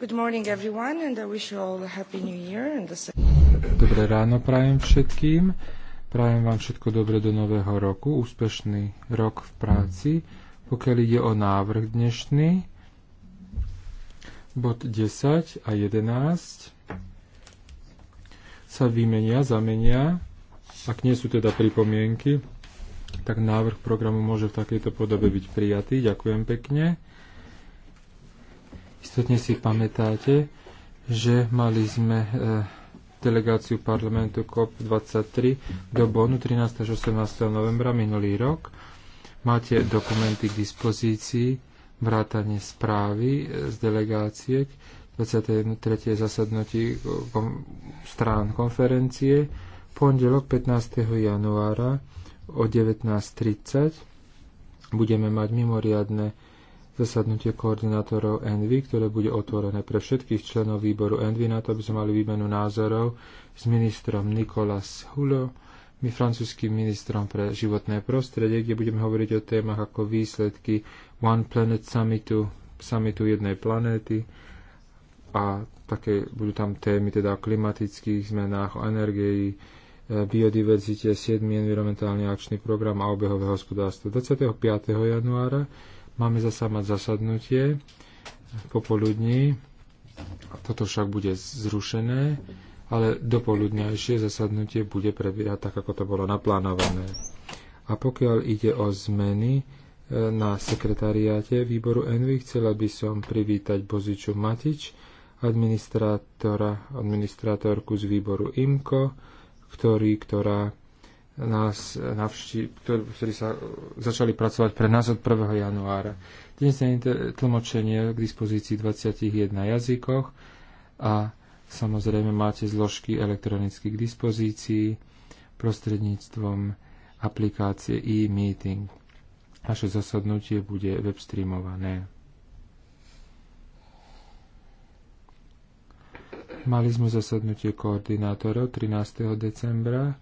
Good morning everyone and I wish you all a happy new year and the... Dobré ráno prajem všetkým. Prajem vám všetko dobre do nového roku, úspešný rok v práci. Pokiaľ ide o návrh dnešný, bod 10 a 11 sa vymenia, zamenia. Ak nie sú teda pripomienky, tak návrh programu môže v takejto podobe byť prijatý. Ďakujem pekne. Istotne si pamätáte, že mali sme e, delegáciu parlamentu COP23 do Bonu 13. až 18. novembra minulý rok. Máte dokumenty k dispozícii, vrátanie správy e, z delegácie, 23. zasadnutí strán konferencie, pondelok 15. januára o 19.30 budeme mať mimoriadne zasadnutie koordinátorov ENVY, ktoré bude otvorené pre všetkých členov výboru ENVY, na to by sme mali výmenu názorov s ministrom Nicolas Hulo, my francúzským ministrom pre životné prostredie, kde budeme hovoriť o témach ako výsledky One Planet Summitu, summitu jednej planéty a také budú tam témy teda o klimatických zmenách, o energii, e, biodiverzite, 7. environmentálny akčný program a obehové hospodárstvo. 25. januára Máme zasa mať zasadnutie popoludní. Toto však bude zrušené, ale dopoludňajšie zasadnutie bude prebiehať tak, ako to bolo naplánované. A pokiaľ ide o zmeny e, na sekretariáte výboru Envy, chcela by som privítať Boziču Matič, administrátora, administrátorku z výboru IMKO, ktorý, ktorá nás navští, ktorí sa e, začali pracovať pre nás od 1. januára. Dnes je tlmočenie k dispozícii 21 jazykoch a samozrejme máte zložky elektronicky k dispozícii prostredníctvom aplikácie e-meeting. Naše zasadnutie bude webstreamované. Mali sme zasadnutie koordinátorov 13. decembra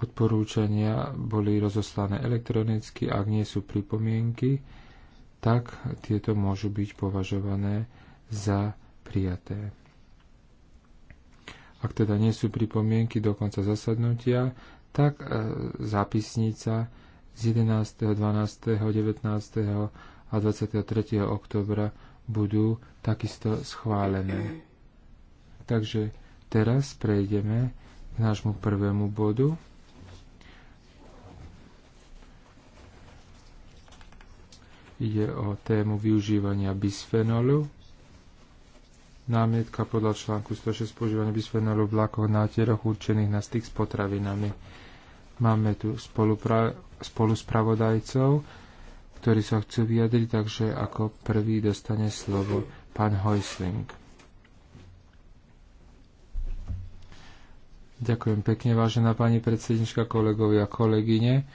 Odporúčania boli rozoslané elektronicky, ak nie sú pripomienky, tak tieto môžu byť považované za prijaté. Ak teda nie sú pripomienky do konca zasadnutia, tak e, zápisnica z 11., 12., 19. a 23. oktobra budú takisto schválené. Takže teraz prejdeme k nášmu prvému bodu Ide o tému využívania bisfenolu. Námietka podľa článku 106 používania bisfenolu v lakoch náteroch určených na styk s potravinami. Máme tu spolupra- spoluspravodajcov, ktorí sa chcú vyjadriť, takže ako prvý dostane slovo pán Hojsling. Ďakujem pekne, vážená pani predsednička, kolegovia a kolegyne.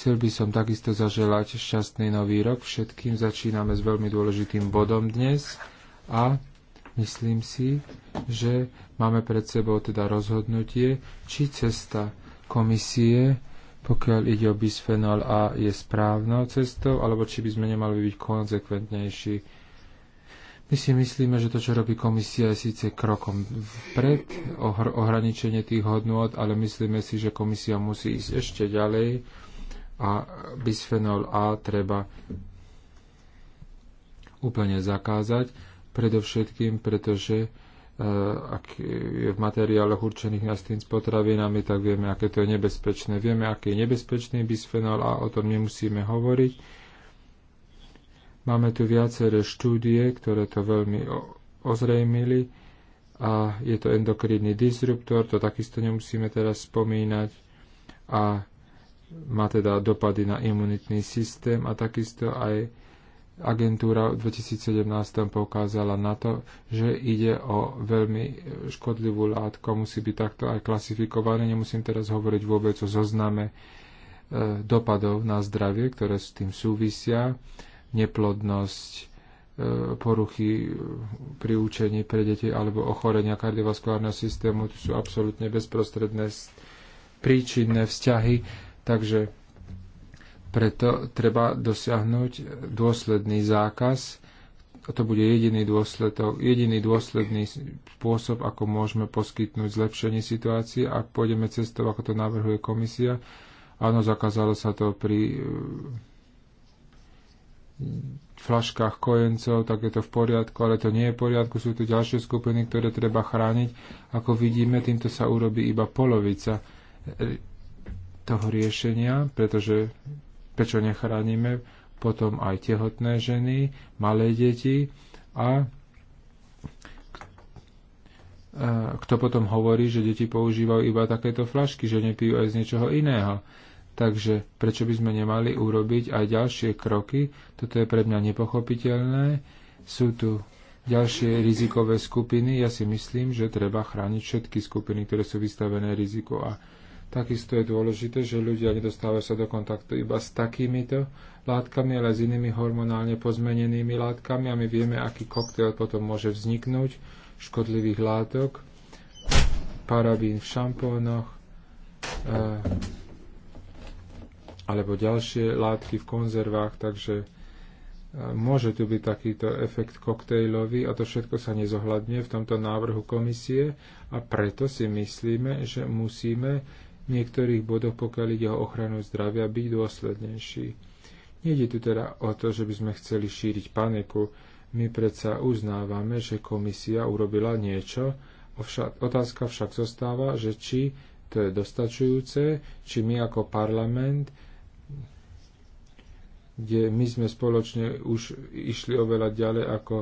Chcel by som takisto zaželať šťastný nový rok všetkým. Začíname s veľmi dôležitým bodom dnes a myslím si, že máme pred sebou teda rozhodnutie, či cesta komisie, pokiaľ ide o bisfenol A, je správnou cestou, alebo či by sme nemali byť konzekventnejší. My si myslíme, že to, čo robí komisia, je síce krokom pred ohr- ohraničenie tých hodnôt, ale myslíme si, že komisia musí ísť ešte ďalej a bisfenol A treba úplne zakázať, predovšetkým pretože e, ak je v materiáloch určených na s s potravinami, tak vieme, aké to je nebezpečné. Vieme, aký je nebezpečný bisfenol a o tom nemusíme hovoriť. Máme tu viaceré štúdie, ktoré to veľmi ozrejmili a je to endokrinný disruptor, to takisto nemusíme teraz spomínať a má teda dopady na imunitný systém a takisto aj agentúra v 2017 poukázala na to, že ide o veľmi škodlivú látku a musí byť takto aj klasifikované. Nemusím teraz hovoriť vôbec o zozname e, dopadov na zdravie, ktoré s tým súvisia, neplodnosť, e, poruchy e, pri učení pre deti alebo ochorenia kardiovaskulárneho systému, to sú absolútne bezprostredné príčinné vzťahy Takže preto treba dosiahnuť dôsledný zákaz. A to bude jediný, dôsledok, jediný dôsledný spôsob, ako môžeme poskytnúť zlepšenie situácie, ak pôjdeme cestou, ako to navrhuje komisia. Áno, zakázalo sa to pri eh, flaškách kojencov, tak je to v poriadku, ale to nie je v poriadku. Sú tu ďalšie skupiny, ktoré treba chrániť. Ako vidíme, týmto sa urobí iba polovica eh, toho riešenia, pretože prečo nechránime potom aj tehotné ženy, malé deti a kto potom hovorí, že deti používajú iba takéto flašky, že nepijú aj z niečoho iného. Takže prečo by sme nemali urobiť aj ďalšie kroky? Toto je pre mňa nepochopiteľné. Sú tu ďalšie rizikové skupiny. Ja si myslím, že treba chrániť všetky skupiny, ktoré sú vystavené riziku a Takisto je dôležité, že ľudia nedostávajú sa do kontaktu iba s takýmito látkami, ale s inými hormonálne pozmenenými látkami a my vieme, aký koktail potom môže vzniknúť škodlivých látok, parabín v šampónoch, eh, alebo ďalšie látky v konzervách, takže eh, môže tu byť takýto efekt koktejlový a to všetko sa nezohľadňuje v tomto návrhu komisie a preto si myslíme, že musíme niektorých bodoch, pokiaľ ide o ochranu zdravia, byť dôslednejší. Nejde tu teda o to, že by sme chceli šíriť paniku. My predsa uznávame, že komisia urobila niečo, Ovšak, otázka však zostáva, že či to je dostačujúce, či my ako parlament, kde my sme spoločne už išli oveľa ďalej ako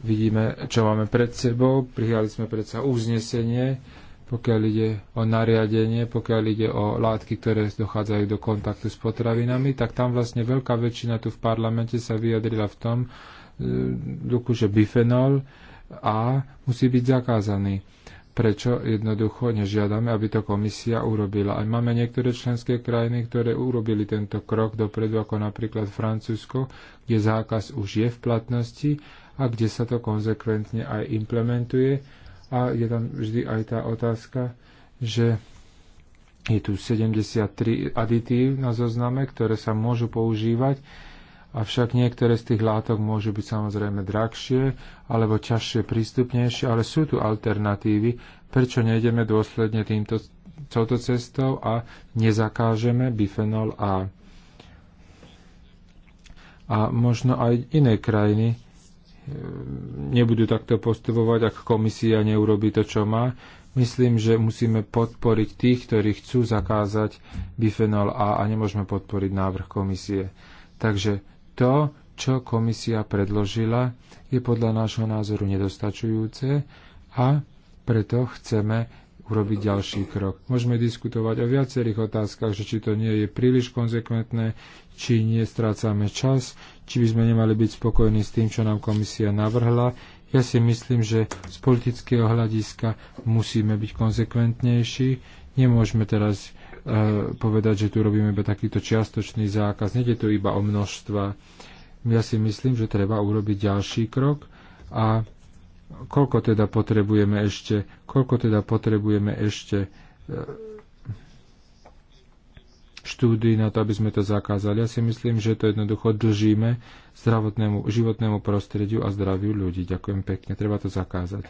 vidíme, čo máme pred sebou, prijali sme predsa uznesenie, pokiaľ ide o nariadenie, pokiaľ ide o látky, ktoré dochádzajú do kontaktu s potravinami, tak tam vlastne veľká väčšina tu v parlamente sa vyjadrila v tom, e, duchu, že bifenol A musí byť zakázaný. Prečo jednoducho nežiadame, aby to komisia urobila? Aj máme niektoré členské krajiny, ktoré urobili tento krok dopredu, ako napríklad Francúzsko, kde zákaz už je v platnosti a kde sa to konzekventne aj implementuje a je tam vždy aj tá otázka, že je tu 73 aditív na zozname, ktoré sa môžu používať, avšak niektoré z tých látok môžu byť samozrejme drahšie alebo ťažšie prístupnejšie, ale sú tu alternatívy. Prečo nejdeme dôsledne týmto, touto cestou a nezakážeme bifenol A? A možno aj iné krajiny nebudú takto postupovať, ak komisia neurobi to, čo má. Myslím, že musíme podporiť tých, ktorí chcú zakázať bifenol A a nemôžeme podporiť návrh komisie. Takže to, čo komisia predložila, je podľa nášho názoru nedostačujúce a preto chceme urobiť ďalší krok. Môžeme diskutovať o viacerých otázkach, že či to nie je príliš konzekventné, či nestrácame čas, či by sme nemali byť spokojní s tým, čo nám komisia navrhla. Ja si myslím, že z politického hľadiska musíme byť konzekventnejší. Nemôžeme teraz e, povedať, že tu robíme iba takýto čiastočný zákaz. Nede tu iba o množstva. Ja si myslím, že treba urobiť ďalší krok a koľko teda potrebujeme ešte, koľko teda potrebujeme ešte e, štúdii na to, aby sme to zakázali. Ja si myslím, že to jednoducho dlžíme zdravotnému, životnému prostrediu a zdraviu ľudí. Ďakujem pekne, treba to zakázať.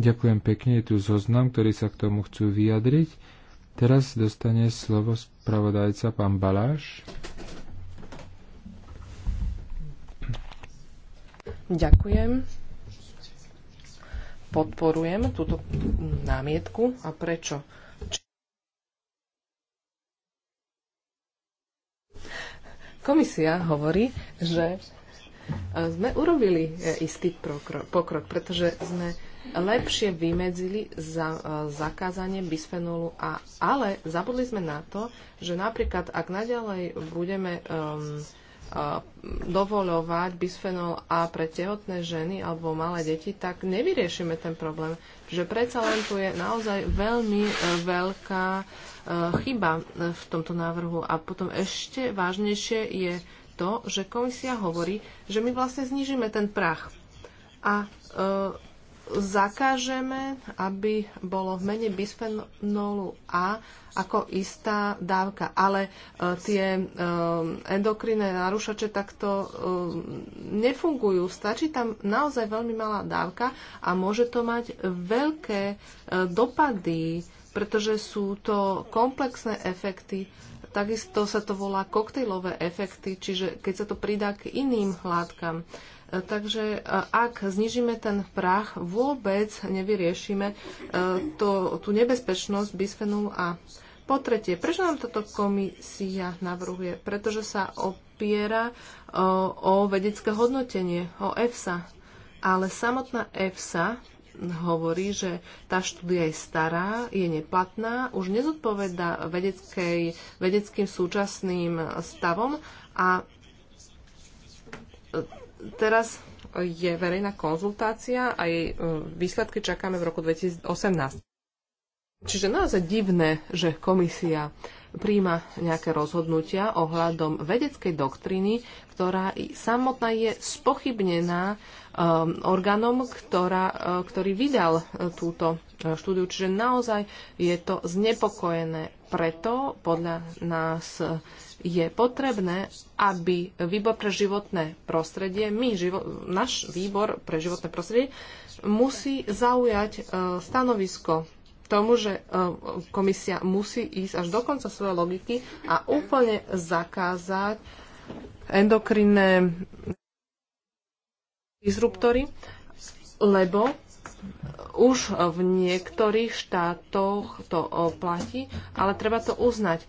Ďakujem pekne, je tu zoznam, ktorý sa k tomu chcú vyjadriť. Teraz dostane slovo spravodajca pán Baláš. Ďakujem. Podporujem túto námietku. A prečo? Komisia hovorí, že e, sme urobili e, istý pokrok, pretože sme lepšie vymedzili za, e, zakázanie bisfenolu A, ale zabudli sme na to, že napríklad ak naďalej budeme um, dovoľovať bisfenol A pre tehotné ženy alebo malé deti, tak nevyriešime ten problém. Že predsa len tu je naozaj veľmi uh, veľká uh, chyba e, v tomto návrhu. A potom ešte vážnejšie je to, že komisia hovorí, že my vlastne znižíme ten prach a e, zakážeme, aby bolo menej bisfenolu A ako istá dávka. Ale e, tie e, endokrinné narušače takto e, nefungujú. Stačí tam naozaj veľmi malá dávka a môže to mať veľké e, dopady pretože sú to komplexné efekty. Takisto sa to volá koktejlové efekty, čiže keď sa to pridá k iným látkam. E, takže e, ak znižíme ten prach, vôbec nevyriešime e, to, tú nebezpečnosť bisfenu A. Po tretie, prečo nám toto komisia navrhuje? Pretože sa opiera o, o vedecké hodnotenie, o EFSA. Ale samotná EFSA hovorí, že tá štúdia je stará, je neplatná, už nezodpoveda vedeckej, vedeckým súčasným stavom a e, teraz je verejná konzultácia a jej e, výsledky čakáme v roku 2018. Čiže naozaj divné, že komisia príjma nejaké rozhodnutia ohľadom vedeckej doktriny, ktorá samotná je spochybnená um, orgánom, ktorá, uh, ktorý vydal uh, túto uh, štúdiu. Čiže naozaj je to znepokojené. Preto podľa nás je potrebné, aby výbor pre životné prostredie, my, živo, náš výbor pre životné prostredie, musí zaujať stanovisko tomu, že e, komisia musí ísť až do konca svojej logiky a úplne zakázať endokrinné disruptory, lebo už v niektorých štátoch to e, platí, ale treba to uznať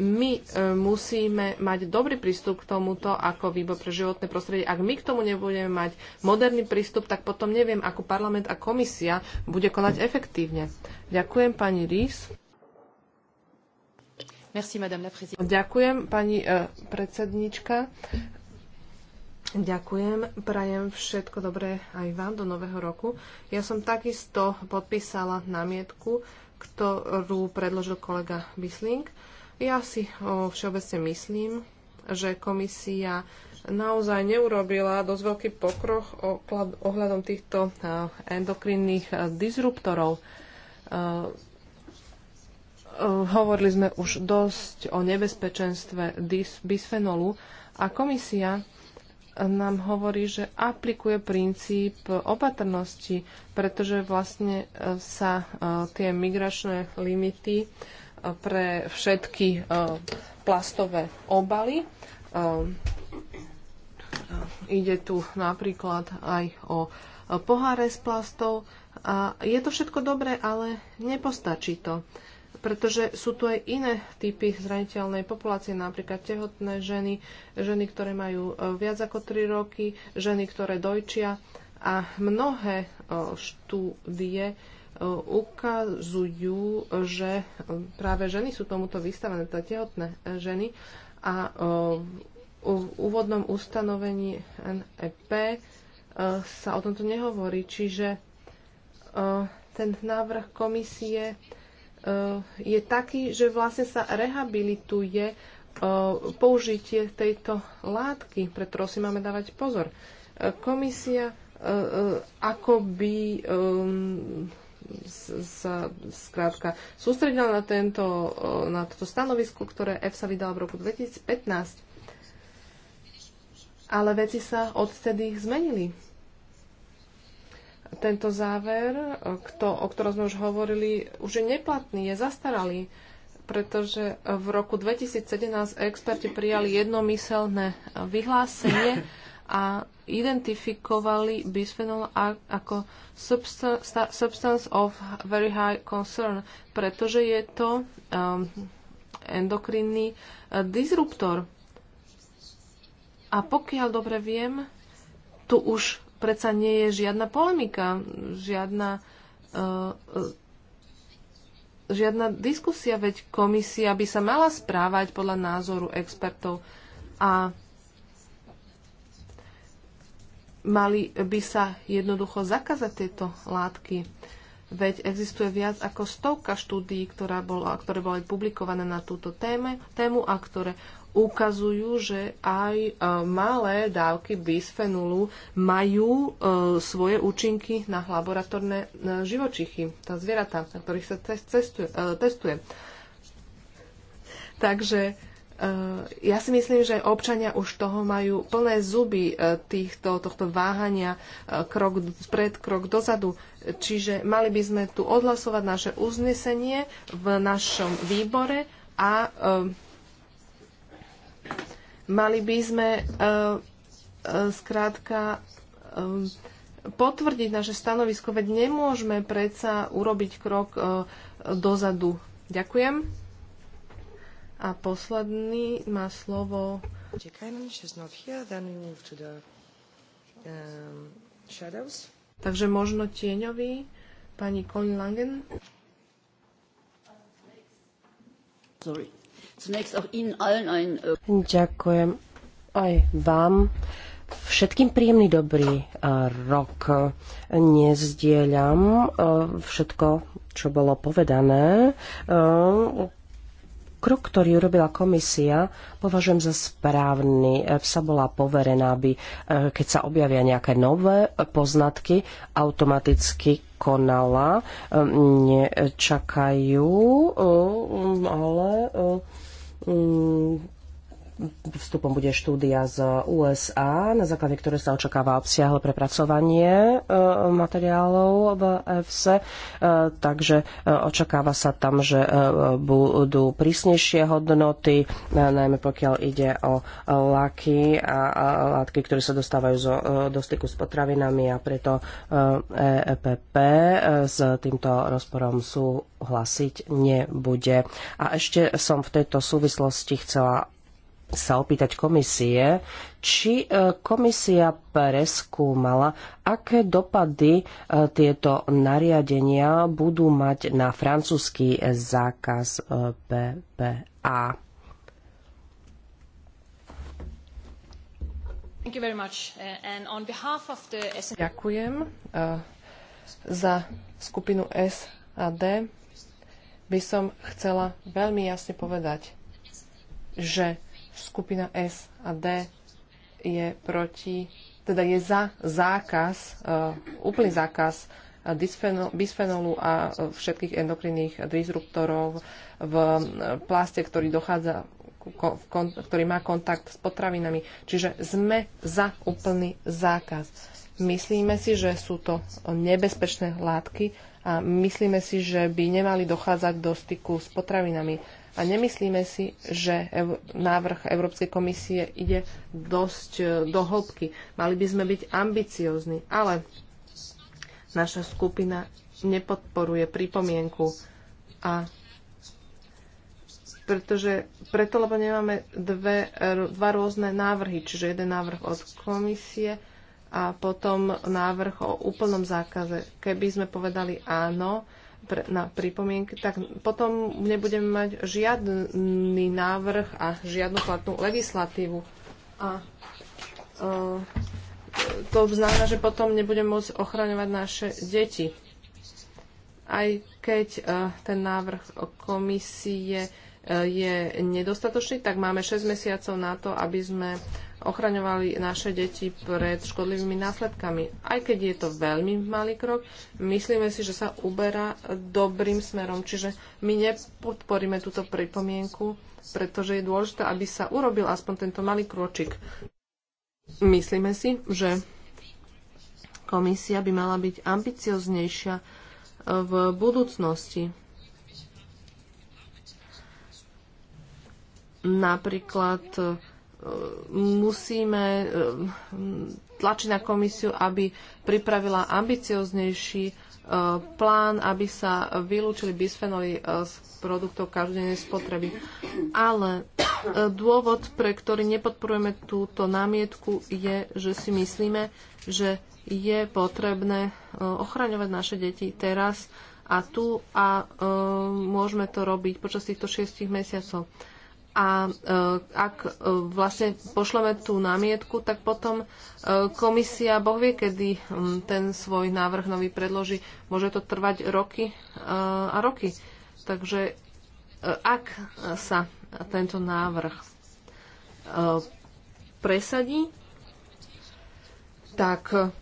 my e, musíme mať dobrý prístup k tomuto ako výbor pre životné prostredie. Ak my k tomu nebudeme mať moderný prístup, tak potom neviem, ako parlament a komisia bude konať efektívne. Ďakujem pani Rís. Merci, madame la présidente. Ďakujem, pani eh, predsednička. Ďakujem, prajem všetko dobré aj vám do nového roku. Ja som takisto podpísala námietku, ktorú predložil kolega Bisling. Ja si o, všeobecne myslím, že komisia naozaj neurobila dosť veľký pokroch ohľadom týchto e, endokrinných e, disruptorov. E, hovorili sme už dosť o nebezpečenstve bisfenolu a komisia nám hovorí, že aplikuje princíp opatrnosti, pretože vlastne sa tie migračné limity pre všetky e, plastové obaly. E, e, ide tu napríklad aj o poháre s plastov. A je to všetko dobré, ale nepostačí to, pretože sú tu aj iné typy zraniteľnej populácie, napríklad tehotné ženy, ženy, ktoré majú viac ako 3 roky, ženy, ktoré dojčia. A mnohé štúdie ukazujú, že práve ženy sú tomuto vystavené, to tehotné ženy. A e, v úvodnom ustanovení NEP e, sa o tomto nehovorí, čiže e, ten návrh komisie je taký, že vlastne sa rehabilituje použitie tejto látky, pre si máme dávať pozor. Komisia akoby sa skrátka sústredila na, tento, na toto stanovisko, ktoré EFSA vydala v roku 2015. Ale veci sa odtedy zmenili. Tento záver, kto, o ktorom sme už hovorili, už je neplatný, je zastaralý, pretože v roku 2017 experti prijali jednomyselné vyhlásenie a identifikovali bisphenol A ako substance of very high concern, pretože je to um, endokrinný uh, disruptor. A pokiaľ dobre viem, tu už predsa nie je žiadna polemika, žiadna, uh, žiadna diskusia, veď komisia by sa mala správať podľa názoru expertov. A mali by sa jednoducho zakázať tieto látky. Veď existuje viac ako stovka štúdií, ktorá bola, ktoré boli publikované na túto téme, tému a ktoré ukazujú, že aj e, malé dávky bisfenulu majú e, svoje účinky na laboratórne živočichy, tá zvieratá, na ktorých sa testuje. E, testuje. Takže Eh, ja si myslím, že občania už toho majú plné zuby eh, týchto, tohto váhania, eh, krok pred, krok dozadu. Čiže mali by sme tu odhlasovať naše uznesenie v našom výbore a mali by sme skrátka potvrdiť naše stanovisko, veď nemôžeme predsa urobiť krok dozadu. Ďakujem. A posledný má slovo... Um, Takže možno tieňový, pani Colin Langen. Äh, Ďakujem aj vám. Všetkým príjemný dobrý äh, rok. Nezdieľam äh, všetko, čo bolo povedané Krok, ktorý urobila komisia, považujem za správny. vsa e, bola poverená, aby e, keď sa objavia nejaké nové poznatky, automaticky konala. E, nečakajú, ale Vstupom bude štúdia z USA, na základe ktoré sa očakáva obsiahle prepracovanie e, materiálov v EFSE. E, takže e, očakáva sa tam, že budú prísnejšie hodnoty, najmä pokiaľ ide o laky a látky, ktoré sa dostávajú do styku s potravinami a preto EPP s týmto rozporom súhlasiť nebude. A ešte som v tejto súvislosti chcela sa opýtať komisie, či e, komisia preskúmala, aké dopady e, tieto nariadenia budú mať na francúzsky zákaz e, PPA. Uh, Ďakujem uh, za skupinu S a D by som chcela veľmi jasne povedať, že skupina S a D je proti, teda je za zákaz, eh, úplný zákaz eh, bisfenolu a eh, všetkých endokrinných disruptorov v plaste, ktorý dochádza ktorý má kontakt s potravinami. Čiže sme za úplný zákaz. Myslíme si, že sú to nebezpečné látky a myslíme si, že by nemali dochádzať do styku s potravinami a nemyslíme si, že návrh Európskej komisie ide dosť e, do hĺbky. Mali by sme byť ambiciózni, ale naša skupina nepodporuje pripomienku a pretože preto, lebo nemáme dve, e, dva rôzne návrhy, čiže jeden návrh od komisie a potom návrh o úplnom zákaze. Keby sme povedali áno, pre, na pripomienky, tak potom nebudeme mať žiadny návrh a žiadnu platnú legislatívu. A uh, to znamená, že potom nebudeme môcť ochraňovať naše deti. Aj keď uh, ten návrh komisie uh, je nedostatočný, tak máme 6 mesiacov na to, aby sme ochraňovali naše deti pred škodlivými následkami. Aj keď je to veľmi malý krok, myslíme si, že sa uberá dobrým smerom. Čiže my nepodporíme túto pripomienku, pretože je dôležité, aby sa urobil aspoň tento malý kročik. Myslíme si, že komisia by mala byť ambicioznejšia v budúcnosti. Napríklad musíme eh, tlačiť na komisiu, aby pripravila ambicioznejší eh, plán, aby sa vylúčili bisfenoly eh, z produktov každodennej spotreby. Ale dôvod, pre ktorý nepodporujeme túto námietku, je, že si myslíme, že je potrebné ochraňovať naše deti teraz a tu a môžeme to robiť počas týchto šiestich mesiacov a e, ak e, vlastne pošleme tú námietku, tak potom e, komisia Boh vie, kedy ten svoj návrh nový predloží. Môže to trvať roky a roky. Takže ak sa tento návrh presadí, tak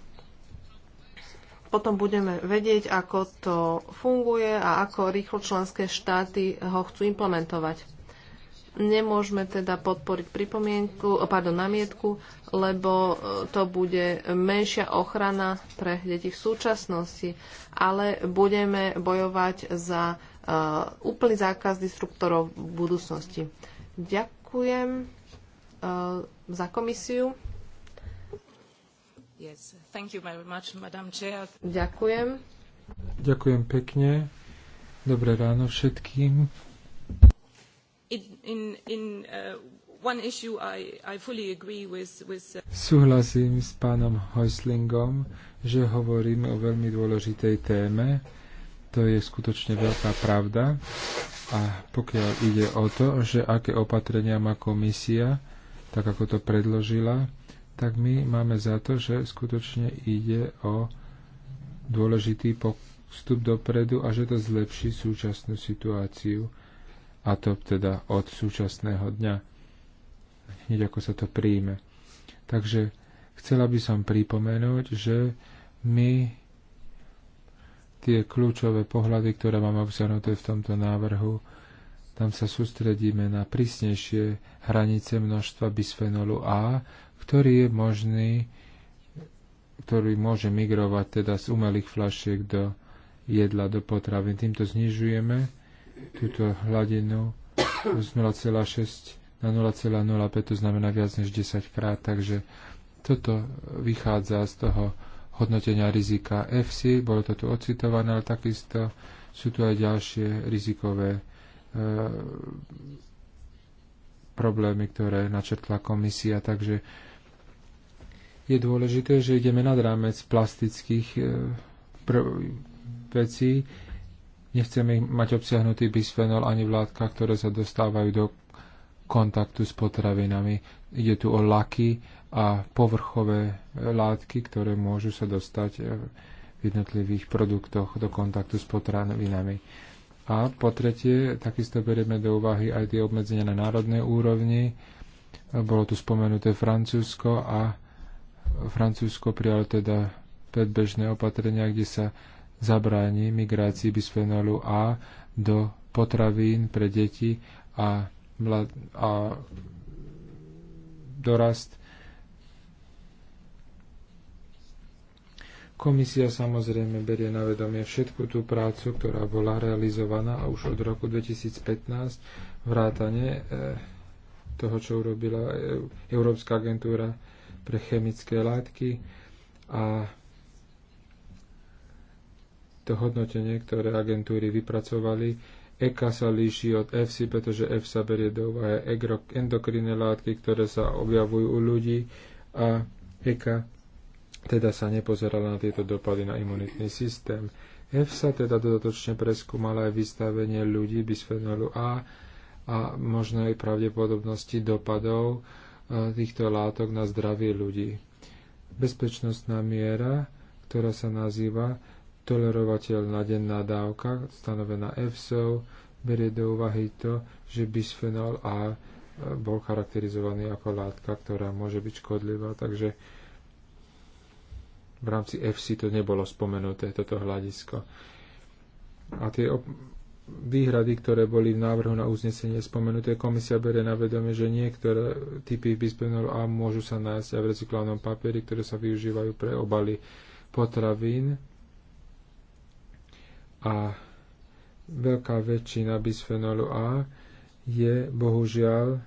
potom budeme vedieť, ako to funguje a ako rýchlo členské štáty ho chcú implementovať. Nemôžeme teda podporiť pripomienku, pardon, namietku, lebo e, to bude menšia ochrana pre deti v súčasnosti, ale budeme bojovať za uh, úplný zákaz disruptorov v budúcnosti. Ďakujem uh, za komisiu. Yes, much, Ďakujem. Ďakujem pekne. Dobré ráno všetkým in, in uh, one issue I, I fully agree with, with... Uh, Súhlasím s pánom Heuslingom, že hovoríme o veľmi dôležitej téme. To je skutočne veľká pravda. A pokiaľ ide o to, že aké opatrenia má komisia, tak ako to predložila, tak my máme za to, že skutočne ide o dôležitý postup dopredu a že to zlepší súčasnú situáciu a to teda od súčasného dňa, hneď ako sa to príjme. Takže chcela by som pripomenúť, že my tie kľúčové pohľady, ktoré mám obsahnuté v tomto návrhu, tam sa sústredíme na prísnejšie hranice množstva bisfenolu A, ktorý je možný, ktorý môže migrovať teda z umelých flašiek do jedla, do potravy. Týmto znižujeme túto hladinu z 0,6 na 0,05, to znamená viac než 10 krát, takže toto vychádza z toho hodnotenia rizika FC, bolo to tu ocitované, ale takisto sú tu aj ďalšie rizikové e, problémy, ktoré načrtla komisia, takže je dôležité, že ideme nad rámec plastických e, pr- vecí, Nechceme mať obsiahnutý bisfenol ani vládka, ktoré sa dostávajú do kontaktu s potravinami. Ide tu o laky a povrchové e, látky, ktoré môžu sa dostať e, v jednotlivých produktoch do kontaktu s potravinami. A po tretie, takisto berieme do úvahy aj tie obmedzenia na národnej úrovni. Bolo tu spomenuté Francúzsko a Francúzsko prijalo teda predbežné opatrenia, kde sa zabráni migrácii bisfenolu A do potravín pre deti a, mlad- a dorast. Komisia samozrejme berie na vedomie všetku tú prácu, ktorá bola realizovaná už od roku 2015, vrátane eh, toho, čo urobila eh, Európska agentúra pre chemické látky a to hodnotenie, ktoré agentúry vypracovali, EKA sa líši od EFSI, pretože EFSA berie do úvahy endokrinné látky, ktoré sa objavujú u ľudí a EKA teda sa nepozerala na tieto dopady na imunitný systém. EFSA teda dodatočne preskúmala aj vystavenie ľudí bisfenolu A a možno aj pravdepodobnosti dopadov e, týchto látok na zdravie ľudí. Bezpečnostná miera, ktorá sa nazýva tolerovateľná denná dávka stanovená EFSO berie do úvahy to, že bisfenol A e, bol charakterizovaný ako látka, ktorá môže byť škodlivá, takže v rámci FC to nebolo spomenuté, toto hľadisko. A tie výhrady, ktoré boli v návrhu na uznesenie spomenuté, komisia bere na vedomie, že niektoré typy bisphenol A môžu sa nájsť aj v recyklovanom papieri, ktoré sa využívajú pre obaly potravín a veľká väčšina bisfenolu A je bohužiaľ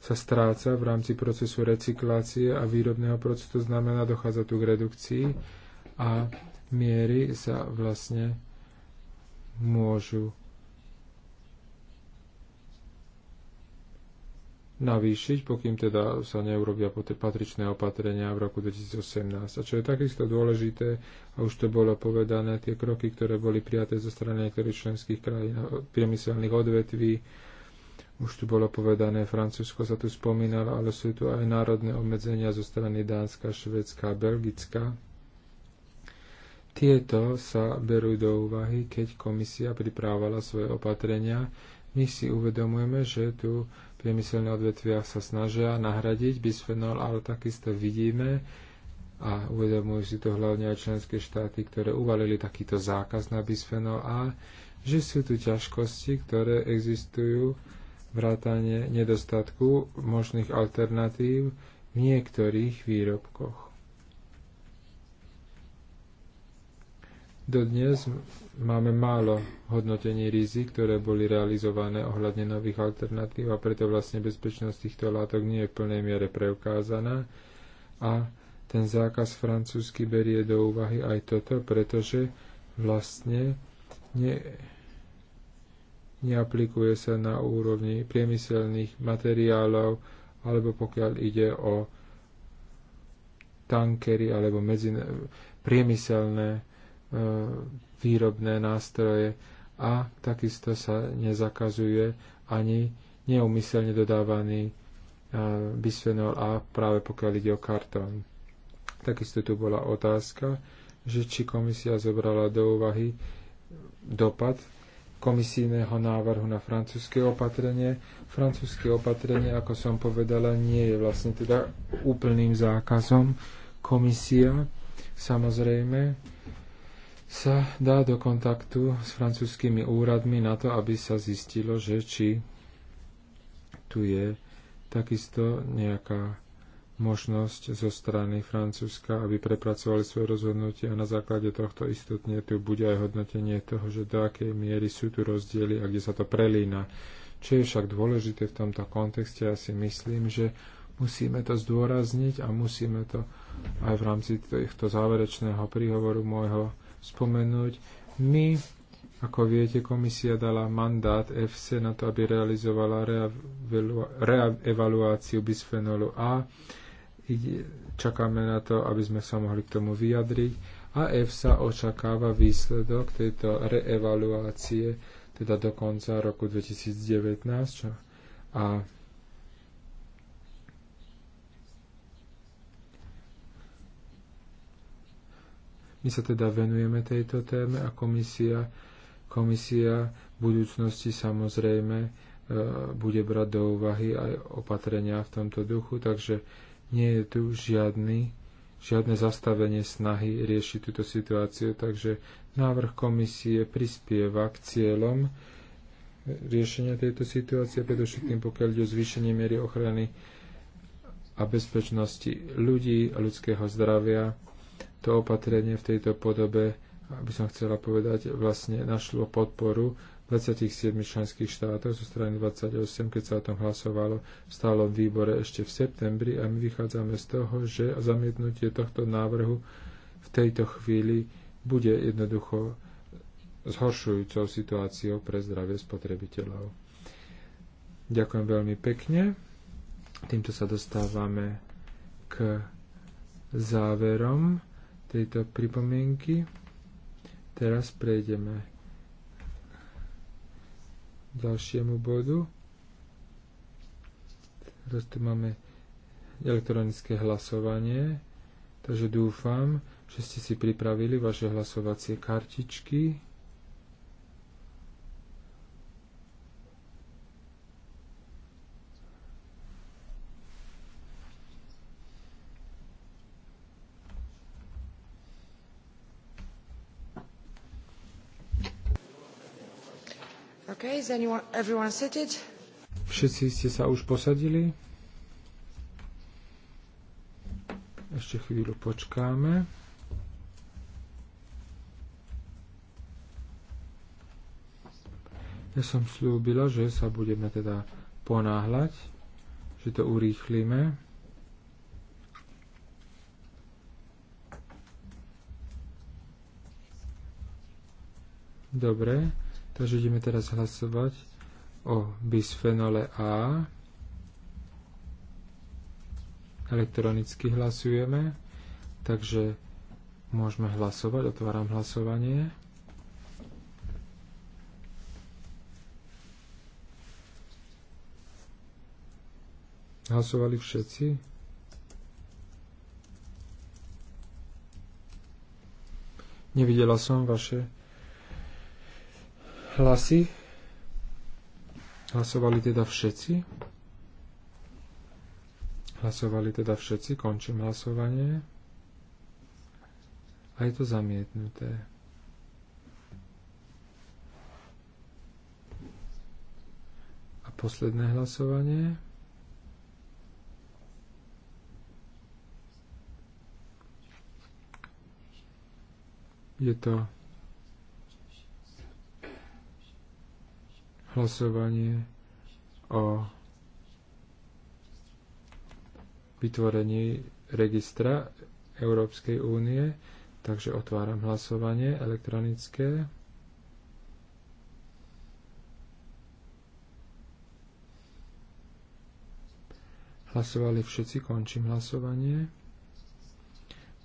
sa stráca v rámci procesu recyklácie a výrobného procesu, to znamená, dochádza tu k redukcii a miery sa vlastne môžu navýšiť, pokým teda sa neurobia patričné opatrenia v roku 2018. A čo je takisto dôležité, a už to bolo povedané, tie kroky, ktoré boli prijaté zo strany niektorých členských krajín a priemyselných odvetví, už tu bolo povedané, Francúzsko sa tu spomínalo, ale sú tu aj národné obmedzenia zo strany Dánska, Švedska a Belgická. Tieto sa berú do úvahy, keď komisia pripravovala svoje opatrenia. My si uvedomujeme, že tu priemyselné odvetviach sa snažia nahradiť bisfenol, ale takisto vidíme a uvedomujú si to hlavne aj členské štáty, ktoré uvalili takýto zákaz na bisfenol A, že sú tu ťažkosti, ktoré existujú vrátane nedostatku možných alternatív v niektorých výrobkoch. Dodnes máme málo hodnotení rizik, ktoré boli realizované ohľadne nových alternatív a preto vlastne bezpečnosť týchto látok nie je v plnej miere preukázaná. A ten zákaz francúzsky berie do úvahy aj toto, pretože vlastne ne, neaplikuje sa na úrovni priemyselných materiálov alebo pokiaľ ide o tankery alebo medzi, priemyselné výrobné nástroje a takisto sa nezakazuje ani neumyselne dodávaný e, bisfenol A práve pokiaľ ide o kartón. Takisto tu bola otázka, že či komisia zobrala do úvahy dopad komisijného návrhu na francúzske opatrenie. Francúzske opatrenie, ako som povedala, nie je vlastne teda úplným zákazom. Komisia samozrejme sa dá do kontaktu s francúzskými úradmi na to, aby sa zistilo, že či tu je takisto nejaká možnosť zo strany Francúzska, aby prepracovali svoje rozhodnutie a na základe tohto istotne tu bude aj hodnotenie toho, že do akej miery sú tu rozdiely a kde sa to prelína. Čo je však dôležité v tomto kontexte, ja si myslím, že musíme to zdôrazniť a musíme to aj v rámci tohto záverečného príhovoru môjho spomenúť. My, ako viete, komisia dala mandát FC na to, aby realizovala reevaluáciu bisfenolu A. Čakáme na to, aby sme sa mohli k tomu vyjadriť. A EFSA očakáva výsledok tejto reevaluácie teda do konca roku 2019. Čo? A My sa teda venujeme tejto téme a komisia, komisia v budúcnosti samozrejme e, bude brať do úvahy aj opatrenia v tomto duchu, takže nie je tu žiadny, žiadne zastavenie snahy riešiť túto situáciu, takže návrh komisie prispieva k cieľom riešenia tejto situácie, predovšetkým pokiaľ ide o zvýšenie miery ochrany a bezpečnosti ľudí a ľudského zdravia to opatrenie v tejto podobe, aby som chcela povedať, vlastne našlo podporu 27 členských štátov zo strany 28, keď sa o tom hlasovalo v stálom výbore ešte v septembri a my vychádzame z toho, že zamietnutie tohto návrhu v tejto chvíli bude jednoducho zhoršujúcou situáciou pre zdravie spotrebiteľov. Ďakujem veľmi pekne. Týmto sa dostávame k záverom tejto pripomienky. Teraz prejdeme k ďalšiemu bodu. Teraz tu máme elektronické hlasovanie, takže dúfam, že ste si pripravili vaše hlasovacie kartičky. Okay, is anyone, everyone seated? Všetci ste sa už posadili? Ešte chvíľu počkáme. Ja som slúbila, že sa budeme teda ponáhľať, že to urýchlíme. Dobre. Takže ideme teraz hlasovať o bisfenole A. Elektronicky hlasujeme, takže môžeme hlasovať. Otváram hlasovanie. Hlasovali všetci? Nevidela som vaše hlasy. Hlasovali teda všetci. Hlasovali teda všetci. Končím hlasovanie. A je to zamietnuté. A posledné hlasovanie. Je to hlasovanie o vytvorení registra Európskej únie, takže otváram hlasovanie elektronické. Hlasovali všetci, končím hlasovanie.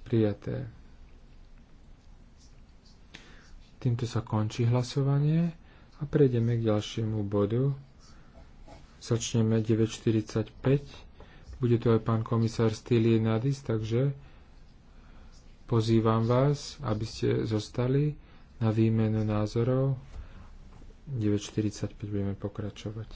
Prijaté. Týmto sa končí hlasovanie. A prejdeme k ďalšiemu bodu. Začneme 9.45. Bude to aj pán komisár Stylienadis, takže pozývam vás, aby ste zostali na výmenu názorov. 9.45 budeme pokračovať.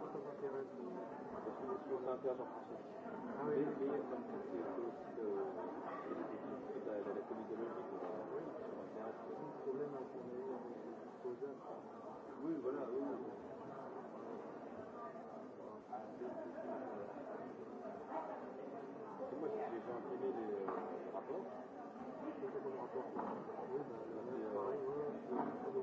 très intéressant oui. ça, c'est oui. voilà, oui. oui. Moi, j'ai imprimé les rapports. Oui, bah,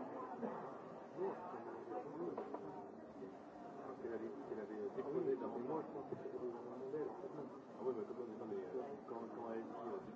Comment elle dit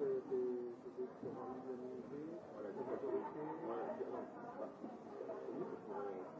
des, des, des électorats organisés, la majorité. Ouais, non, bah, oui, je pourrais.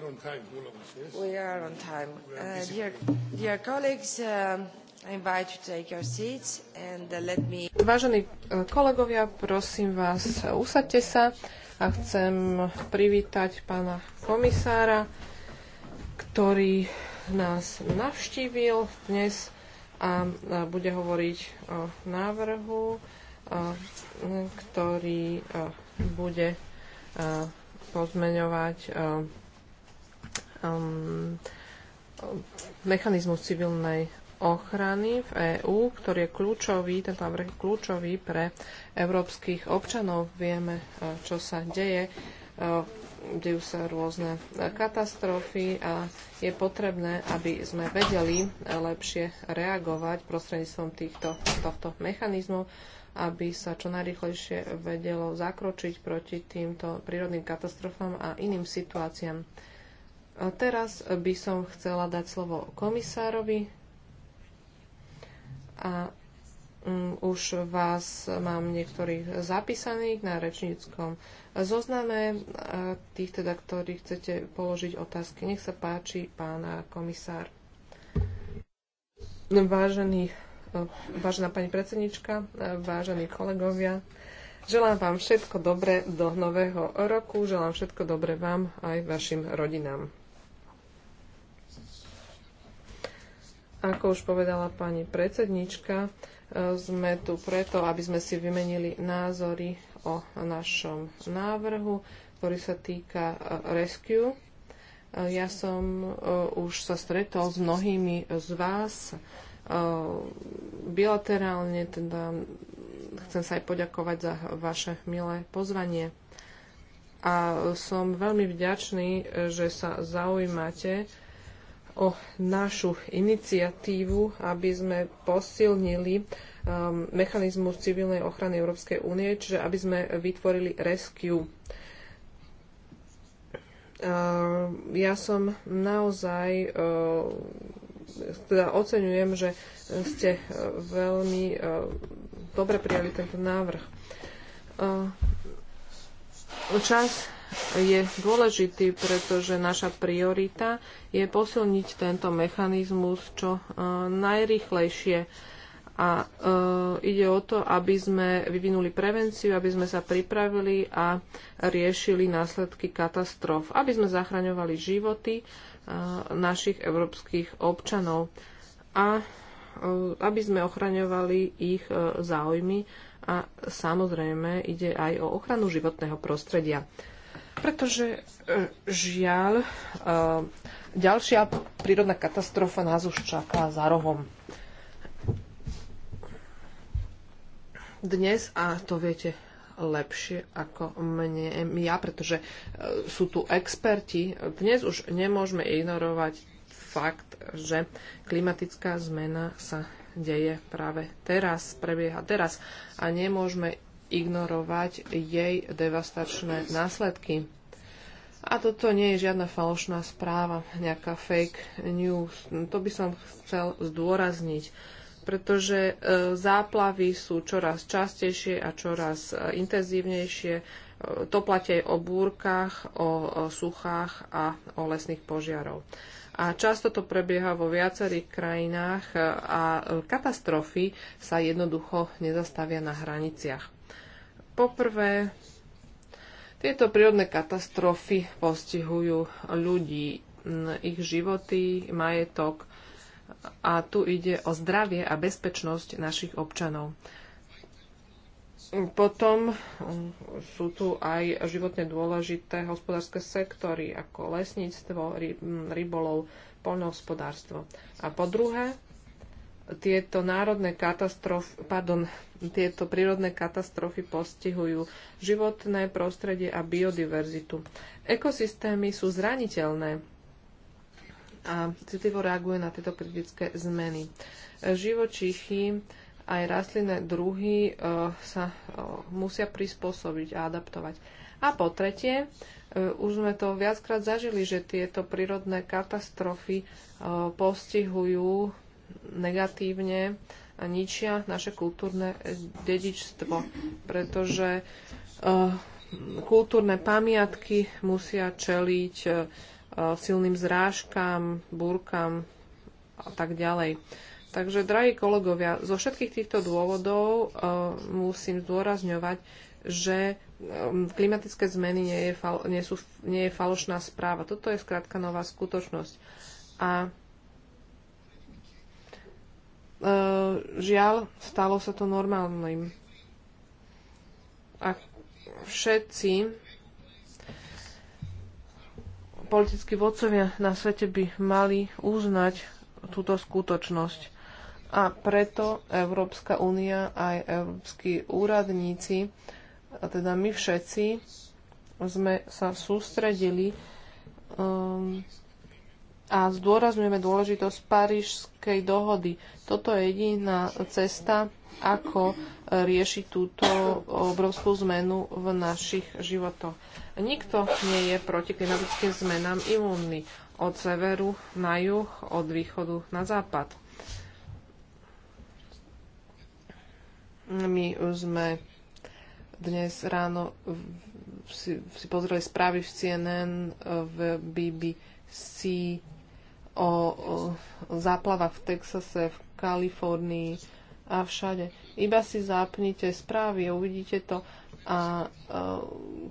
are on time, all of us, yes? We are on time. uh, dear, dear colleagues, uh, I invite you to take your seats and uh, let me... Vážení uh, kolegovia, prosím vás, usadte sa a chcem privítať pána komisára, ktorý nás navštívil dnes a, bude hovoriť o návrhu, ktorý bude pozmeňovať um, mechanizmu civilnej ochrany v EÚ, ktorý je kľúčový, tento návrh je kľúčový pre európskych občanov. Vieme, uh, čo sa deje. Uh, dejú sa rôzne uh, katastrofy a je potrebné, aby sme vedeli lepšie reagovať prostredníctvom týchto, tohto mechanizmu, aby sa čo najrychlejšie vedelo zakročiť proti týmto prírodným katastrofám a iným situáciám. A teraz by som chcela dať slovo komisárovi a um, už vás mám niektorých zapísaných na rečníckom zozname, tých teda, ktorí chcete položiť otázky. Nech sa páči, pán komisár. Vážený, vážená pani predsednička, vážení kolegovia, želám vám všetko dobre do nového roku, želám všetko dobre vám aj vašim rodinám. Ako už povedala pani predsednička, e, sme tu preto, aby sme si vymenili názory o našom návrhu, ktorý sa týka e, Rescue. E, ja som už sa stretol s mnohými z vás bilaterálne, teda chcem sa aj poďakovať za vaše milé pozvanie. A som veľmi vďačný, že sa zaujímate o našu iniciatívu, aby sme posilnili um, mechanizmus civilnej ochrany Európskej únie, čiže aby sme vytvorili rescue. Uh, ja som naozaj uh, teda oceňujem, že ste uh, veľmi uh, dobre prijali tento návrh. Uh, čas je dôležitý, pretože naša priorita je posilniť tento mechanizmus čo e, najrychlejšie. A e, ide o to, aby sme vyvinuli prevenciu, aby sme sa pripravili a riešili následky katastrof, aby sme zachraňovali životy e, našich európskych občanov a e, aby sme ochraňovali ich e, záujmy a samozrejme ide aj o ochranu životného prostredia pretože e, žiaľ e, ďalšia prírodná katastrofa nás už čaká za rohom. Dnes, a to viete lepšie ako mne, ja, pretože e, sú tu experti, dnes už nemôžeme ignorovať fakt, že klimatická zmena sa deje práve teraz, prebieha teraz a nemôžeme ignorovať jej devastačné následky. A toto nie je žiadna falošná správa, nejaká fake news. To by som chcel zdôrazniť, pretože e, záplavy sú čoraz častejšie a čoraz e, intenzívnejšie. E, to platí aj o búrkach, o, o suchách a o lesných požiarov. A často to prebieha vo viacerých krajinách a katastrofy sa jednoducho nezastavia na hraniciach. Poprvé, tieto prírodné katastrofy postihujú ľudí, ich životy, majetok a tu ide o zdravie a bezpečnosť našich občanov. Potom mm, sú tu aj životne dôležité hospodárske sektory ako lesníctvo, rybolov, poľnohospodárstvo. A po druhé, tieto národné katastrofy, pardon, tieto prírodné katastrofy postihujú životné prostredie a biodiverzitu. Ekosystémy sú zraniteľné a citlivo reaguje na tieto kritické zmeny. Živočíchy aj rastlinné druhy e, sa e, musia prispôsobiť a adaptovať. A po tretie, e, už sme to viackrát zažili, že tieto prírodné katastrofy e, postihujú negatívne a ničia naše kultúrne dedičstvo, pretože eh, kultúrne pamiatky musia čeliť eh, silným zrážkam, búrkam a tak ďalej. Takže, drahí kolegovia, zo všetkých týchto dôvodov eh, musím zdôrazňovať, že klimatické zmeny nie je, fal- nie, sú, nie je falošná správa. Toto je skrátka nová skutočnosť. A Eh, žiaľ, stalo sa to normálnym. A všetci politickí vodcovia na svete by mali uznať túto skutočnosť. A preto Európska únia aj európsky úradníci, teda my všetci, sme sa sústredili um, a zdôrazňujeme dôležitosť Parížskej dohody. Toto je jediná cesta, ako e, riešiť túto obrovskú zmenu v našich životoch. Nikto nie je proti klimatickým zmenám imúnny. Od severu na juh, od východu na západ. My sme dnes ráno si, si pozreli správy v CNN, v BBC, o, o záplavách v Texase, v Kalifornii a všade. Iba si zapnite správy, uvidíte to a e,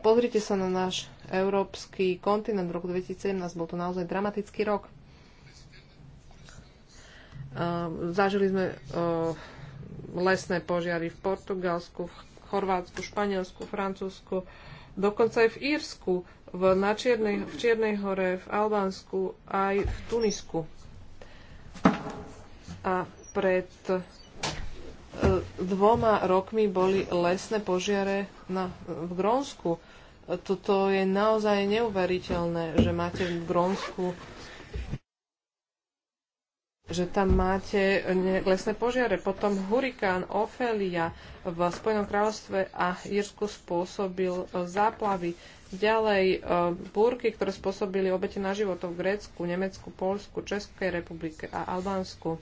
pozrite sa na náš európsky kontinent v roku 2017, bol to naozaj dramatický rok. E, zažili sme e, lesné požiary v Portugalsku, v Chorvátsku, Španielsku, Francúzsku, dokonca aj v Írsku v, na Čiernej, v Čiernej hore, v Albánsku, aj v Tunisku. A pred e, dvoma rokmi boli lesné požiare na, v Grónsku. Toto je naozaj neuveriteľné, že máte v Grónsku že tam máte lesné požiare. Potom hurikán Ofelia v Spojenom kráľovstve a Jirsku spôsobil záplavy. Ďalej, e, búrky, ktoré spôsobili obete na život v Grécku, Nemecku, Polsku, Českej republike a Albánsku. E,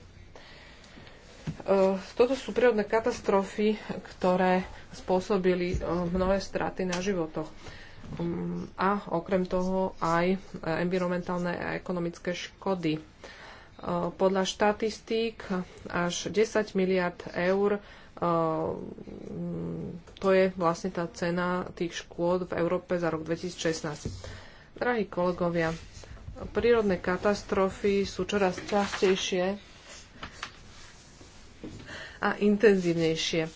toto sú prírodné katastrofy, ktoré spôsobili e, mnohé straty na životoch. Mm, a okrem toho aj environmentálne a ekonomické škody. Podľa štatistík až 10 miliard eur Mm, to je vlastne tá cena tých škôd v Európe za rok 2016. Drahí kolegovia, prírodné katastrofy sú čoraz častejšie a intenzívnejšie.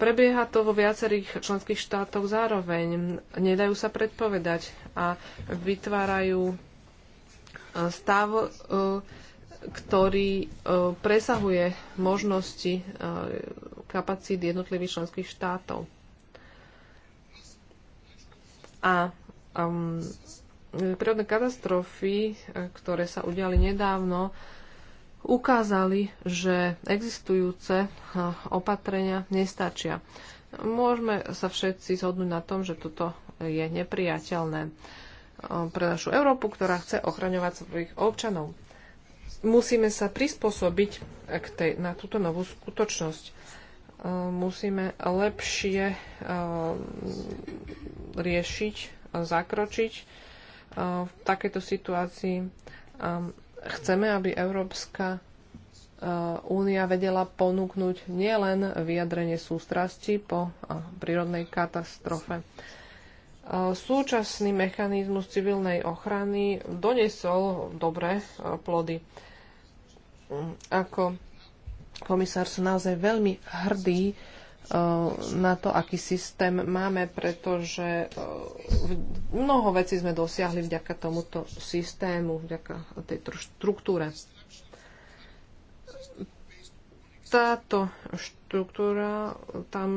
Prebieha to vo viacerých členských štátoch zároveň. Nedajú sa predpovedať a vytvárajú e, stav, e, ktorý e, presahuje možnosti kapacít jednotlivých členských štátov. A um, prírodné katastrofy, ktoré sa udiali nedávno, ukázali, že existujúce uh, opatrenia nestačia. Môžeme sa všetci zhodnúť na tom, že toto je nepriateľné uh, pre našu Európu, ktorá chce ochraňovať svojich občanov. Musíme sa prispôsobiť k tej, na túto novú skutočnosť musíme lepšie eh, riešiť, zakročiť eh, v takejto situácii. Chceme, aby Európska eh, únia vedela ponúknuť nielen vyjadrenie sústrasti po prírodnej katastrofe. Súčasný mechanizmus civilnej ochrany donesol dobré plody. Hm, ako komisár, sú naozaj veľmi hrdý eh, na to, aký systém máme, pretože eh, mnoho vecí sme dosiahli vďaka tomuto systému, vďaka tejto štruktúre. Táto štruktúra, tam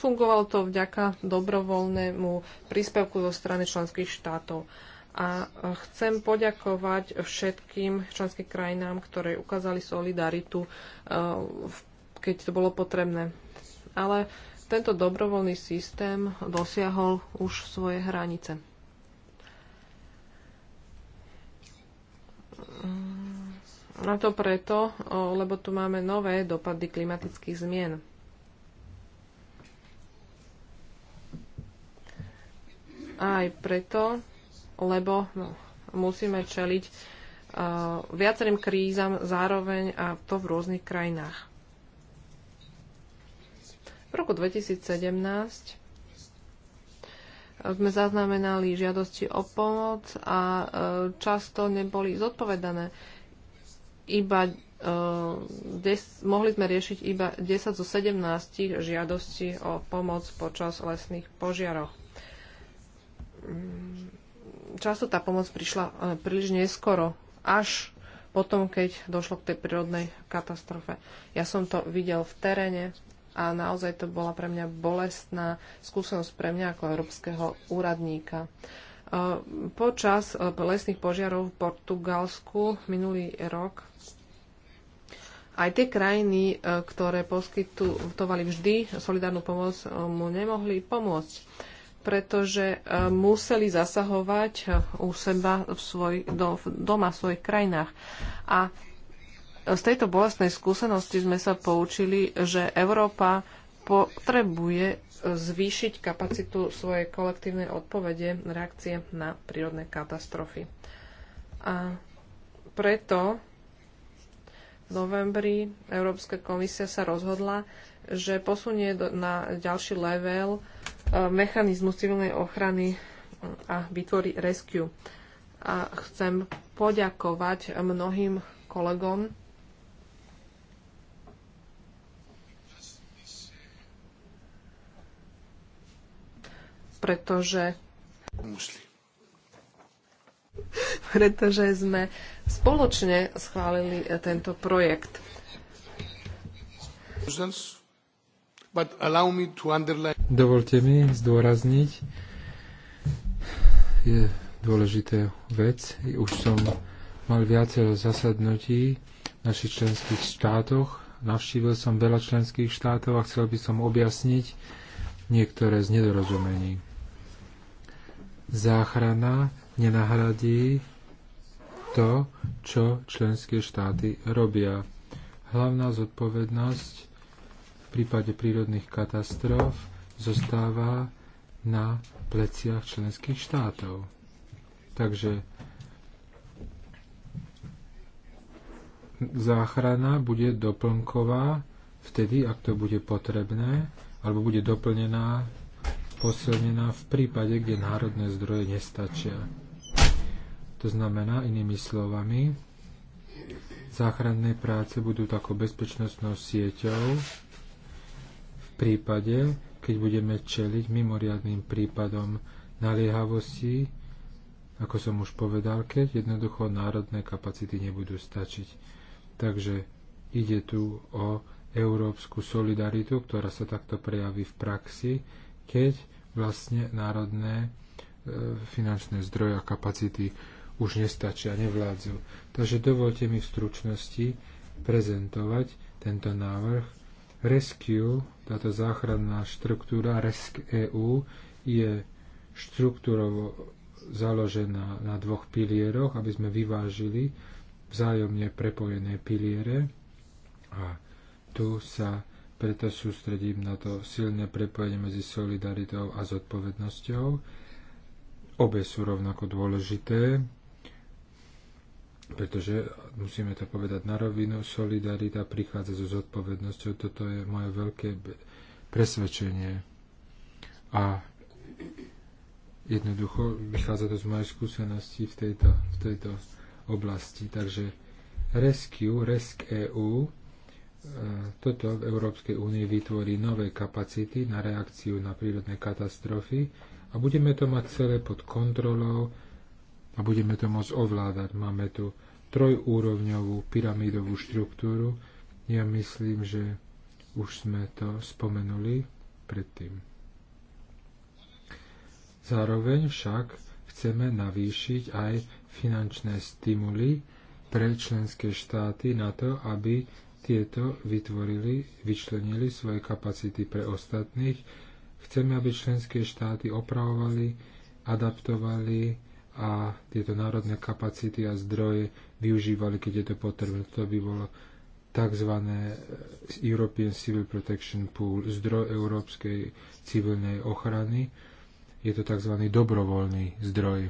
fungovalo to vďaka dobrovoľnému príspevku zo strany členských štátov. A e, chcem poďakovať všetkým členským krajinám, ktoré ukázali solidaritu, e, keď to bolo potrebné. Ale tento dobrovoľný systém dosiahol už svoje hranice. Mm, a to preto, e, lebo tu máme nové dopady klimatických zmien. aj preto, lebo musíme čeliť uh, viacerým krízam zároveň a to v rôznych krajinách. V roku 2017 sme zaznamenali žiadosti o pomoc a uh, často neboli zodpovedané. Iba, uh, des, mohli sme riešiť iba 10 zo 17 žiadostí o pomoc počas lesných požiarov mm často tá pomoc prišla e, príliš neskoro, až potom, keď došlo k tej prírodnej katastrofe. Ja som to videl v teréne a naozaj to bola pre mňa bolestná skúsenosť pre mňa ako európskeho úradníka. E, počas e, lesných požiarov v Portugalsku minulý rok aj tie krajiny, ktoré poskytovali vždy solidárnu pomoc, mu nemohli pomôcť pretože e, museli zasahovať e, u seba v svoj, do, doma v svojich krajinách. A z tejto bolestnej skúsenosti sme sa poučili, že Európa potrebuje e, zvýšiť kapacitu svojej kolektívnej odpovede reakcie na prírodné katastrofy. A preto v novembri Európska komisia sa rozhodla, že posunie na ďalší level mechanizmu civilnej ochrany a vytvorí Rescue. A chcem poďakovať mnohým kolegom, pretože pretože sme spoločne schválili tento projekt. But allow me to underline... Dovolte mi zdôrazniť, je dôležitá vec. Už som mal viacero zasadnutí v našich členských štátoch. Navštívil som veľa členských štátov a chcel by som objasniť niektoré z nedorozumení. Záchrana nenahradí to, čo členské štáty robia. Hlavná zodpovednosť prípade prírodných katastrof zostáva na pleciach členských štátov. Takže záchrana bude doplnková vtedy, ak to bude potrebné, alebo bude doplnená, posilnená v prípade, kde národné zdroje nestačia. To znamená, inými slovami, záchranné práce budú takou bezpečnostnou sieťou, prípade, keď budeme čeliť mimoriadným prípadom naliehavosti, ako som už povedal, keď jednoducho národné kapacity nebudú stačiť. Takže ide tu o európsku solidaritu, ktorá sa takto prejaví v praxi, keď vlastne národné e, finančné zdroje a kapacity už nestačia, nevládzu. Takže dovolte mi v stručnosti prezentovať tento návrh Rescue, táto záchranná štruktúra RescEU EU je štruktúrovo založená na dvoch pilieroch, aby sme vyvážili vzájomne prepojené piliere a tu sa preto sústredím na to silné prepojenie medzi solidaritou a zodpovednosťou. Obe sú rovnako dôležité, pretože musíme to povedať na rovinu, solidarita prichádza so zodpovednosťou, toto je moje veľké presvedčenie. A jednoducho vychádza to z mojej skúsenosti v tejto, v tejto oblasti. Takže Rescue, Resc EU, e, toto v Európskej únii vytvorí nové kapacity na reakciu na prírodné katastrofy a budeme to mať celé pod kontrolou, a budeme to môcť ovládať. Máme tu trojúrovňovú pyramidovú štruktúru. Ja myslím, že už sme to spomenuli predtým. Zároveň však chceme navýšiť aj finančné stimuly pre členské štáty na to, aby tieto vytvorili, vyčlenili svoje kapacity pre ostatných. Chceme, aby členské štáty opravovali, adaptovali a tieto národné kapacity a zdroje využívali, keď je to potrebné. To by bolo tzv. Eh, European Civil Protection Pool, zdroj európskej civilnej ochrany. Je to tzv. dobrovoľný zdroj.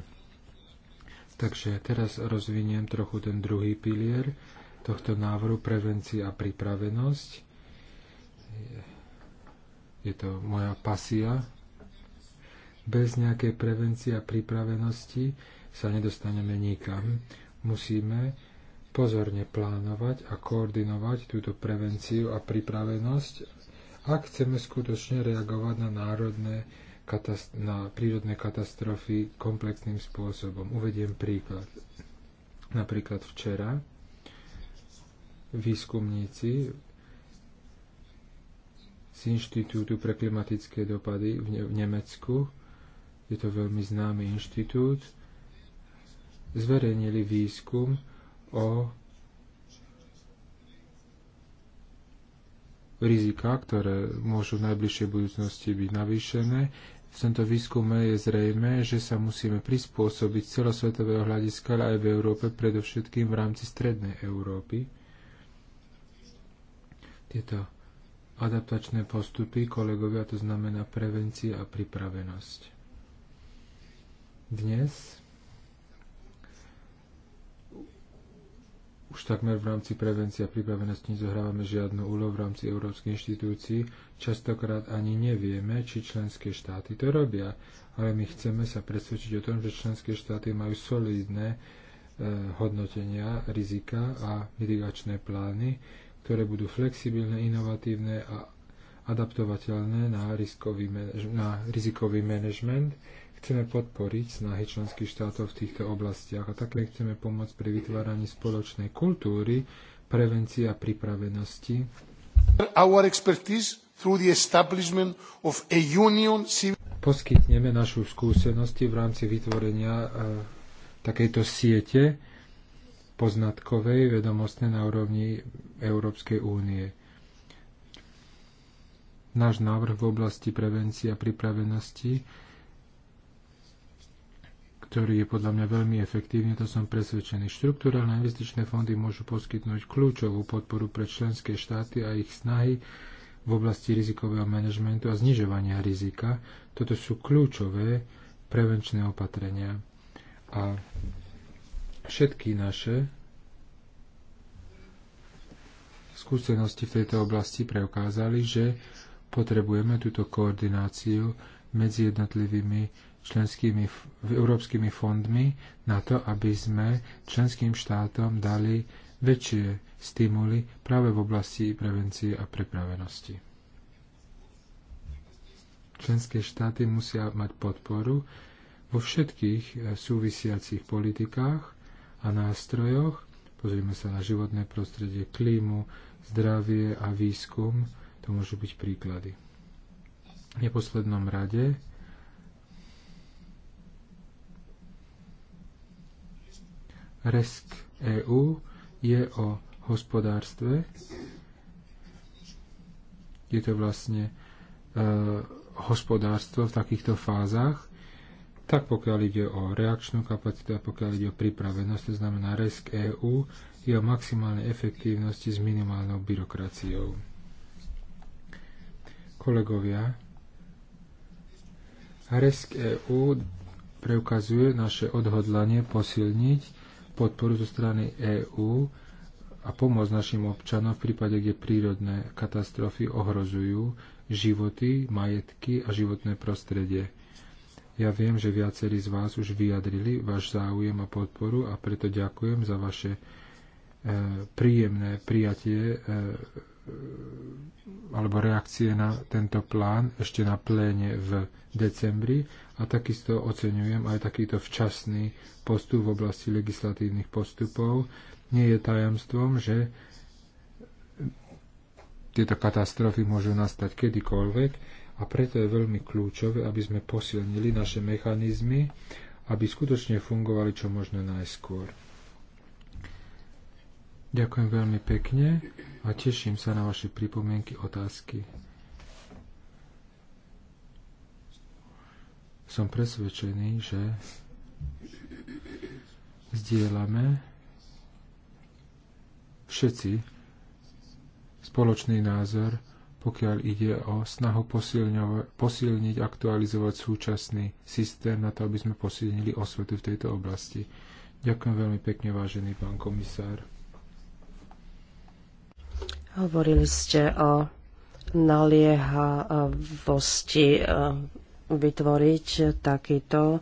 Takže teraz rozviniem trochu ten druhý pilier tohto návrhu prevencia a pripravenosť. Je to moja pasia, bez nejakej prevencie a pripravenosti sa nedostaneme nikam. Musíme pozorne plánovať a koordinovať túto prevenciu a pripravenosť, ak chceme skutočne reagovať na národné na prírodné katastrofy komplexným spôsobom. Uvediem príklad. Napríklad včera výskumníci z Inštitútu pre klimatické dopady v Nemecku je to veľmi známy inštitút, zverejnili výskum o rizika, ktoré môžu v najbližšej budúcnosti byť navýšené. V tomto výskume je zrejme, že sa musíme prispôsobiť celosvetového hľadiska, ale aj v Európe, predovšetkým v rámci strednej Európy. Tieto adaptačné postupy, kolegovia, to znamená prevencia a pripravenosť dnes už takmer v rámci prevencie a pripravenosti nezohrávame žiadnu úlohu v rámci európskej inštitúcii. Častokrát ani nevieme, či členské štáty to robia, ale my chceme sa presvedčiť o tom, že členské štáty majú solidné e, hodnotenia rizika a mitigačné plány, ktoré budú flexibilné, inovatívne a adaptovateľné na rizikový, na rizikový manažment Chceme podporiť snahy členských štátov v týchto oblastiach a také chceme pomôcť pri vytváraní spoločnej kultúry, prevencie a pripravenosti. Our expertise through the establishment of a union Poskytneme našu skúsenosti v rámci vytvorenia e, takejto siete poznatkovej vedomostnej na úrovni Európskej únie. Náš návrh v oblasti prevencie a pripravenosti ktorý je podľa mňa veľmi efektívny, to som presvedčený. Štruktúralne investičné fondy môžu poskytnúť kľúčovú podporu pre členské štáty a ich snahy v oblasti rizikového manažmentu a znižovania rizika. Toto sú kľúčové prevenčné opatrenia. A všetky naše skúsenosti v tejto oblasti preukázali, že potrebujeme túto koordináciu medzi jednotlivými členskými európskymi fondmi na to, aby sme členským štátom dali väčšie stimuly práve v oblasti prevencie a prepravenosti. Členské štáty musia mať podporu vo všetkých e, súvisiacich politikách a nástrojoch. Pozrieme sa na životné prostredie, klímu, zdravie a výskum. To môžu byť príklady. V neposlednom rade RESK EU je o hospodárstve. Je to vlastne e, hospodárstvo v takýchto fázach. Tak pokiaľ ide o reakčnú kapacitu a pokiaľ ide o pripravenosť, to znamená RESK EU, je o maximálnej efektívnosti s minimálnou byrokraciou. Kolegovia, RESK EU preukazuje naše odhodlanie posilniť podporu zo strany EÚ a pomoc našim občanom v prípade, kde prírodné katastrofy ohrozujú životy, majetky a životné prostredie. Ja viem, že viacerí z vás už vyjadrili váš záujem a podporu a preto ďakujem za vaše e, príjemné prijatie e, Eh, alebo reakcie na tento plán ešte na pléne v decembri a takisto oceňujem aj takýto včasný postup v oblasti legislatívnych postupov. Nie je tajomstvom, že tieto katastrofy môžu nastať kedykoľvek a preto je veľmi kľúčové, aby sme posilnili naše mechanizmy, aby skutočne fungovali čo možno najskôr. Ďakujem veľmi pekne a teším sa na vaše pripomienky, otázky. Som presvedčený, že zdieľame všetci spoločný názor, pokiaľ ide o snahu posilniť, aktualizovať súčasný systém na to, aby sme posilnili osvetu v tejto oblasti. Ďakujem veľmi pekne, vážený pán komisár. Hovorili ste o naliehavosti e, vytvoriť takýto e,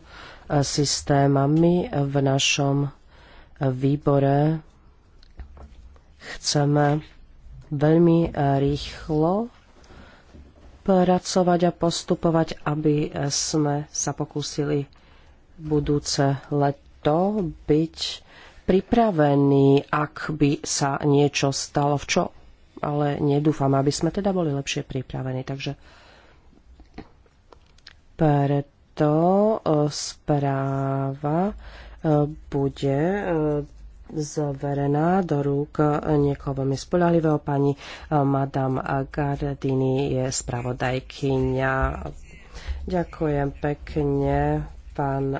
systém. A my v našom výbore chceme veľmi e, rýchlo pracovať a postupovať, aby sme sa pokúsili budúce leto byť pripravení, ak by sa niečo stalo v čo ale nedúfam, aby sme teda boli lepšie pripravení. Takže preto e, správa e, bude e, zverená do rúk niekoho veľmi spolahlivého. Pani Madame Gardini je spravodajkyňa. Ďakujem pekne, pán,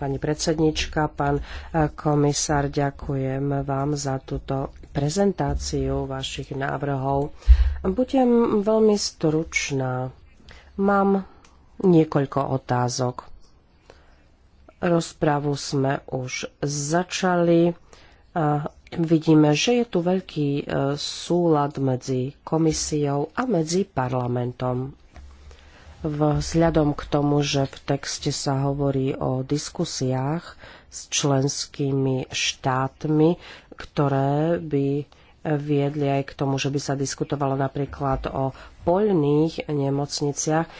pani predsednička, pán komisár, ďakujem vám za túto prezentáciu vašich návrhov. Budem veľmi stručná. Mám niekoľko otázok. Rozpravu sme už začali. A vidíme, že je tu veľký e, súlad medzi komisiou a medzi parlamentom. Vzhľadom k tomu, že v texte sa hovorí o diskusiách s členskými štátmi, ktoré by viedli aj k tomu, že by sa diskutovalo napríklad o poľných nemocniciach. E,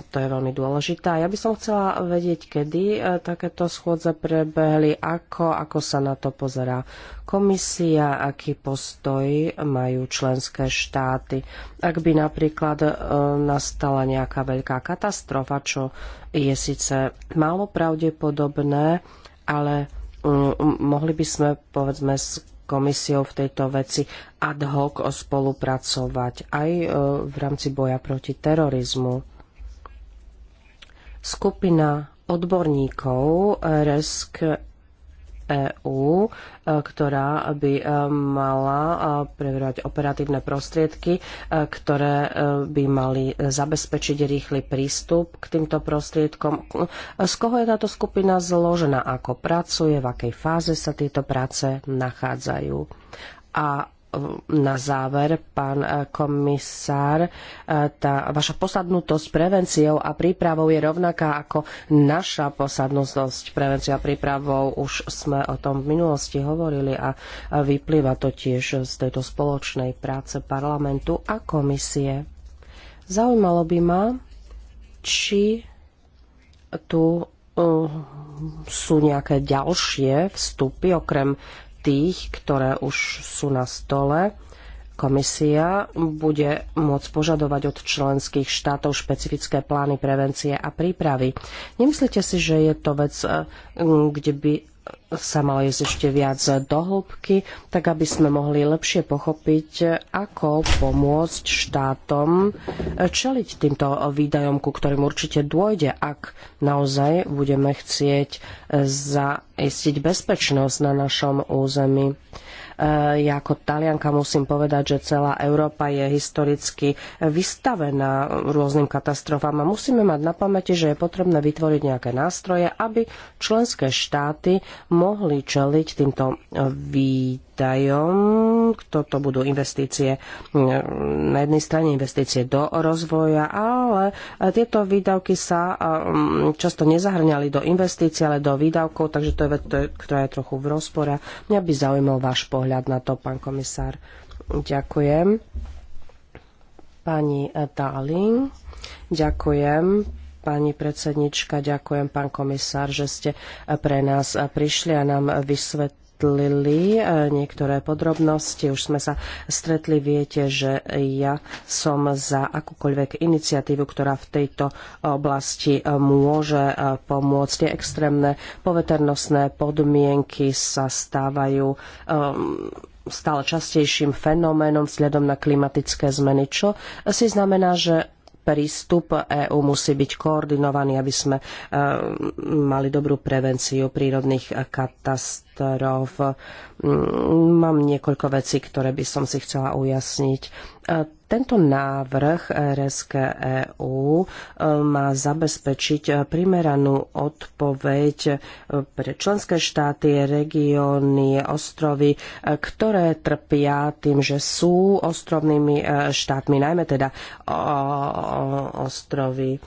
to je veľmi dôležité. Ja by som chcela vedieť, kedy e, takéto schôdze prebehli, ako, ako sa na to pozerá komisia, aký postoj majú členské štáty. Ak by napríklad e, nastala nejaká veľká katastrofa, čo je síce málo pravdepodobné, ale mohli by sme, povedzme, s komisiou v tejto veci ad hoc spolupracovať aj e, v rámci boja proti terorizmu. Skupina odborníkov e, RESC EÚ, e, ktorá by e, mala e, preverovať operatívne prostriedky, ktoré by mali zabezpečiť rýchly prístup k týmto prostriedkom. Z koho je táto skupina zložená, ako pracuje, v akej fáze sa tieto práce nachádzajú a na záver, pán eh, komisár, eh, tá vaša posadnutosť prevenciou a prípravou je rovnaká ako naša posadnutosť prevenciou a prípravou. Už sme o tom v minulosti hovorili a vyplýva to tiež z tejto spoločnej práce parlamentu a komisie. Zaujímalo by ma, či tu eh, sú nejaké ďalšie vstupy, okrem tých, ktoré už sú na stole, komisia bude môcť požadovať od členských štátov špecifické plány prevencie a prípravy. Nemyslíte si, že je to vec, eh, kde by sa malo ísť ešte viac do hĺbky, tak aby sme mohli lepšie pochopiť, ako pomôcť štátom čeliť týmto výdajom, ku ktorým určite dôjde, ak naozaj budeme chcieť zaistiť bezpečnosť na našom území. Eh, ja ako talianka musím povedať, že celá Európa je historicky vystavená rôznym katastrofám a musíme mať na pamäti, že je potrebné vytvoriť nejaké nástroje, aby členské štáty mohli čeliť týmto výzvam výdajom. to budú investície na jednej strane investície do rozvoja, ale tieto výdavky sa často nezahrňali do investícií, ale do výdavkov, takže to je vec, ktorá je trochu v rozpore. Mňa by zaujímal váš pohľad na to, pán komisár. Ďakujem. Pani e, Dáling, ďakujem. Pani predsednička, ďakujem, pán komisár, že ste e, pre nás e, prišli a nám vysvetlili vysvetlili e, niektoré podrobnosti. Už sme sa stretli, viete, že ja som za akúkoľvek iniciatívu, ktorá v tejto oblasti e, môže e, pomôcť. Tie extrémne poveternostné podmienky sa stávajú stále častejším fenoménom vzhľadom na klimatické zmeny, čo si znamená, že prístup EÚ musí byť koordinovaný, aby sme e, mali dobrú prevenciu prírodných katastrof. Mm, mám niekoľko vecí, ktoré by som si chcela ujasniť. E, tento návrh RSK EU um, má zabezpečiť uh, primeranú odpoveď uh, pre členské štáty, regióny, ostrovy, uh, ktoré trpia tým, že sú ostrovnými štátmi, najmä teda ostrovy.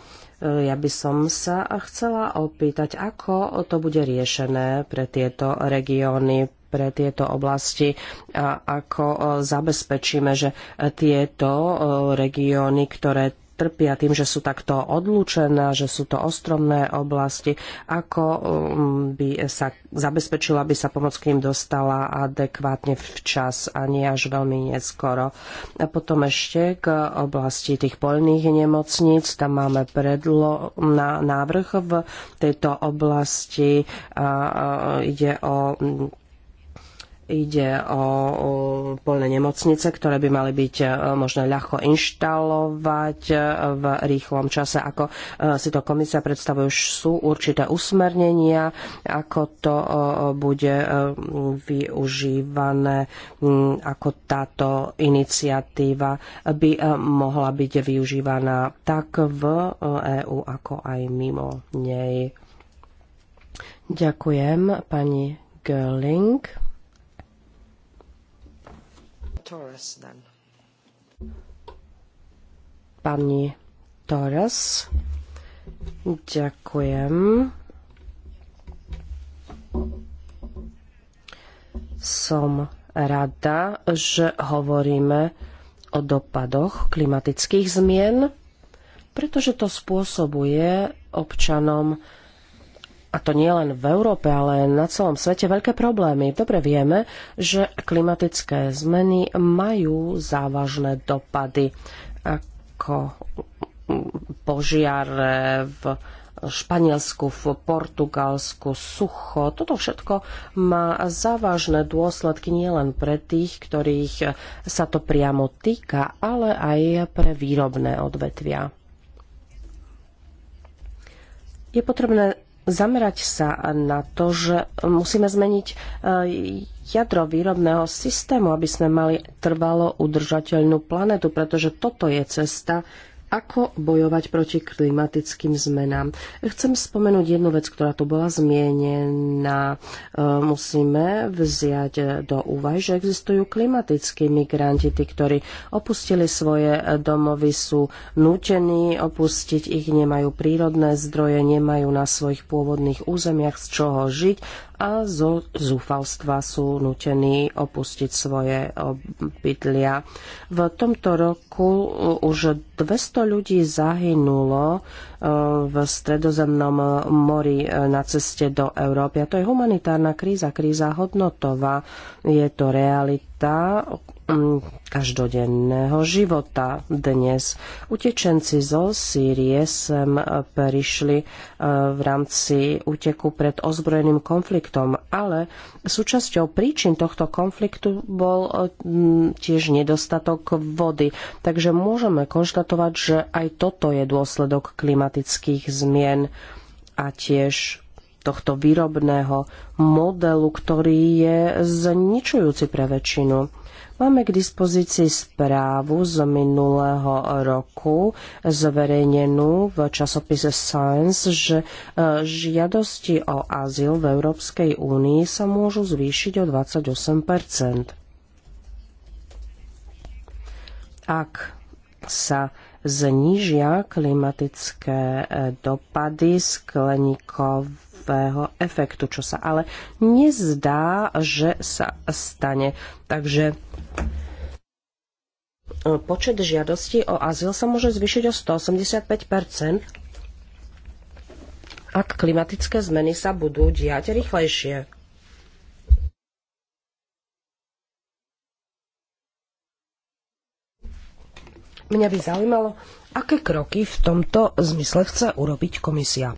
Ja by som sa chcela opýtať, ako to bude riešené pre tieto regióny, pre tieto oblasti a ako e, zabezpečíme, že tieto e, regióny, ktoré trpia tým, že sú takto odlúčené, že sú to ostromné oblasti, ako mm, by sa zabezpečila, aby sa pomoc k ním dostala adekvátne včas a nie až veľmi neskoro. A potom ešte k oblasti tých poľných nemocníc. Tam máme predlo na návrh v tejto oblasti. A ide o mm, Ide o plné nemocnice, ktoré by mali byť e, možno ľahko inštalovať e, v rýchlom čase, ako e, si to komisia predstavuje. Už sú určité usmernenia, ako to bude využívané, ako táto iniciatíva by mohla byť využívaná tak v EÚ, ako aj mimo nej. Ďakujem, pani Görling. Torres then. Pani Torres. Ďakujem. Som rada, že hovoríme o dopadoch klimatických zmien, pretože to spôsobuje občanom a to nie len v Európe, ale na celom svete, veľké problémy. Dobre vieme, že klimatické zmeny majú závažné dopady, ako požiare v Španielsku, v Portugalsku, sucho. Toto všetko má závažné dôsledky nielen pre tých, ktorých sa to priamo týka, ale aj pre výrobné odvetvia. Je potrebné zamerať sa na to, že musíme zmeniť eh, jadro výrobného systému, aby sme mali trvalo udržateľnú planetu, pretože toto je cesta ako bojovať proti klimatickým zmenám. Chcem spomenúť jednu vec, ktorá tu bola zmienená. E, musíme vziať do úvahy, že existujú klimatickí migranti, tí, ktorí opustili svoje domovy, sú nútení opustiť ich, nemajú prírodné zdroje, nemajú na svojich pôvodných územiach z čoho žiť a zo zúfalstva sú nutení opustiť svoje bydlia. V tomto roku uh, už 200 ľudí zahynulo uh, v stredozemnom mori uh, na ceste do Európy. A to je humanitárna kríza, kríza hodnotová. Je to realita, Mm, každodenného života dnes. Utečenci zo Sýrie sem prišli e, v rámci úteku pred ozbrojeným konfliktom, ale súčasťou príčin tohto konfliktu bol e, tiež nedostatok vody. Takže môžeme konštatovať, že aj toto je dôsledok klimatických zmien a tiež tohto výrobného modelu, ktorý je zničujúci pre väčšinu Máme k dispozícii správu z minulého roku zverejnenú v časopise Science, že e, žiadosti o azyl v Európskej únii sa môžu zvýšiť o 28 Ak sa znížia klimatické e, dopady skleníkov istého efektu, čo sa ale nezdá, že sa stane. Takže e, počet žiadostí o azyl sa môže zvyšiť o 185 ak klimatické zmeny sa budú diať rýchlejšie. Mňa by zaujímalo, aké kroky v tomto zmysle chce urobiť komisia.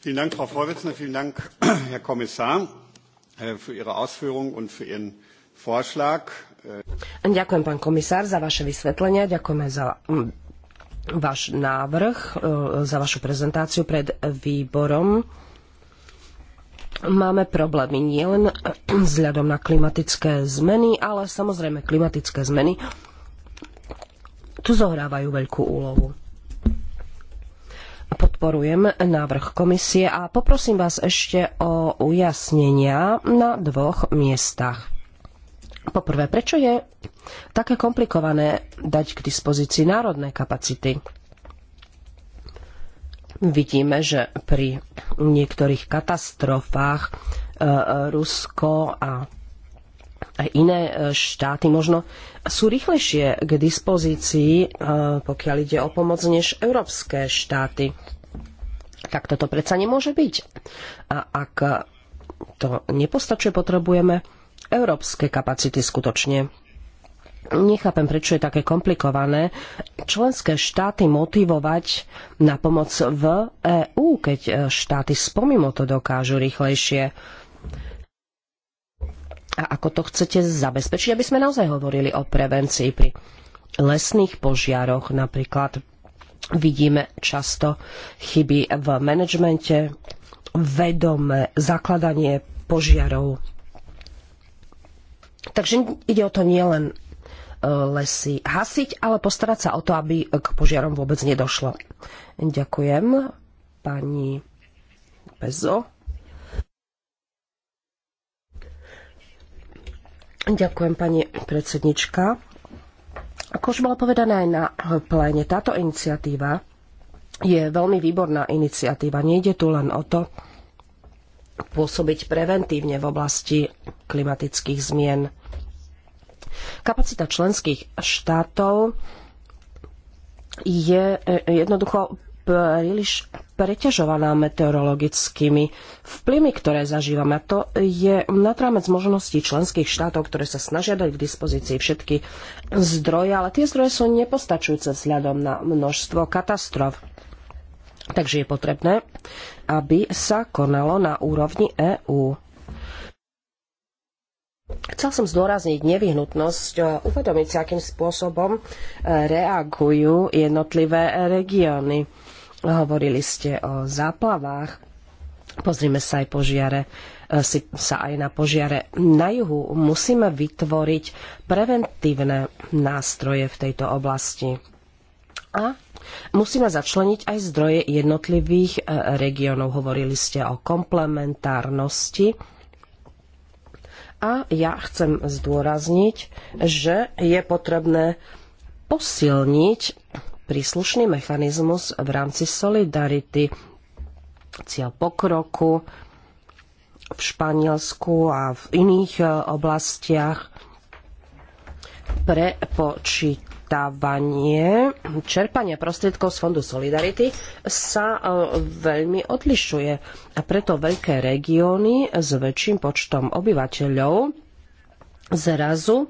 Vielen Dank, Frau Vorsitzende. Vielen Dank, Herr Kommissar, äh, für Ihre Ausführungen und für Ihren Vorschlag. Äh, Ďakujem, pán komisár, za vaše vysvetlenia. Ďakujeme za mm, váš návrh, e, za vašu prezentáciu pred výborom. Máme problémy nielen vzhľadom e, na klimatické zmeny, ale samozrejme klimatické zmeny tu zohrávajú veľkú úlohu podporujem návrh komisie a poprosím vás ešte o ujasnenia na dvoch miestach. Poprvé, prečo je také komplikované dať k dispozícii národné kapacity? Vidíme, že pri niektorých katastrofách eh, eh, Rusko a aj iné e, štáty možno sú rýchlejšie k dispozícii, e, pokiaľ ide o pomoc, než európske štáty. Tak toto predsa nemôže byť. A ak to nepostačuje, potrebujeme európske kapacity skutočne. Nechápem, prečo je také komplikované členské štáty motivovať na pomoc v EÚ, keď e, štáty spomimo to dokážu rýchlejšie a ako to chcete zabezpečiť, aby sme naozaj hovorili o prevencii pri lesných požiaroch napríklad. Vidíme často chyby v manažmente, vedomé zakladanie požiarov. Takže ide o to nielen e, lesy hasiť, ale postarať sa o to, aby k požiarom vôbec nedošlo. Ďakujem pani Pezo. Ďakujem, pani predsednička. Ako už bolo povedané aj na pléne, táto iniciatíva je veľmi výborná iniciatíva. Nejde tu len o to pôsobiť preventívne v oblasti klimatických zmien. Kapacita členských štátov je eh, jednoducho príliš preťažovaná meteorologickými vplyvmi, ktoré zažívame. to je nad rámec možností členských štátov, ktoré sa snažia dať k dispozícii všetky zdroje, ale tie zdroje sú nepostačujúce vzhľadom na množstvo katastrof. Takže je potrebné, aby sa konalo na úrovni EÚ. Chcel som zdôrazniť nevyhnutnosť e, uvedomiť si, akým spôsobom e, reagujú jednotlivé regióny. Hovorili ste o záplavách. Pozrime sa aj požiare, e, si, sa aj na požiare. Na juhu musíme vytvoriť preventívne nástroje v tejto oblasti. A musíme začleniť aj zdroje jednotlivých e, regiónov. Hovorili ste o komplementárnosti. A ja chcem zdôrazniť, že je potrebné posilniť príslušný mechanizmus v rámci solidarity, cieľ pokroku v Španielsku a v iných e, oblastiach prepočítavanie čerpania prostriedkov z Fondu Solidarity sa e, veľmi odlišuje. A preto veľké regióny s väčším počtom obyvateľov zrazu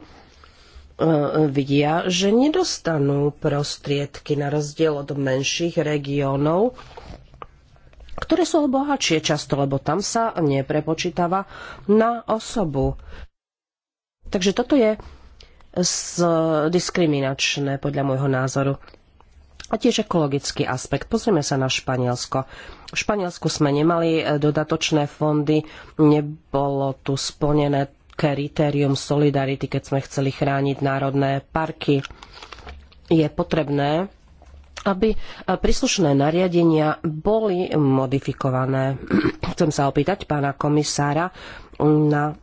E, vidia, že nedostanú prostriedky na rozdiel od menších regiónov, ktoré sú bohatšie často, lebo tam sa neprepočítava na osobu. Takže toto je diskriminačné podľa môjho názoru. A tiež ekologický aspekt. Pozrieme sa na Španielsko. V Španielsku sme nemali e, dodatočné fondy, nebolo tu splnené kritérium solidarity, keď sme chceli chrániť národné parky. Je potrebné, aby príslušné nariadenia boli modifikované. Chcem sa opýtať pána komisára na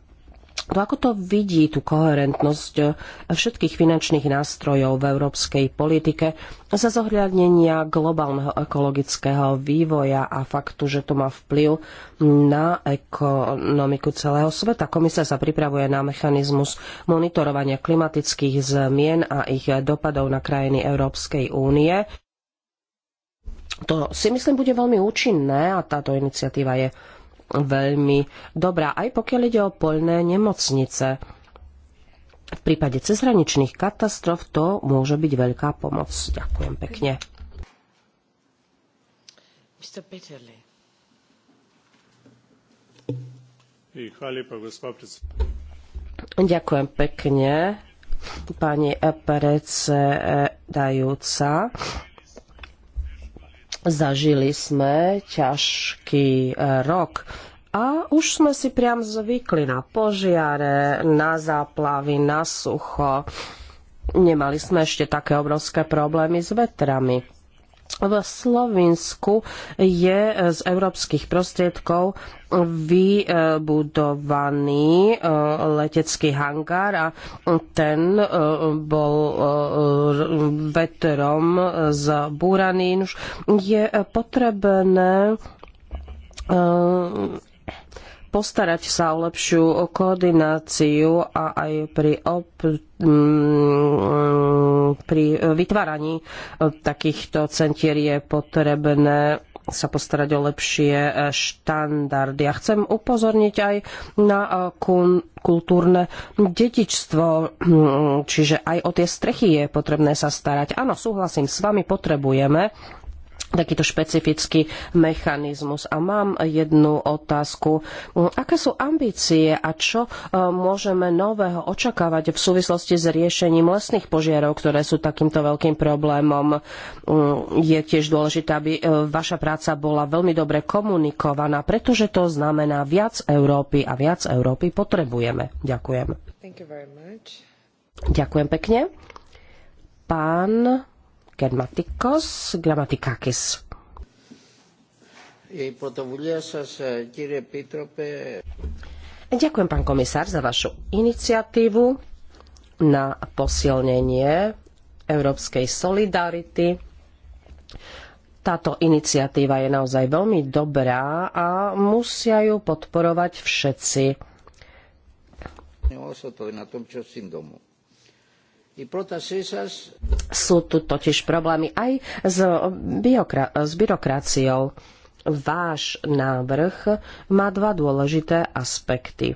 to ako to vidí tú koherentnosť všetkých finančných nástrojov v európskej politike za zohľadnenia globálneho ekologického vývoja a faktu, že to má vplyv na ekonomiku celého sveta. Komisia sa pripravuje na mechanizmus monitorovania klimatických zmien a ich dopadov na krajiny Európskej únie. To si myslím bude veľmi účinné a táto iniciatíva je veľmi dobrá, aj pokiaľ ide o poľné nemocnice. V prípade cezhraničných katastrof to môže byť veľká pomoc. Ďakujem pekne. Mr. Peterle. Ďakujem pekne, pani predsedajúca. Zažili sme ťažký e, rok a už sme si priam zvykli na požiare, na záplavy, na sucho. Nemali sme ešte také obrovské problémy s vetrami. V Slovinsku je e, z európskych prostriedkov vybudovaný e, letecký hangár a ten e, bol vetrom zbúraný. Je potrebné postarať sa o lepšiu koordináciu a aj pri, op- mm, pri vytváraní takýchto centier je potrebné sa postarať o lepšie štandardy. A chcem upozorniť aj na kultúrne detičstvo, mm, čiže aj o tie strechy je potrebné sa starať. Áno, súhlasím s vami, potrebujeme takýto špecifický mechanizmus. A mám jednu otázku. Aké sú ambície a čo e, môžeme nového očakávať v súvislosti s riešením lesných požiarov, ktoré sú takýmto veľkým problémom? Mm, je tiež dôležité, aby e, vaša práca bola veľmi dobre komunikovaná, pretože to znamená viac Európy a viac Európy potrebujeme. Ďakujem. Ďakujem pekne. Pán Γερματικός Γραμματικάκης. Η πρωτοβουλία σας, κύριε Επίτροπε... Ďakujem, pán komisár, za vašu iniciatívu na posilnenie európskej solidarity. Táto iniciatíva je naozaj veľmi dobrá a musia ju podporovať všetci. na tom, čo sú tu totiž problémy aj s, biokra- s byrokraciou. Váš návrh má dva dôležité aspekty.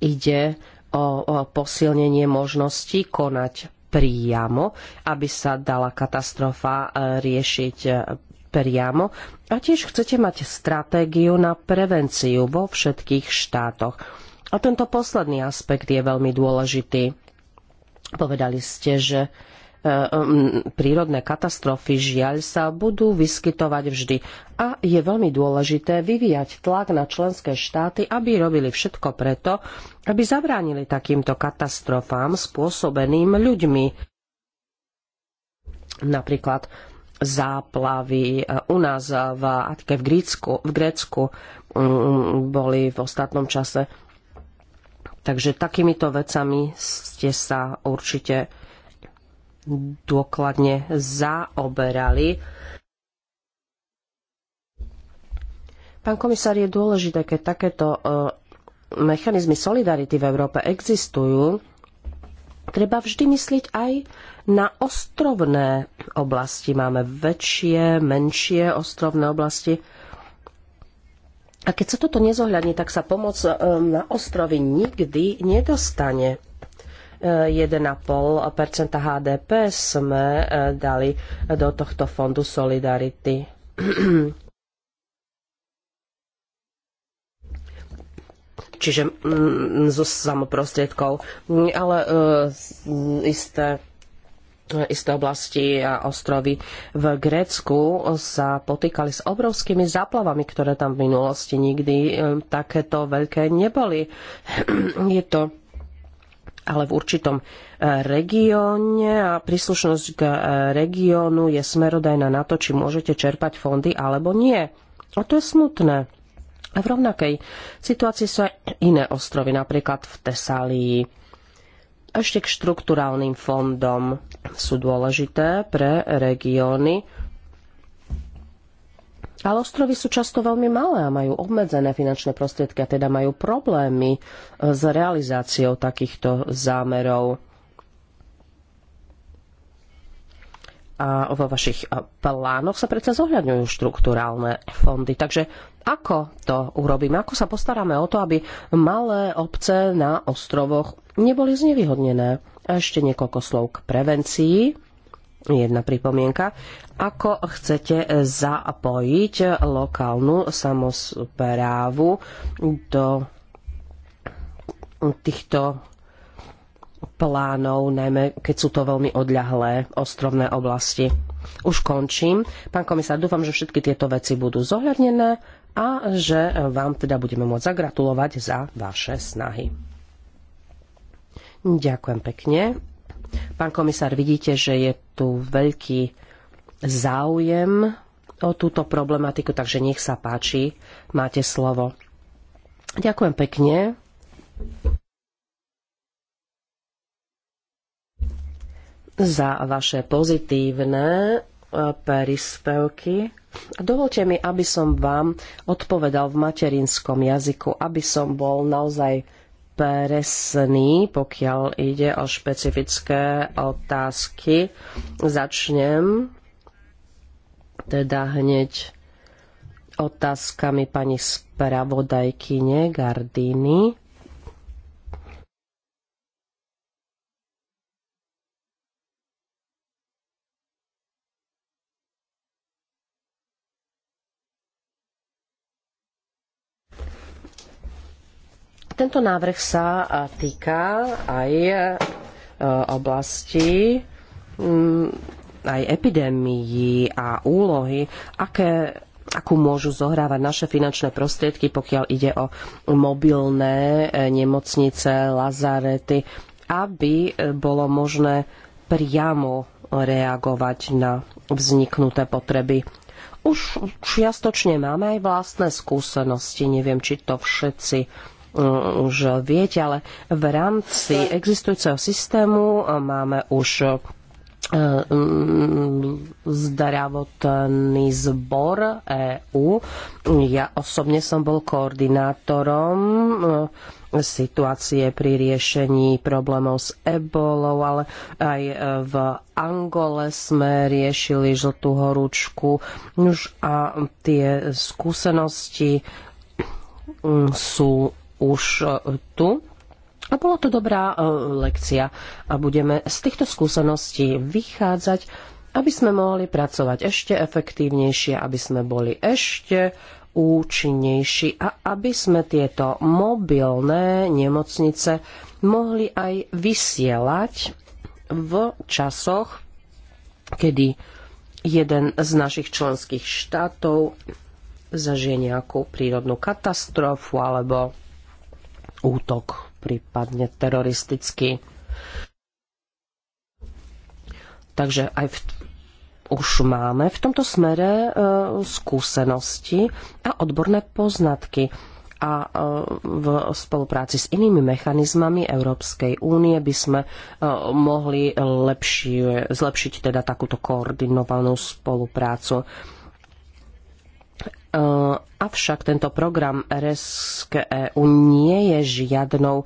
Ide o, o posilnenie možností konať priamo, aby sa dala katastrofa e, riešiť e, priamo. A tiež chcete mať stratégiu na prevenciu vo všetkých štátoch. A tento posledný aspekt je veľmi dôležitý Povedali ste, že e, prírodné katastrofy žiaľ sa budú vyskytovať vždy a je veľmi dôležité vyvíjať tlak na členské štáty, aby robili všetko preto, aby zabránili takýmto katastrofám spôsobeným ľuďmi. Napríklad záplavy e, u nás v, v Grécku, v Grécku boli v ostatnom čase Takže takýmito vecami ste sa určite dôkladne zaoberali. Pán komisár, je dôležité, keď takéto e, mechanizmy solidarity v Európe existujú, treba vždy myslieť aj na ostrovné oblasti. Máme väčšie, menšie ostrovné oblasti a keď sa toto nezohľadní, tak sa pomoc e, na ostrovy nikdy nedostane. 1,5 e, HDP sme e, dali do tohto fondu Solidarity. Čiže zo mm, samoprostriedkov. Ale e, isté isté oblasti a ostrovy v Grécku sa potýkali s obrovskými záplavami, ktoré tam v minulosti nikdy e, takéto veľké neboli. Je to ale v určitom e, regióne a príslušnosť k e, regiónu je smerodajná na to, či môžete čerpať fondy alebo nie. A to je smutné. A v rovnakej situácii sú aj iné ostrovy, napríklad v Tesálii ešte k štrukturálnym fondom sú dôležité pre regióny, ale ostrovy sú často veľmi malé a majú obmedzené finančné prostriedky a teda majú problémy e, s realizáciou takýchto zámerov. A vo vašich e, plánoch sa predsa zohľadňujú štruktúrálne fondy. Takže ako to urobíme? Ako sa postaráme o to, aby malé obce na ostrovoch neboli znevýhodnené. A ešte niekoľko slov k prevencii. Jedna pripomienka. Ako chcete zapojiť lokálnu samozprávu do týchto plánov, najmä keď sú to veľmi odľahlé ostrovné oblasti. Už končím. Pán komisár, dúfam, že všetky tieto veci budú zohľadnené a že vám teda budeme môcť zagratulovať za vaše snahy. Ďakujem pekne. Pán komisár, vidíte, že je tu veľký záujem o túto problematiku, takže nech sa páči, máte slovo. Ďakujem pekne. za vaše pozitívne e, príspevky. Dovolte mi, aby som vám odpovedal v materinskom jazyku, aby som bol naozaj presný, pokiaľ ide o špecifické otázky. Začnem teda hneď otázkami pani spravodajkyne Gardiny. Tento návrh sa týka aj e, oblasti mm, aj epidémií a úlohy, aké, akú môžu zohrávať naše finančné prostriedky, pokiaľ ide o mobilné e, nemocnice, lazarety, aby e, bolo možné priamo reagovať na vzniknuté potreby. Už čiastočne máme aj vlastné skúsenosti, neviem, či to všetci Eh, už viete, ale v rámci existujúceho systému eh, máme už eh, mm, zdravotný zbor EU. Ja osobne som bol koordinátorom situácie pri riešení problémov s ebolou, ale aj v Angole sme riešili žltú horúčku. Už a tie skúsenosti mm, sú už e, tu. A bola to dobrá e, lekcia a budeme z týchto skúseností vychádzať, aby sme mohli pracovať ešte efektívnejšie, aby sme boli ešte účinnejší a aby sme tieto mobilné nemocnice mohli aj vysielať v časoch, kedy jeden z našich členských štátov zažije nejakú prírodnú katastrofu alebo útok, prípadne teroristický. Takže aj v, už máme v tomto smere e, skúsenosti a odborné poznatky a e, v spolupráci s inými mechanizmami Európskej únie by sme e, mohli lepšie, zlepšiť teda takúto koordinovanú spoluprácu. Eh, avšak tento program RESK EU nie je žiadnou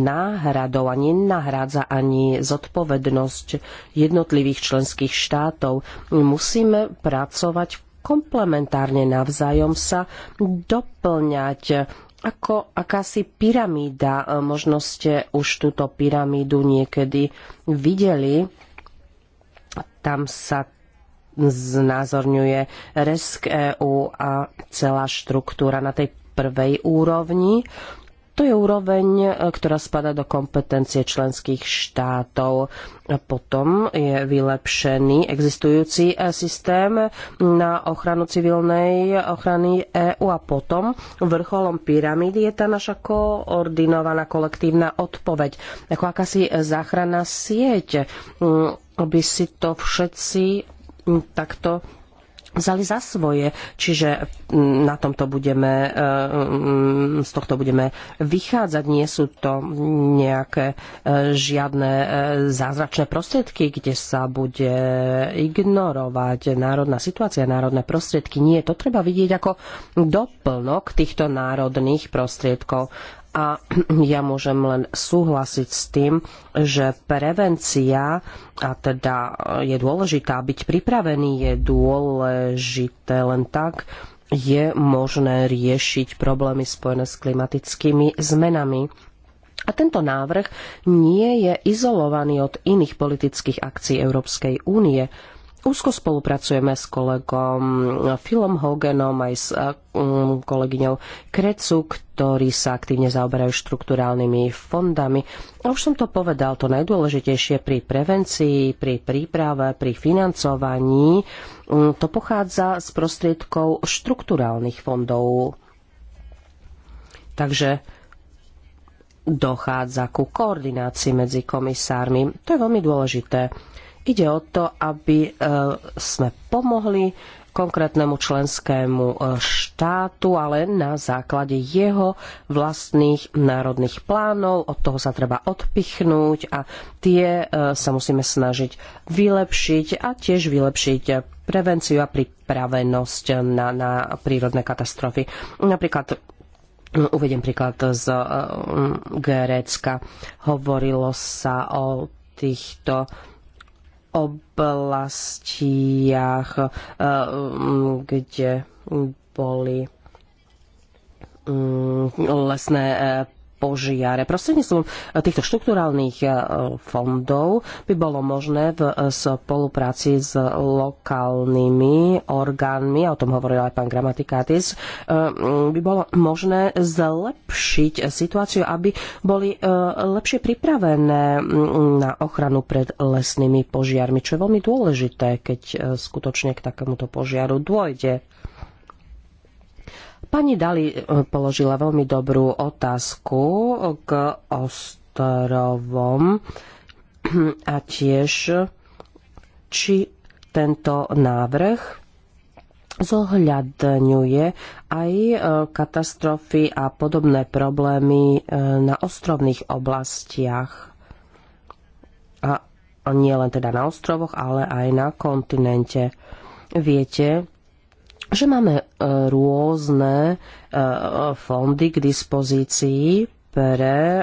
náhradou a nenahrádza ani zodpovednosť jednotlivých členských štátov. Musíme pracovať komplementárne navzájom sa doplňať ako akási pyramída. Eh, možno ste už túto pyramídu niekedy videli. Tam sa znázorňuje RESK EU a celá štruktúra na tej prvej úrovni. To je úroveň, e, ktorá spada do kompetencie členských štátov. Potom je vylepšený existujúci e, systém na ochranu civilnej ochrany EÚ a potom vrcholom pyramídy je tá naša koordinovaná kolektívna odpoveď. Ako akási záchranná sieť, mm, aby si to všetci takto vzali za svoje. Čiže na tomto budeme, e, z tohto budeme vychádzať. Nie sú to nejaké e, žiadne e, zázračné prostriedky, kde sa bude ignorovať národná situácia, národné prostriedky. Nie, to treba vidieť ako doplnok týchto národných prostriedkov. A ja môžem len súhlasiť s tým, že prevencia, a teda e, je dôležitá, byť pripravený je dôležité len tak, je možné riešiť problémy spojené s klimatickými zmenami. A tento návrh nie je izolovaný od iných politických akcií Európskej únie. Úzko spolupracujeme s kolegom Filom Hoganom aj s mm, kolegyňou Krecu, ktorí sa aktívne zaoberajú štruktúrálnymi fondami. A už som to povedal, to najdôležitejšie pri prevencii, pri príprave, pri financovaní, mm, to pochádza z prostriedkov štruktúrálnych fondov. Takže dochádza ku koordinácii medzi komisármi. To je veľmi dôležité. Ide o to, aby e, sme pomohli konkrétnemu členskému e, štátu, ale na základe jeho vlastných národných plánov. Od toho sa treba odpichnúť a tie e, sa musíme snažiť vylepšiť a tiež vylepšiť prevenciu a pripravenosť na, na prírodné katastrofy. Napríklad no, Uvediem príklad z Grécka. Hovorilo sa o týchto oblastiach, eh, mm, kde boli mm, lesné eh, požiare. Prostredníctvom e, týchto štruktúrálnych e, fondov by bolo možné v e, spolupráci s lokálnymi orgánmi, o tom hovoril aj pán Gramatikatis, by bolo možné zlepšiť situáciu, aby boli lepšie pripravené na ochranu pred lesnými požiarmi, čo je veľmi dôležité, keď skutočne k takémuto požiaru dôjde. Pani Dali e, položila veľmi dobrú otázku k ostrovom a tiež, či tento návrh zohľadňuje aj e, katastrofy a podobné problémy e, na ostrovných oblastiach. A nie len teda na ostrovoch, ale aj na kontinente. Viete, že máme e, rôzne e, fondy k dispozícii pre e,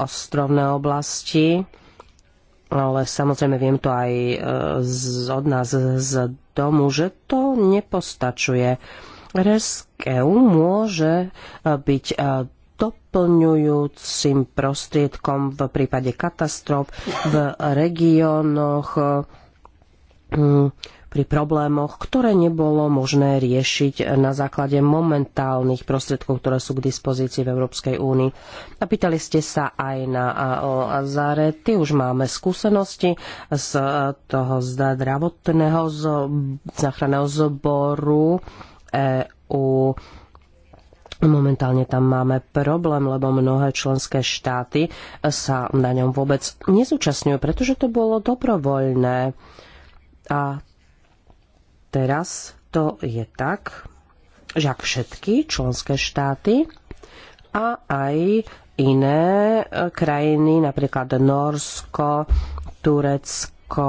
ostrovné oblasti, ale samozrejme viem to aj z, od nás z domu, že to nepostačuje. Rescue môže byť doplňujúcim prostriedkom v prípade katastrof v regiónoch mm, pri problémoch, ktoré nebolo možné riešiť na základe momentálnych prostriedkov, ktoré sú k dispozícii v Európskej únii. A pýtali ste sa aj na Azare. Ty už máme skúsenosti z toho zdravotného záchranného zboru EU. Momentálne tam máme problém, lebo mnohé členské štáty sa na ňom vôbec nezúčastňujú, pretože to bolo dobrovoľné. A Teraz to je tak, že ak všetky členské štáty a aj iné eh, krajiny, napríklad Norsko, Turecko, Rusko,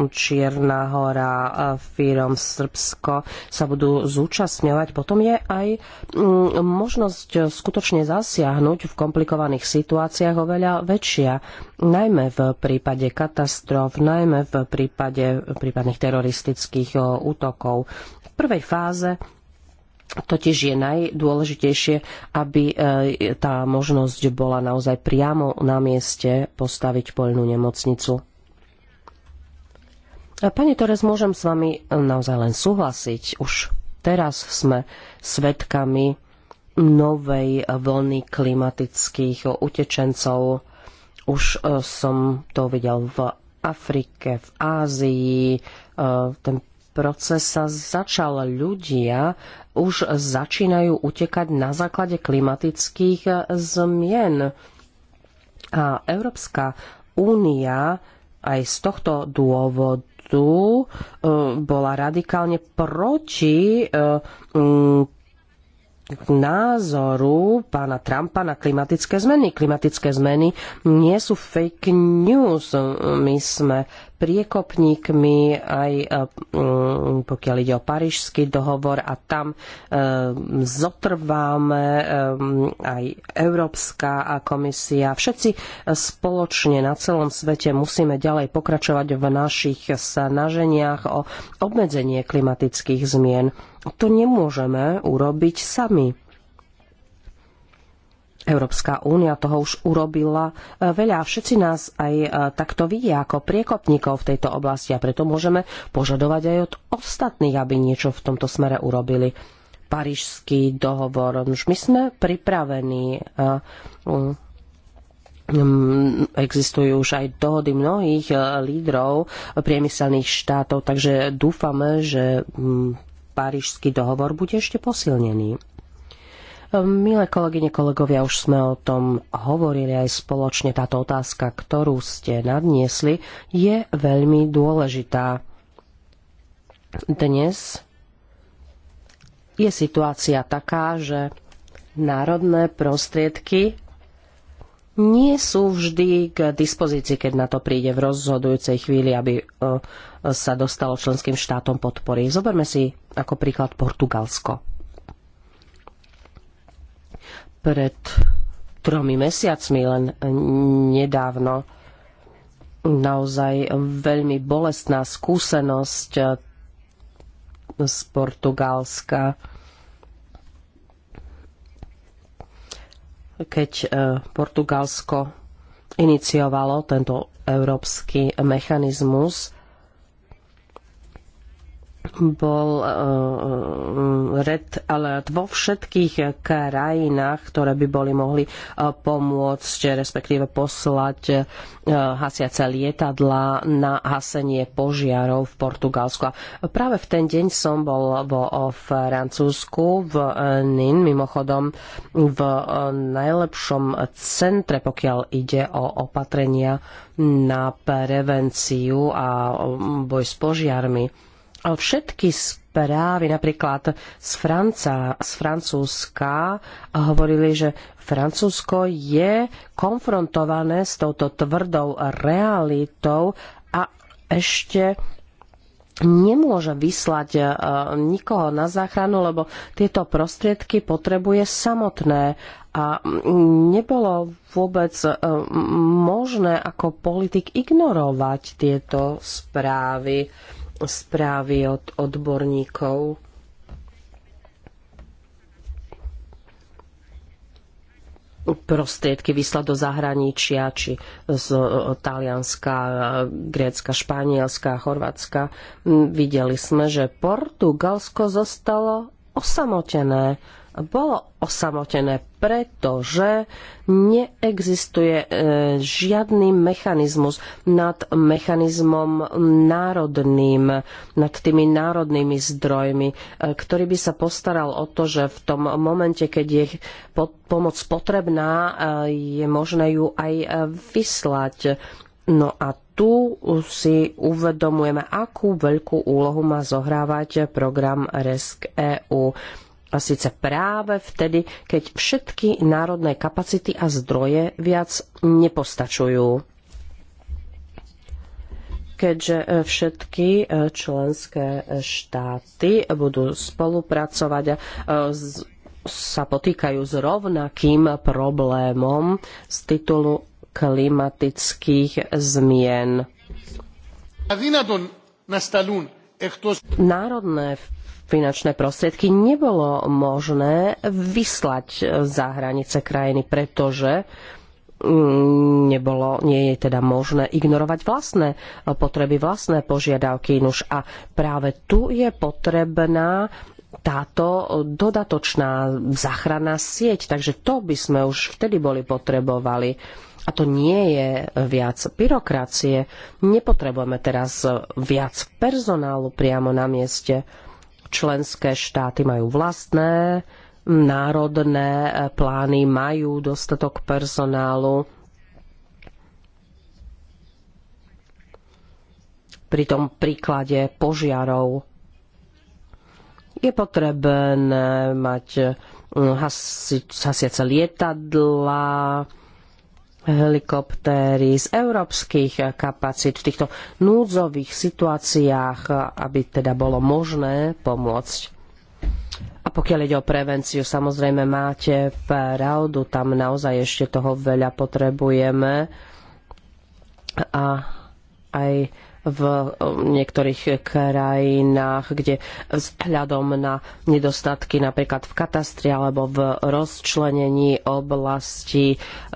um, Čierna hora, uh, Fírom, Srbsko sa budú zúčastňovať. Potom je aj um, možnosť uh, skutočne zasiahnuť v komplikovaných situáciách oveľa väčšia, najmä v prípade katastrof, najmä v prípade prípadných teroristických uh, útokov. V prvej fáze Totiž je najdôležitejšie, aby tá možnosť bola naozaj priamo na mieste postaviť poľnú nemocnicu. Pani Torez, môžem s vami naozaj len súhlasiť. Už teraz sme svedkami novej vlny klimatických utečencov. Už e, som to videl v Afrike, v Ázii. E, ten proces sa začal. Ľudia už začínajú utekať na základe klimatických e, zmien. A Európska únia aj z tohto dôvodu tu eh, bola radikálne proti eh, názoru pána Trumpa na klimatické zmeny. Klimatické zmeny nie sú fake news. My sme priekopníkmi aj e, pokiaľ ide o Parížský dohovor a tam e, zotrváme e, aj Európska komisia. Všetci spoločne na celom svete musíme ďalej pokračovať v našich snaženiach o obmedzenie klimatických zmien. To nemôžeme urobiť sami. Európska únia toho už urobila e, veľa a všetci nás aj e, takto vidia ako priekopníkov v tejto oblasti a preto môžeme požadovať aj od ostatných, aby niečo v tomto smere urobili. Parížský dohovor. Už my sme pripravení. E, existujú už aj dohody mnohých lídrov priemyselných štátov, takže dúfame, že Parížský dohovor bude ešte posilnený. Ehm, milé kolegyne, kolegovia, už sme o tom hovorili aj spoločne. Táto otázka, ktorú ste nadniesli, je veľmi dôležitá. Dnes je situácia taká, že národné prostriedky nie sú vždy k dispozícii, keď na to príde v rozhodujúcej chvíli, aby e, sa dostalo členským štátom podpory. Zoberme si ako príklad Portugalsko. Pred tromi mesiacmi len nedávno naozaj veľmi bolestná skúsenosť e, z Portugalska keď e, Portugalsko iniciovalo tento európsky mechanizmus bol eh, eh, red alert vo všetkých krajinách, ktoré by boli mohli eh, pomôcť, respektíve poslať hasiace lietadla na hasenie požiarov v Portugalsku. A práve v ten deň som bol vo Francúzsku v Nin, mimochodom v najlepšom centre, pokiaľ ide o opatrenia na prevenciu a boj s požiarmi všetky správy, napríklad z, Franca, z Francúzska, hovorili, že Francúzsko je konfrontované s touto tvrdou realitou a ešte nemôže vyslať e, nikoho na záchranu, lebo tieto prostriedky potrebuje samotné. A nebolo vôbec e, možné ako politik ignorovať tieto správy správy od odborníkov. prostriedky vyslať do zahraničia, či z e, Talianska, e, Grécka, Španielska, Chorvátska. Mm, videli sme, že Portugalsko zostalo osamotené. Bolo osamotené pretože neexistuje e, žiadny mechanizmus nad mechanizmom národným, nad tými národnými zdrojmi, e, ktorý by sa postaral o to, že v tom momente, keď je pomoc potrebná, e, je možné ju aj vyslať. No a tu si uvedomujeme, akú veľkú úlohu má zohrávať program RESC EU. A síce práve vtedy, keď všetky národné kapacity a zdroje viac nepostačujú. Keďže e, všetky e, členské e, štáty budú spolupracovať a sa potýkajú s rovnakým problémom z titulu klimatických zmien. Národné finančné prostriedky nebolo možné vyslať za hranice krajiny, pretože mm, nebolo, nie je teda možné ignorovať vlastné potreby, vlastné požiadavky. Nuž a práve tu je potrebná táto dodatočná záchranná sieť. Takže to by sme už vtedy boli potrebovali. A to nie je viac byrokracie. Nepotrebujeme teraz viac personálu priamo na mieste členské štáty majú vlastné národné plány, majú dostatok personálu. Pri tom príklade požiarov je potrebné mať hm, hasiace lietadla, helikoptéry z európskych kapacít v týchto núdzových situáciách, aby teda bolo možné pomôcť. A pokiaľ ide o prevenciu, samozrejme máte pravdu, tam naozaj ešte toho veľa potrebujeme. A aj v eh, niektorých krajinách, kde vzhľadom na nedostatky napríklad v katastri alebo v rozčlenení oblasti eh,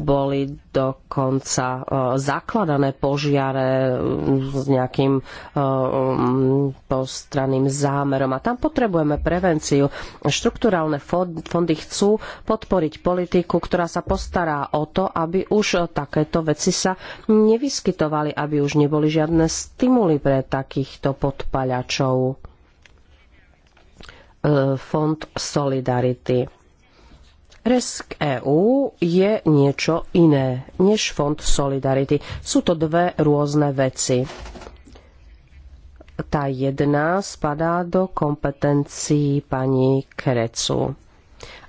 boli dokonca e, zakladané požiare s nejakým e, postranným zámerom. A tam potrebujeme prevenciu. Štrukturálne fondy chcú podporiť politiku, ktorá sa postará o to, aby už takéto veci sa nevyskytovali, aby už neboli žiadne stimuly pre takýchto podpaľačov. E, fond Solidarity Resk EU je niečo iné než Fond Solidarity. Sú to dve rôzne veci. Tá jedna spadá do kompetencií pani Krecu.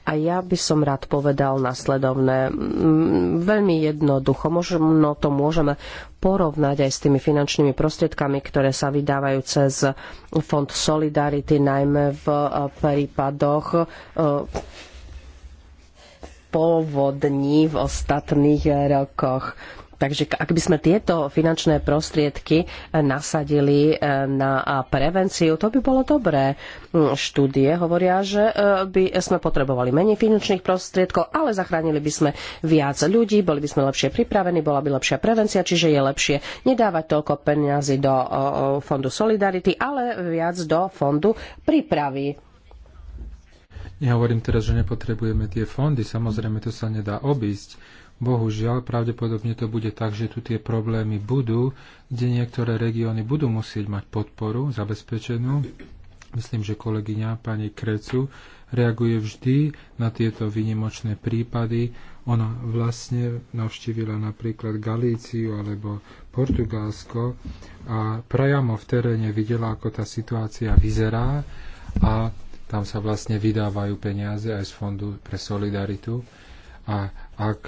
A ja by som rád povedal nasledovné. Veľmi jednoducho, možno to môžeme porovnať aj s tými finančnými prostriedkami, ktoré sa vydávajú cez Fond Solidarity, najmä v e, prípadoch e, povodní v ostatných eh, rokoch. Takže ak by sme tieto finančné prostriedky eh, nasadili eh, na prevenciu, to by bolo dobré. Hm, štúdie hovoria, že by sme potrebovali menej finančných prostriedkov, ale zachránili by sme viac ľudí, boli by sme lepšie pripravení, bola by lepšia prevencia, čiže je lepšie nedávať toľko peniazy do Fondu Solidarity, ale viac do Fondu prípravy. Nehovorím teraz, že nepotrebujeme tie fondy, samozrejme to sa nedá obísť. Bohužiaľ, pravdepodobne to bude tak, že tu tie problémy budú, kde niektoré regióny budú musieť mať podporu zabezpečenú. Myslím, že kolegyňa pani Krecu reaguje vždy na tieto vynimočné prípady. Ona vlastne navštívila napríklad Galíciu alebo Portugalsko a priamo v teréne videla, ako tá situácia vyzerá a tam sa vlastne vydávajú peniaze aj z Fondu pre solidaritu a ak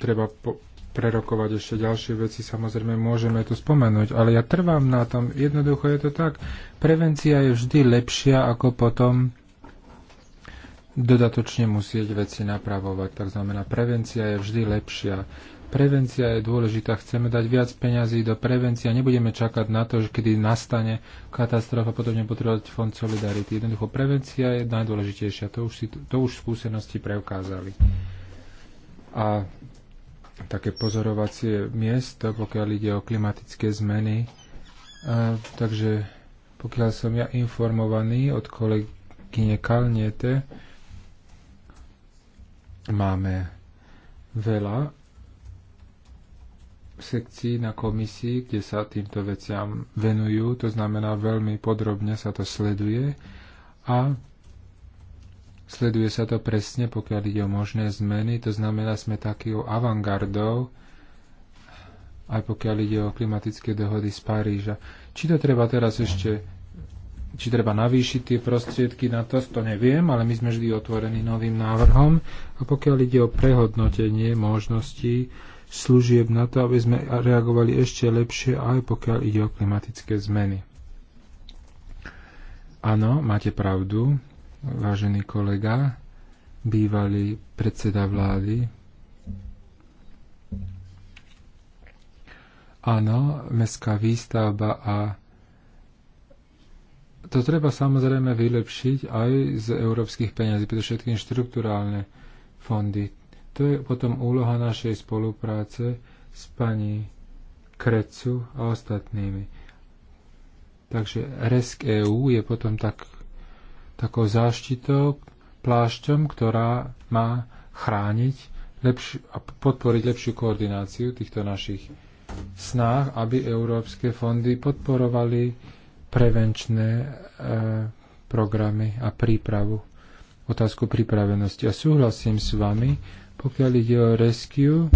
treba po- prerokovať ešte ďalšie veci, samozrejme môžeme to spomenúť, ale ja trvám na tom, jednoducho je to tak, prevencia je vždy lepšia ako potom dodatočne musieť veci napravovať. Tak znamená, prevencia je vždy lepšia. Prevencia je dôležitá, chceme dať viac peňazí do prevencie nebudeme čakať na to, že kedy nastane katastrofa, potom nepotrebovať fond Solidarity. Jednoducho prevencia je najdôležitejšia, to už, si, to už skúsenosti preukázali. A také pozorovacie miesto, pokiaľ ide o klimatické zmeny. A, takže pokiaľ som ja informovaný od kolegyne Kalniete, máme veľa sekcii na komisii, kde sa týmto veciam venujú, to znamená veľmi podrobne sa to sleduje a sleduje sa to presne, pokiaľ ide o možné zmeny, to znamená sme takou avantgardou, aj pokiaľ ide o klimatické dohody z Paríža. Či to treba teraz ešte, či treba navýšiť tie prostriedky na to, to neviem, ale my sme vždy otvorení novým návrhom. A pokiaľ ide o prehodnotenie možností, služieb na to, aby sme reagovali ešte lepšie, aj pokiaľ ide o klimatické zmeny. Áno, máte pravdu, vážený kolega, bývalý predseda vlády. Áno, mestská výstavba a to treba samozrejme vylepšiť aj z európskych peniazí, pretože všetkým štruktúrálne fondy to je potom úloha našej spolupráce s pani Krecu a ostatnými. Takže RESK EU je potom tak, takou záštitou, plášťom, ktorá má chrániť lepši- a podporiť lepšiu koordináciu týchto našich snách, aby európske fondy podporovali prevenčné e, programy a prípravu, otázku pripravenosti. A súhlasím s vami, pokiaľ ide o rescue,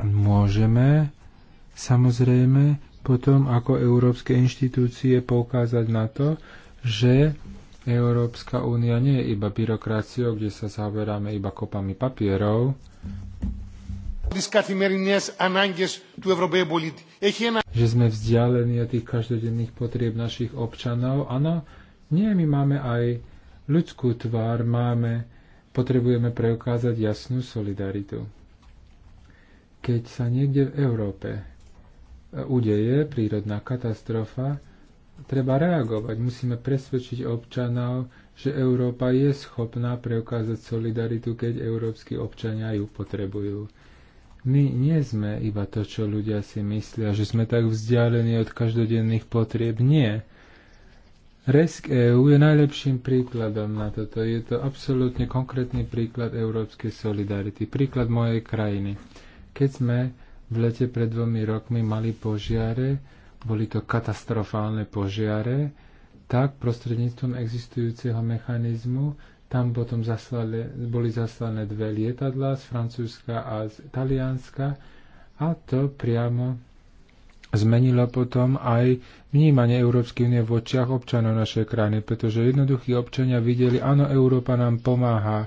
môžeme samozrejme potom ako európske inštitúcie poukázať na to, že Európska únia nie je iba byrokraciou, kde sa zaoberáme iba kopami papierov. Že sme vzdialení od tých každodenných potrieb našich občanov. Áno, nie, my máme aj ľudskú tvár, máme potrebujeme preukázať jasnú solidaritu. Keď sa niekde v Európe e, udeje prírodná katastrofa, treba reagovať. Musíme presvedčiť občanov, že Európa je schopná preukázať solidaritu, keď európsky občania ju potrebujú. My nie sme iba to, čo ľudia si myslia, že sme tak vzdialení od každodenných potrieb. Nie. Resk EU je najlepším príkladom na toto. Je to absolútne konkrétny príklad európskej solidarity. Príklad mojej krajiny. Keď sme v lete pred dvomi rokmi mali požiare, boli to katastrofálne požiare, tak prostredníctvom existujúceho mechanizmu tam potom zaslali, boli zaslané dve lietadlá z Francúzska a z Talianska a to priamo zmenilo potom aj vnímanie Európskej únie v očiach občanov našej krajiny, pretože jednoduchí občania videli, áno, Európa nám pomáha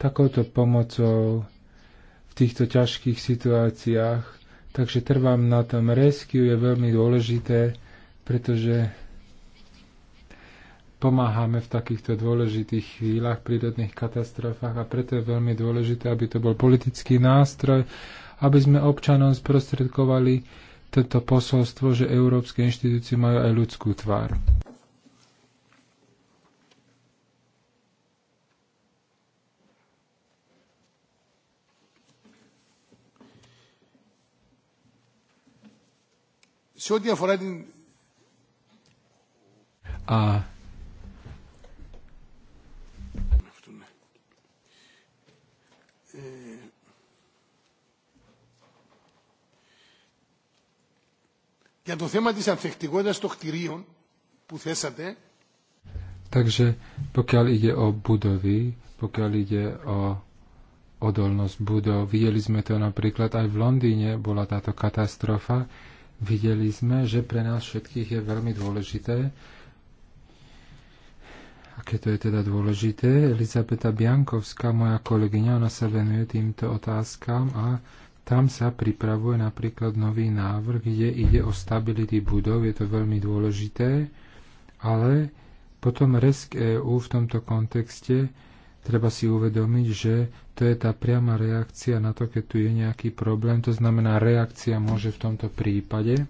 takouto pomocou v týchto ťažkých situáciách. Takže trvám na tom. Rescue je veľmi dôležité, pretože pomáhame v takýchto dôležitých chvíľach, prírodných katastrofách a preto je veľmi dôležité, aby to bol politický nástroj, aby sme občanom sprostredkovali toto posolstvo, že európske inštitúcie majú aj ľudskú tvár. A Για το θέμα της ανθεκτικότητας των κτηρίων που θέσατε. Takže pokiaľ ide o budovy, pokiaľ ide o odolnosť budov, videli sme to napríklad aj v Londýne, bola táto katastrofa, videli sme, že pre nás všetkých je veľmi dôležité, aké to je teda dôležité, Elizabeta Biankovská, moja kolegyňa, ona sa venuje týmto otázkam a tam sa pripravuje napríklad nový návrh, kde ide o stability budov, je to veľmi dôležité, ale potom RESK EU v tomto kontexte treba si uvedomiť, že to je tá priama reakcia na to, keď tu je nejaký problém. To znamená, reakcia môže v tomto prípade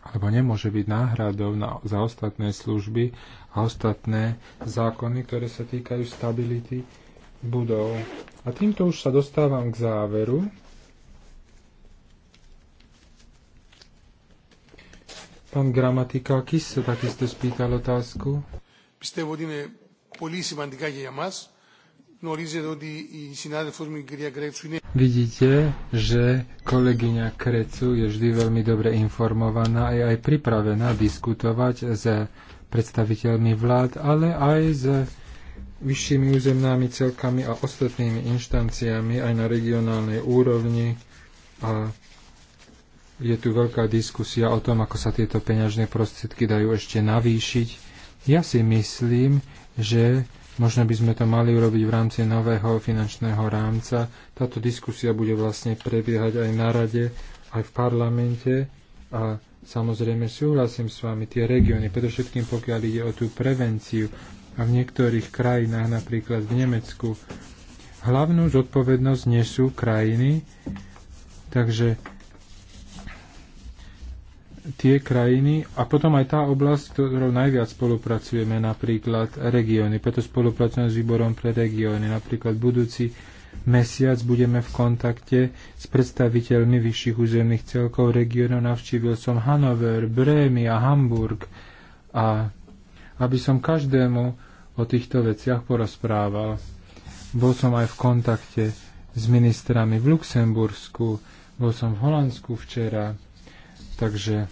alebo nemôže byť náhradou na, za ostatné služby a ostatné zákony, ktoré sa týkajú stability budov. A týmto už sa dostávam k záveru. Pán Gramatikakis sa takisto spýtal otázku. Πιστεύω ότι είναι πολύ σημαντικά και για Vidíte, že kolegyňa Krecu je vždy veľmi dobre informovaná a je aj pripravená diskutovať s predstaviteľmi vlád, ale aj s vyššími územnými celkami a ostatnými inštanciami aj na regionálnej úrovni a je tu veľká diskusia o tom, ako sa tieto peňažné prostriedky dajú ešte navýšiť. Ja si myslím, že možno by sme to mali urobiť v rámci nového finančného rámca. Táto diskusia bude vlastne prebiehať aj na rade, aj v parlamente a samozrejme súhlasím s vami tie regióny, predovšetkým pokiaľ ide o tú prevenciu, a v niektorých krajinách, napríklad v Nemecku, hlavnú zodpovednosť nesú krajiny, takže tie krajiny a potom aj tá oblasť, ktorou najviac spolupracujeme, napríklad regióny. Preto spolupracujem s výborom pre regióny. Napríklad budúci mesiac budeme v kontakte s predstaviteľmi vyšších územných celkov regiónov. Navštívil som Hanover, Brémy a Hamburg a aby som každému o týchto veciach porozprával. Bol som aj v kontakte s ministrami v Luxembursku, bol som v Holandsku včera, takže...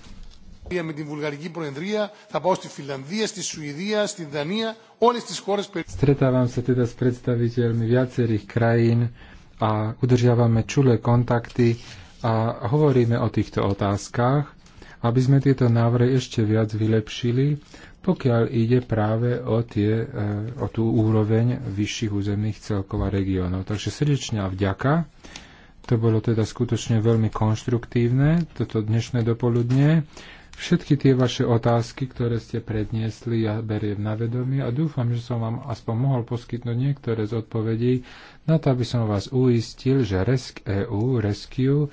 Stretávam sa teda s predstaviteľmi viacerých krajín a udržiavame čulé kontakty a hovoríme o týchto otázkach, aby sme tieto návrhy ešte viac vylepšili pokiaľ ide práve o, tie, e, o tú úroveň vyšších územných celkov a regiónov. Takže srdečná vďaka. To bolo teda skutočne veľmi konštruktívne, toto dnešné dopoludne. Všetky tie vaše otázky, ktoré ste predniesli, ja beriem na vedomie a dúfam, že som vám aspoň mohol poskytnúť niektoré z odpovedí na to, aby som vás uistil, že RESC EU, Rescue,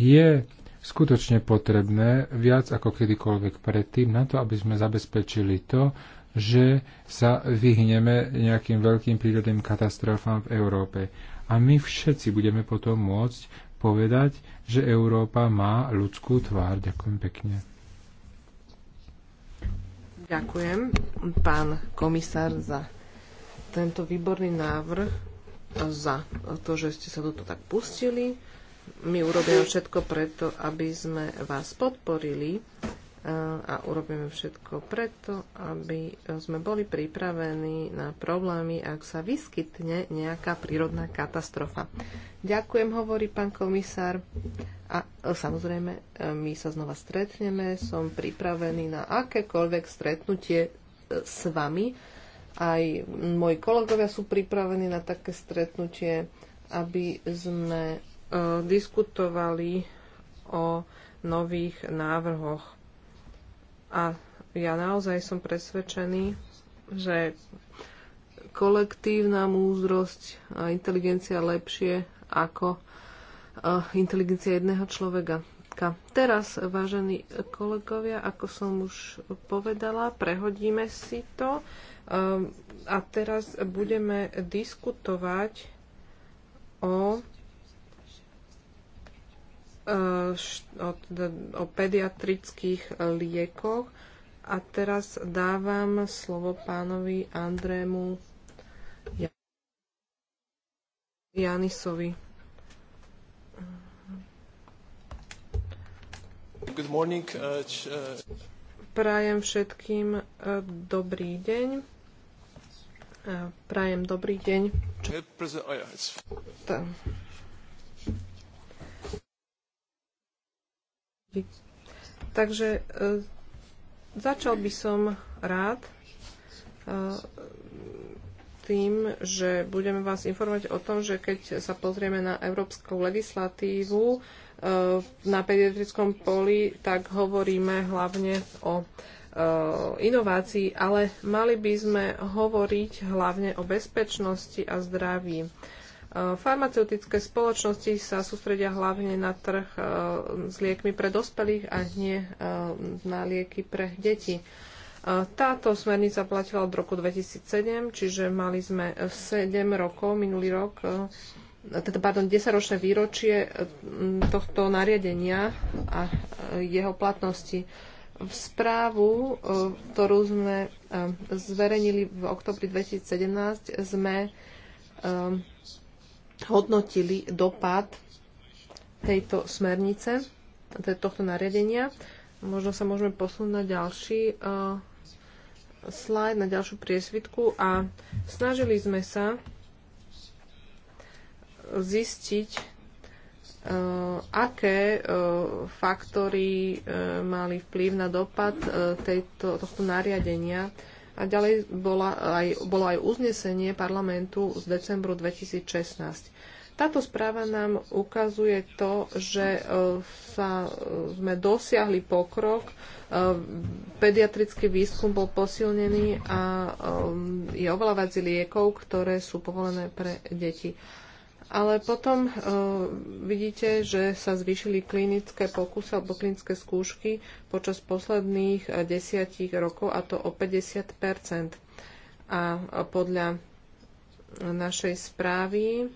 je skutočne potrebné viac ako kedykoľvek predtým na to, aby sme zabezpečili to, že sa vyhneme nejakým veľkým prírodným katastrofám v Európe. A my všetci budeme potom môcť povedať, že Európa má ľudskú tvár. Ďakujem pekne. Ďakujem, pán komisár, za tento výborný návrh, za to, že ste sa do toho tak pustili my urobíme všetko preto, aby sme vás podporili e, a urobíme všetko preto, aby sme boli pripravení na problémy, ak sa vyskytne nejaká prírodná katastrofa. Ďakujem, hovorí pán komisár. A e, samozrejme, e, my sa znova stretneme. Som pripravený na akékoľvek stretnutie s vami. Aj moji kolegovia sú pripravení na také stretnutie, aby sme diskutovali o nových návrhoch. A ja naozaj som presvedčený, že kolektívna múdrosť a inteligencia lepšie ako eh, inteligencia jedného človeka. Teraz, vážení kolegovia, ako som už povedala, prehodíme si to eh, a teraz budeme diskutovať o Eh, o, o pediatrických eh, liekoch. A teraz dávam slovo pánovi Andrému Janisovi. Good morning. Eh, prajem všetkým dobrý deň. Prajem dobrý deň. Oh tá. Takže e, začal by som rád e, tým, že budeme vás informovať o tom, že keď sa pozrieme na európsku legislatívu e, na pediatrickom poli, tak hovoríme hlavne o inovácii, ale mali by sme hovoriť hlavne o bezpečnosti a zdraví. Farmaceutické spoločnosti sa sústredia hlavne na trh e, s liekmi pre dospelých a nie e, na lieky pre deti. E, táto smernica platila od roku 2007, čiže mali sme 7 rokov minulý rok, teda pardon, 10-ročné výročie tohto nariadenia a jeho platnosti. V správu, ktorú sme zverejnili v oktobri 2017, sme hodnotili dopad tejto smernice, teda tohto nariadenia. Možno sa môžeme posunúť na ďalší uh, slajd, na ďalšiu priesvitku a snažili sme sa zistiť, uh, aké uh, faktory uh, mali vplyv na dopad uh, tejto, tohto nariadenia a ďalej bola aj, bolo aj uznesenie parlamentu z decembru 2016. Táto správa nám ukazuje to, že e, sa, e, sme dosiahli pokrok, e, pediatrický výskum bol posilnený a je oveľa viac liekov, ktoré sú povolené pre deti. Ale potom uh, vidíte, že sa zvýšili klinické pokusy alebo klinické skúšky počas posledných e, desiatich rokov, a to o 50 A e, podľa našej správy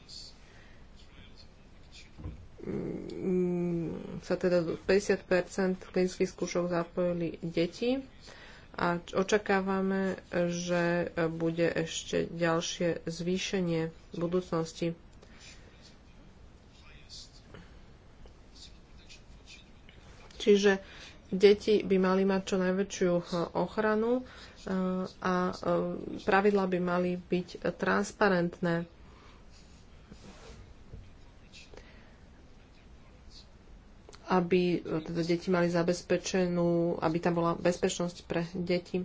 mm, sa teda 50 klinických skúšok zapojili deti a očakávame, že bude ešte ďalšie zvýšenie v budúcnosti. Čiže deti by mali mať čo najväčšiu eh, ochranu eh, a eh, pravidla by mali byť transparentné. aby teda deti mali zabezpečenú, aby tam bola bezpečnosť pre deti.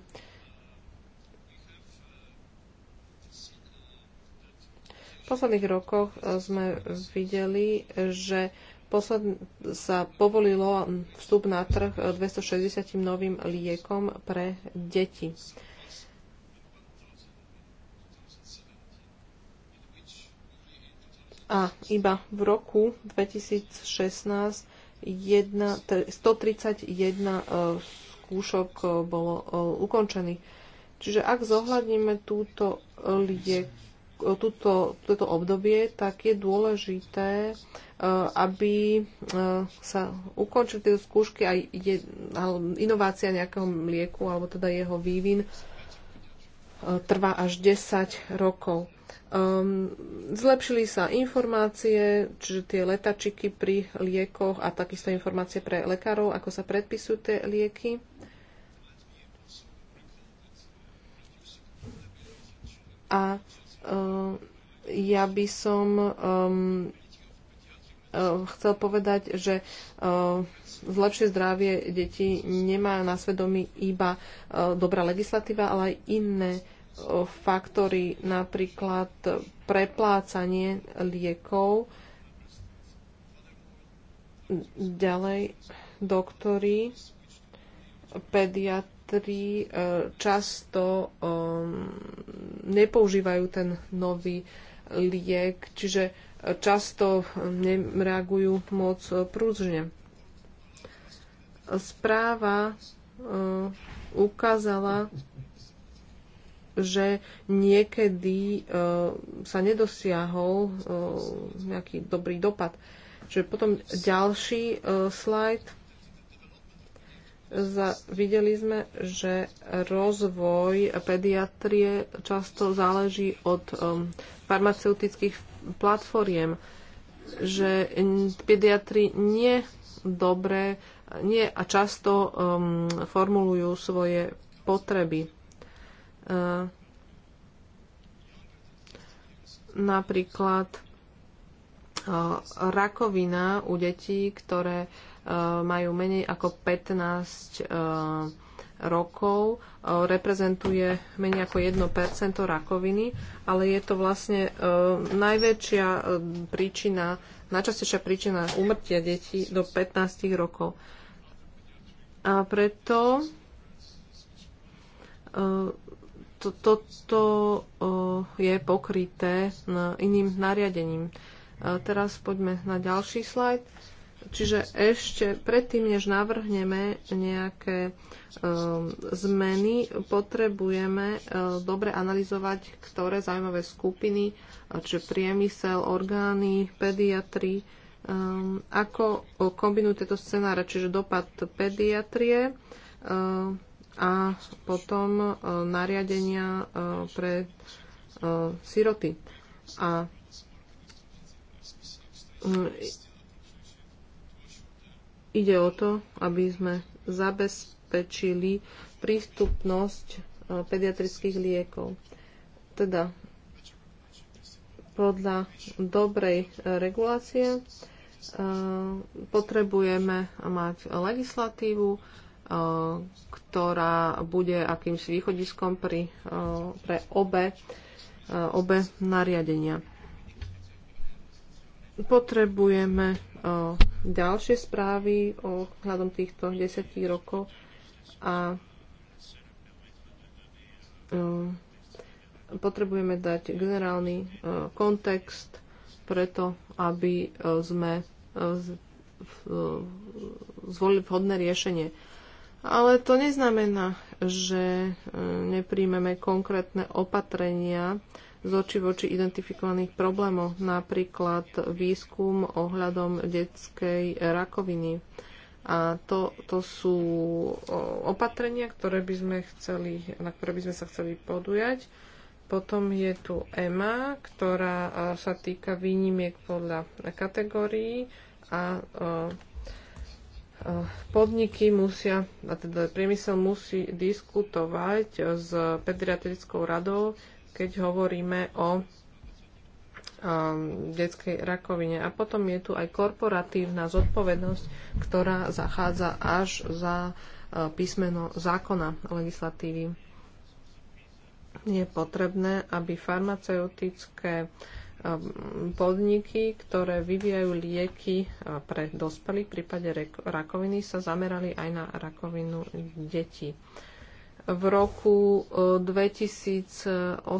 V posledných rokoch sme videli, že Posled sa povolilo vstup na trh 260 novým liekom pre deti. A iba v roku 2016 jedna, 131 e, skúšok e, bolo e, ukončených. Čiže ak zohľadníme túto liek, túto, toto obdobie, tak je dôležité, e, aby e, sa ukončili tie skúšky a je, inovácia nejakého mlieku, alebo teda jeho vývin, e, trvá až 10 rokov. Um, zlepšili sa informácie, čiže tie letačiky pri liekoch a takisto informácie pre lekárov, ako sa predpisujú tie lieky. A Eh, ja by som eh, chcel povedať, že eh, lepšie zdravie detí nemá na svedomí iba dobrá legislatíva, ale aj iné faktory, napríklad preplácanie liekov. Ďalej doktory, pediat ministri e, často e, nepoužívajú ten nový liek, čiže e, často nereagujú moc prúžne. Správa ukázala, že niekedy sa nedosiahol nejaký dobrý dopad. Čiže potom ďalší slajd za, videli sme, že rozvoj pediatrie často záleží od um, farmaceutických platformiem, že pediatri nie dobre nie a často um, formulujú svoje potreby. Uh, napríklad uh, rakovina u detí, ktoré uh, Eh, majú menej ako 15 eh, rokov, eh, reprezentuje menej ako 1% rakoviny, ale je to vlastne najväčšia príčina, najčastejšia príčina umrtia detí do 15 rokov. A preto to, toto to, je pokryté iným nariadením. Teraz poďme na ďalší slajd. Čiže ešte predtým, než navrhneme nejaké um, zmeny, potrebujeme uh, dobre analyzovať, ktoré zaujímavé skupiny, čiže priemysel, orgány, pediatri, um, ako uh, kombinujú tieto scenáre, čiže dopad pediatrie uh, a potom nariadenia pre um, siroty. A um, Ide o to, aby sme zabezpečili prístupnosť e, pediatrických liekov. Teda podľa dobrej e, regulácie e, potrebujeme mať legislatívu, ktorá bude akýmsi východiskom pri, pre obe, obe nariadenia. Potrebujeme ďalšie správy o hľadom týchto 10 rokov a e, potrebujeme dať generálny e, kontext preto, aby e, sme zvolili vhodné riešenie. Ale to neznamená, že e, nepríjmeme konkrétne opatrenia z oči voči identifikovaných problémov, napríklad výskum ohľadom detskej rakoviny. A to, to sú opatrenia, ktoré by sme chceli, na ktoré by sme sa chceli podujať. Potom je tu EMA, ktorá e, sa týka výnimiek podľa kategórií a e, podniky musia, a teda priemysel musí diskutovať s pediatrickou radou, keď hovoríme o um, detskej rakovine. A potom je tu aj korporatívna zodpovednosť, ktorá zachádza až za uh, písmeno zákona legislatívy. Je potrebné, aby farmaceutické uh, podniky, ktoré vyvíjajú lieky e, pre dospelých v prípade rakoviny, sa zamerali aj na rakovinu detí. V roku 2008 e,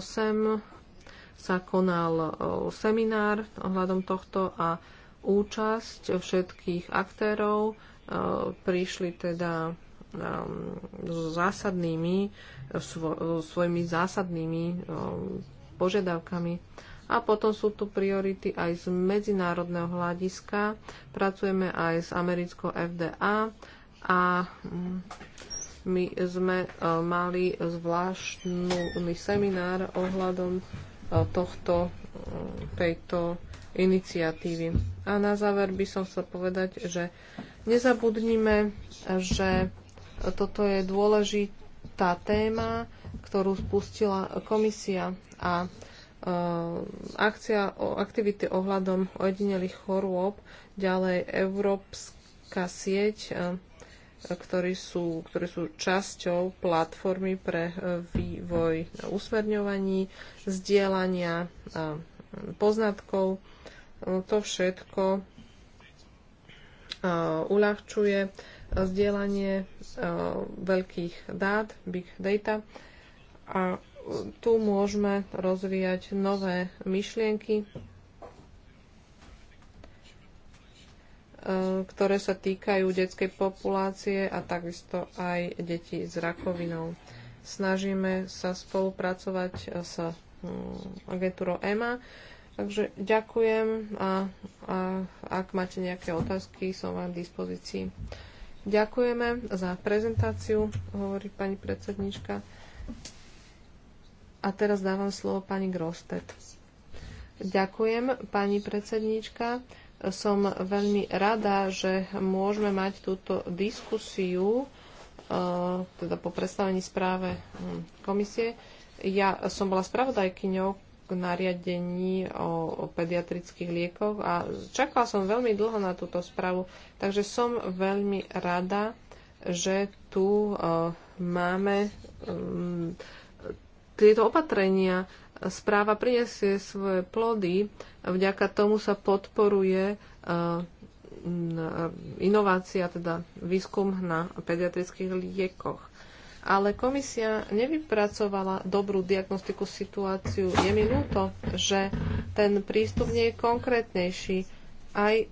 sa konal e, seminár ohľadom tohto a účasť všetkých aktérov prišli teda so zásadnými, svojimi zásadnými požiadavkami a potom sú tu priority aj z medzinárodného hľadiska. Pracujeme aj s americkou FDA a mm, my sme e, mali zvláštny seminár ohľadom e, tohto, e, tejto iniciatívy. A na záver by som chcel povedať, že nezabudnime, že toto je dôležitá téma, ktorú spustila komisia a Eh, akcia o aktivity ohľadom ojedinelých chorôb, ďalej Európska sieť, eh, ktorí sú, ktorí sú časťou platformy pre eh, vývoj usmerňovaní, zdieľania poznatkov. To všetko uľahčuje zdieľanie veľkých dát, big data a tu môžeme rozvíjať nové myšlienky, eh, ktoré sa týkajú detskej populácie a takisto aj detí s rakovinou. Snažíme sa spolupracovať eh, s hm, agentúrou EMA. Takže ďakujem a, a ak máte nejaké otázky, som vám v dispozícii. Ďakujeme za prezentáciu, hovorí pani predsednička. A teraz dávam slovo pani Grostet. Ďakujem, pani predsedníčka. Som veľmi rada, že môžeme mať túto diskusiu, e, teda po predstavení správe hm, komisie. Ja som bola spravodajkyňou k nariadení o, pediatrických liekoch a čakala som veľmi dlho na túto správu, takže som veľmi rada, že tu e, máme hm, tieto opatrenia správa prinesie svoje plody. Vďaka tomu sa podporuje e, inovácia, teda výskum na pediatrických liekoch. Ale komisia nevypracovala dobrú diagnostiku situáciu. Je mi ľúto, že ten prístup nie je konkrétnejší, aj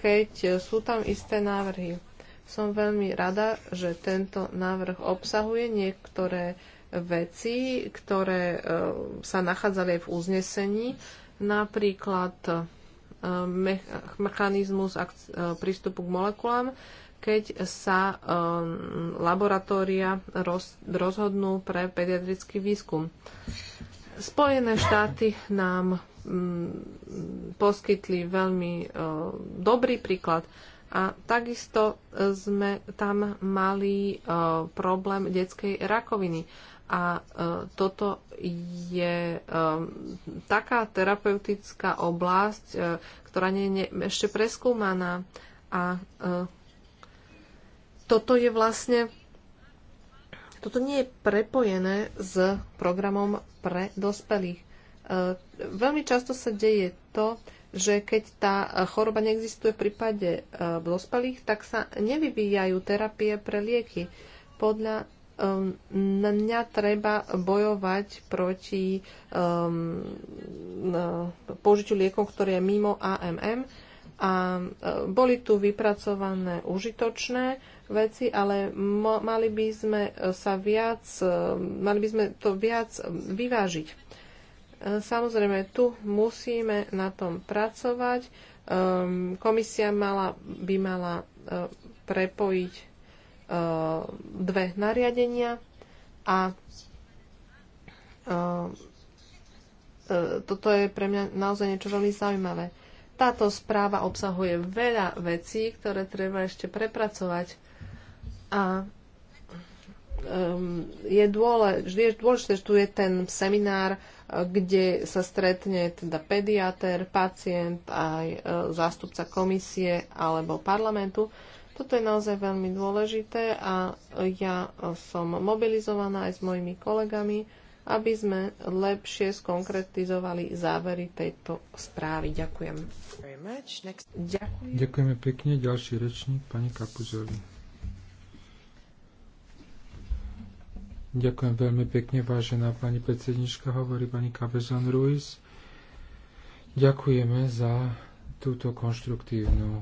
keď sú tam isté návrhy. Som veľmi rada, že tento návrh obsahuje niektoré veci, ktoré e, sa nachádzali aj v uznesení, napríklad e, mechanizmus e, prístupu k molekulám, keď sa laboratória rozhodnú pre pediatrický výskum. Spojené štáty nám mm, poskytli veľmi dobrý príklad. A takisto sme tam mali problém detskej rakoviny. A e, toto je e, taká terapeutická oblasť, e, ktorá nie je ešte preskúmaná. A toto je vlastne toto nie je prepojené s programom pre dospelých. Veľmi často sa deje to, že keď tá choroba neexistuje v prípade dospelých, tak sa nevyvíjajú terapie pre lieky. Podľa na mňa treba bojovať proti um, použitiu liekov, ktoré je mimo AMM. A e, boli tu vypracované užitočné veci, ale mali by sme e, sa viac, e, mali by sme to viac vyvážiť. Samozrejme, tu musíme na tom pracovať. komisia mala, by mala prepojiť dve nariadenia a e, e, toto je pre mňa naozaj niečo veľmi zaujímavé. Táto správa obsahuje veľa vecí, ktoré treba ešte prepracovať a je dôležité, dôležité, že tu je ten seminár, e, kde sa stretne teda pediatér, pacient, aj zástupca komisie alebo parlamentu toto je naozaj veľmi dôležité a ja som mobilizovaná aj s mojimi kolegami, aby sme lepšie skonkretizovali závery tejto správy. Ďakujem. Ďakujem. Ďakujeme pekne. Ďalší rečník, pani Kapuzoli. Ďakujem veľmi pekne, vážená pani predsednička, hovorí pani Cabezon Ruiz. Ďakujeme za túto konštruktívnu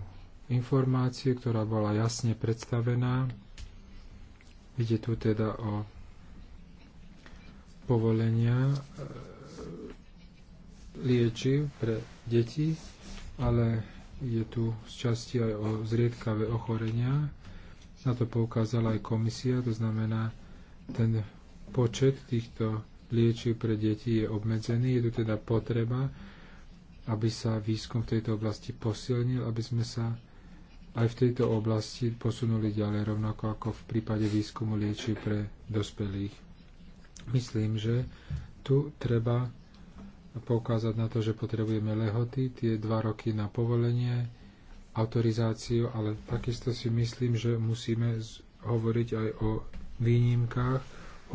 informáciu, ktorá bola jasne predstavená. Ide tu teda o povolenia e, liečiv pre deti, ale je tu z časti aj o zriedkavé ochorenia. Na to poukázala aj komisia, to znamená, ten počet týchto liečiv pre deti je obmedzený. Je tu teda potreba, aby sa výskum v tejto oblasti posilnil, aby sme sa aj v tejto oblasti posunuli ďalej, rovnako ako v prípade výskumu lieči pre dospelých. Myslím, že tu treba poukázať na to, že potrebujeme lehoty, tie dva roky na povolenie, autorizáciu, ale takisto si myslím, že musíme hovoriť aj o výnimkách,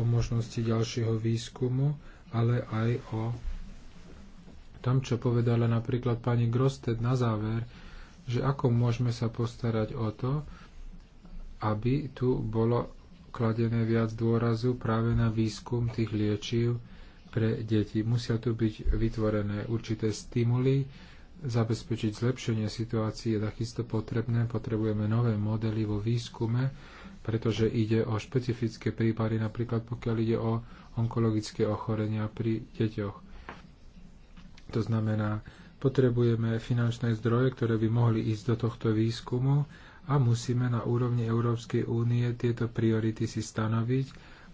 o možnosti ďalšieho výskumu, ale aj o tom, čo povedala napríklad pani Grosted na záver, že ako môžeme sa postarať o to, aby tu bolo kladené viac dôrazu práve na výskum tých liečiv pre deti. Musia tu byť vytvorené určité stimuly, zabezpečiť zlepšenie situácie je takisto potrebné. Potrebujeme nové modely vo výskume, pretože ide o špecifické prípady, napríklad pokiaľ ide o onkologické ochorenia pri deťoch. To znamená, Potrebujeme finančné zdroje, ktoré by mohli ísť do tohto výskumu a musíme na úrovni Európskej únie tieto priority si stanoviť.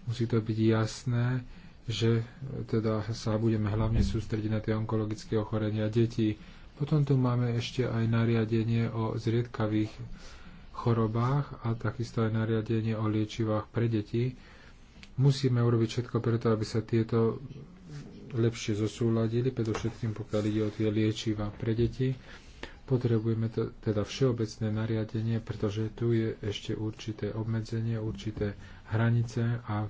Musí to byť jasné, že teda sa budeme hlavne sústrediť na tie onkologické ochorenia detí. Potom tu máme ešte aj nariadenie o zriedkavých chorobách a takisto aj nariadenie o liečivách pre deti. Musíme urobiť všetko preto, aby sa tieto lepšie zosúladili, predovšetkým pokiaľ ide o tie liečiva pre deti. Potrebujeme to, teda všeobecné nariadenie, pretože tu je ešte určité obmedzenie, určité hranice a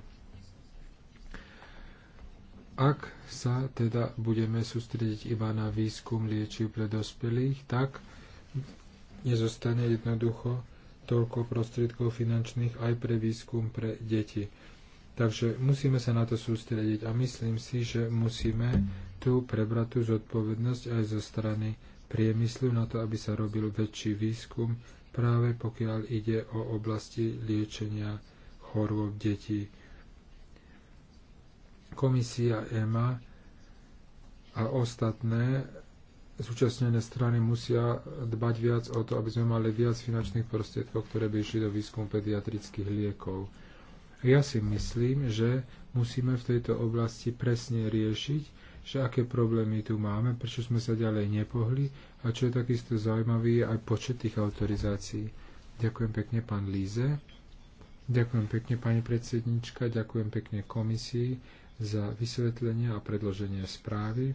ak sa teda budeme sústrediť iba na výskum liečiv pre dospelých, tak nezostane jednoducho toľko prostriedkov finančných aj pre výskum pre deti. Takže musíme sa na to sústrediť a myslím si, že musíme tu prebrať tú zodpovednosť aj zo strany priemyslu na to, aby sa robil väčší výskum práve pokiaľ ide o oblasti liečenia chorôb detí. Komisia EMA a ostatné zúčastnené strany musia dbať viac o to, aby sme mali viac finančných prostriedkov, ktoré by išli do výskumu pediatrických liekov. Ja si myslím, že musíme v tejto oblasti presne riešiť, že aké problémy tu máme, prečo sme sa ďalej nepohli a čo je takisto zaujímavý je aj počet tých autorizácií. Ďakujem pekne, pán Líze. Ďakujem pekne, pani predsednička. Ďakujem pekne komisii za vysvetlenie a predloženie správy.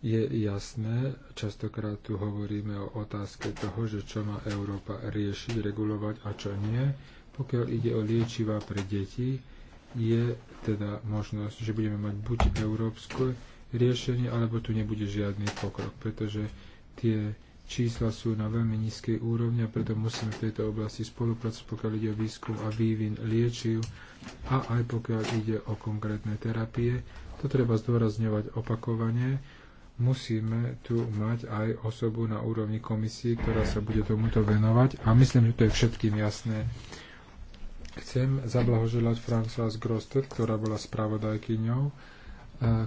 Je jasné, častokrát tu hovoríme o otázke toho, že čo má Európa riešiť, regulovať a čo nie pokiaľ ide o liečiva pre deti, je teda možnosť, že budeme mať buď európske riešenie, alebo tu nebude žiadny pokrok, pretože tie čísla sú na veľmi nízkej úrovni a preto musíme v tejto oblasti spolupracovať, pokiaľ ide o výskum a vývin liečiv a aj pokiaľ ide o konkrétne terapie. To treba zdôrazňovať opakovane. Musíme tu mať aj osobu na úrovni komisie, ktorá sa bude tomuto venovať a myslím, že to je všetkým jasné. Chcem zablahoželať François Groster, ktorá bola spravodajkyňou e,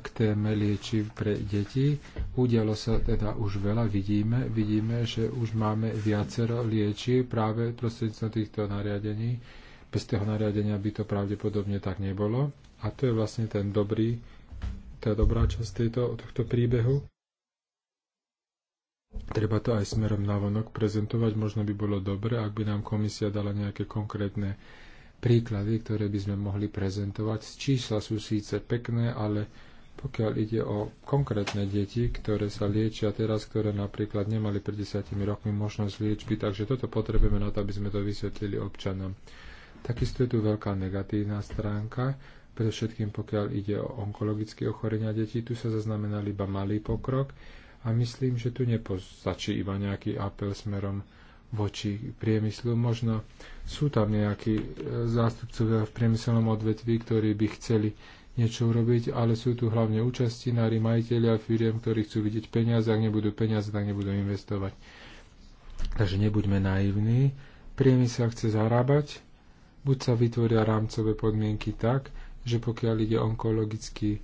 k téme liečiv pre deti. Udialo sa teda už veľa, vidíme, vidíme, že už máme viacero liečiv práve prostredníctvom týchto nariadení. Bez toho nariadenia by to pravdepodobne tak nebolo. A to je vlastne ten dobrý, tá dobrá časť tejto, tohto príbehu. Treba to aj smerom na vonok prezentovať. Možno by bolo dobre, ak by nám komisia dala nejaké konkrétne príklady, ktoré by sme mohli prezentovať. Čísla sú síce pekné, ale pokiaľ ide o konkrétne deti, ktoré sa liečia teraz, ktoré napríklad nemali pred desiatimi rokmi možnosť liečby, takže toto potrebujeme na to, aby sme to vysvetlili občanom. Takisto je tu veľká negatívna stránka, predovšetkým pokiaľ ide o onkologické ochorenia detí, tu sa zaznamenal iba malý pokrok a myslím, že tu nepostačí iba nejaký apel smerom voči priemyslu. Možno sú tam nejakí e, zástupcovia v priemyselnom odvetví, ktorí by chceli niečo urobiť, ale sú tu hlavne účastinári, a firiem, ktorí chcú vidieť peniaze, ak nebudú peniaze, tak nebudú investovať. Takže nebuďme naivní. Priemysel chce zarábať, buď sa vytvoria rámcové podmienky tak, že pokiaľ ide onkologický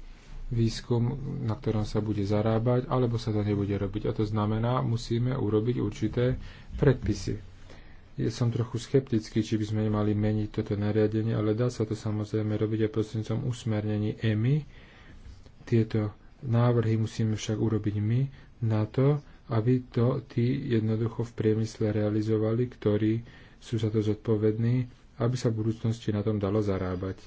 výskum, na ktorom sa bude zarábať, alebo sa to nebude robiť. A to znamená, musíme urobiť určité predpisy. Ja som trochu skeptický, či by sme nemali meniť toto nariadenie, ale dá sa to samozrejme robiť aj prostrednícom usmernení EMI. Tieto návrhy musíme však urobiť my na to, aby to tí jednoducho v priemysle realizovali, ktorí sú za to zodpovední, aby sa v budúcnosti na tom dalo zarábať.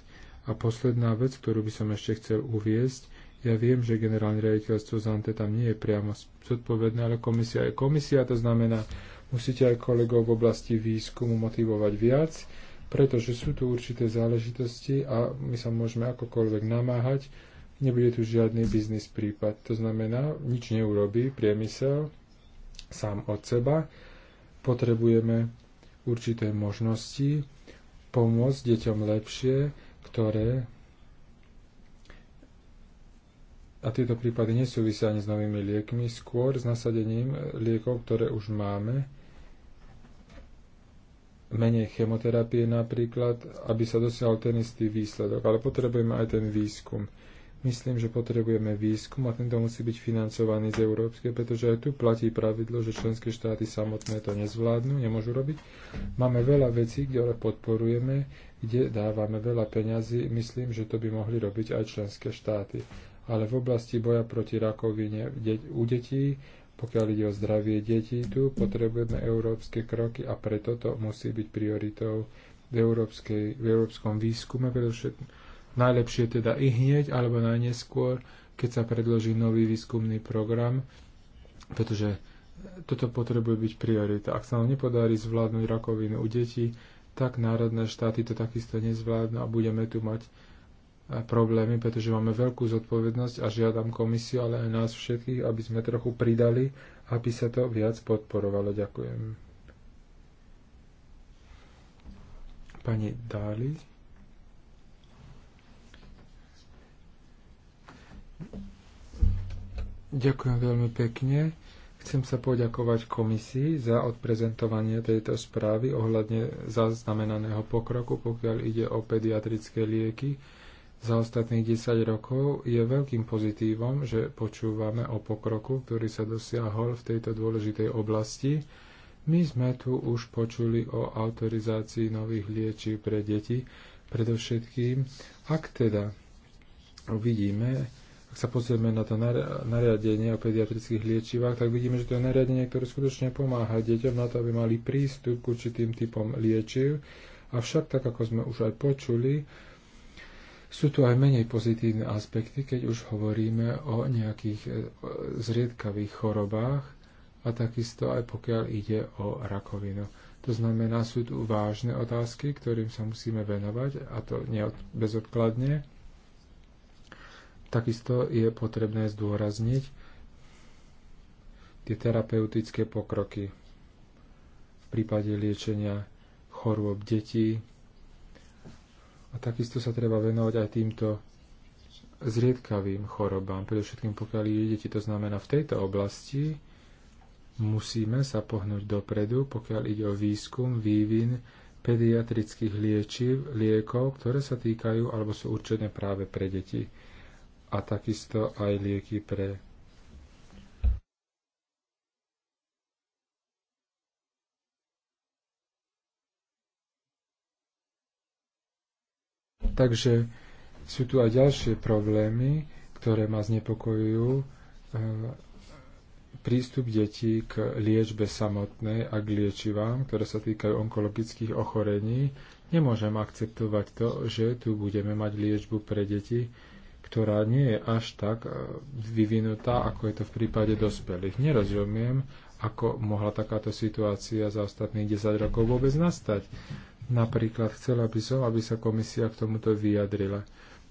A posledná vec, ktorú by som ešte chcel uviesť, ja viem, že generálne riaditeľstvo Zante tam nie je priamo zodpovedné, ale komisia je komisia, to znamená, musíte aj kolegov v oblasti výskumu motivovať viac, pretože sú tu určité záležitosti a my sa môžeme akokoľvek namáhať, nebude tu žiadny biznis prípad. To znamená, nič neurobí priemysel sám od seba. Potrebujeme určité možnosti pomôcť deťom lepšie, ktoré a tieto prípady nesúvisia ani s novými liekmi, skôr s nasadením liekov, ktoré už máme, menej chemoterapie napríklad, aby sa dosiahol ten istý výsledok. Ale potrebujeme aj ten výskum. Myslím, že potrebujeme výskum a tento musí byť financovaný z európskej, pretože aj tu platí pravidlo, že členské štáty samotné to nezvládnu, nemôžu robiť. Máme veľa vecí, ktoré podporujeme, kde dávame veľa peňazí. Myslím, že to by mohli robiť aj členské štáty. Ale v oblasti boja proti rakovine u detí, pokiaľ ide o zdravie detí, tu potrebujeme európske kroky a preto to musí byť prioritou v, v európskom výskume, pretože Najlepšie teda i hneď alebo najneskôr, keď sa predloží nový výskumný program, pretože toto potrebuje byť priorita. Ak sa nám nepodarí zvládnuť rakovinu u detí, tak národné štáty to takisto nezvládnu a budeme tu mať e, problémy, pretože máme veľkú zodpovednosť a žiadam komisiu, ale aj nás všetkých, aby sme trochu pridali, aby sa to viac podporovalo. Ďakujem. Pani Dali. Ďakujem veľmi pekne. Chcem sa poďakovať komisii za odprezentovanie tejto správy ohľadne zaznamenaného pokroku, pokiaľ ide o pediatrické lieky. Za ostatných 10 rokov je veľkým pozitívom, že počúvame o pokroku, ktorý sa dosiahol v tejto dôležitej oblasti. My sme tu už počuli o autorizácii nových liečí pre deti, predovšetkým, ak teda vidíme, ak sa pozrieme na to nariadenie o pediatrických liečivách, tak vidíme, že to je nariadenie, ktoré skutočne pomáha deťom na to, aby mali prístup k určitým typom liečiv. Avšak, tak ako sme už aj počuli, sú tu aj menej pozitívne aspekty, keď už hovoríme o nejakých e, zriedkavých chorobách a takisto aj pokiaľ ide o rakovinu. To znamená, sú tu vážne otázky, ktorým sa musíme venovať a to neod- bezodkladne. Takisto je potrebné zdôrazniť tie terapeutické pokroky v prípade liečenia chorôb detí. A takisto sa treba venovať aj týmto zriedkavým chorobám, predovšetkým pokiaľ je deti. To znamená, v tejto oblasti musíme sa pohnúť dopredu, pokiaľ ide o výskum, vývin pediatrických liečiv, liekov, ktoré sa týkajú alebo sú určené práve pre deti a takisto aj lieky pre Takže sú tu aj ďalšie problémy, ktoré ma znepokojujú. Eh, prístup detí k liečbe samotnej a k liečivám, ktoré sa týkajú onkologických ochorení. Nemôžem akceptovať to, že tu budeme mať liečbu pre deti, ktorá nie je až tak e, vyvinutá, ako je to v prípade dospelých. Nerozumiem, ako mohla takáto situácia za ostatných 10 rokov vôbec nastať. Napríklad chcela by som, aby sa komisia k tomuto vyjadrila.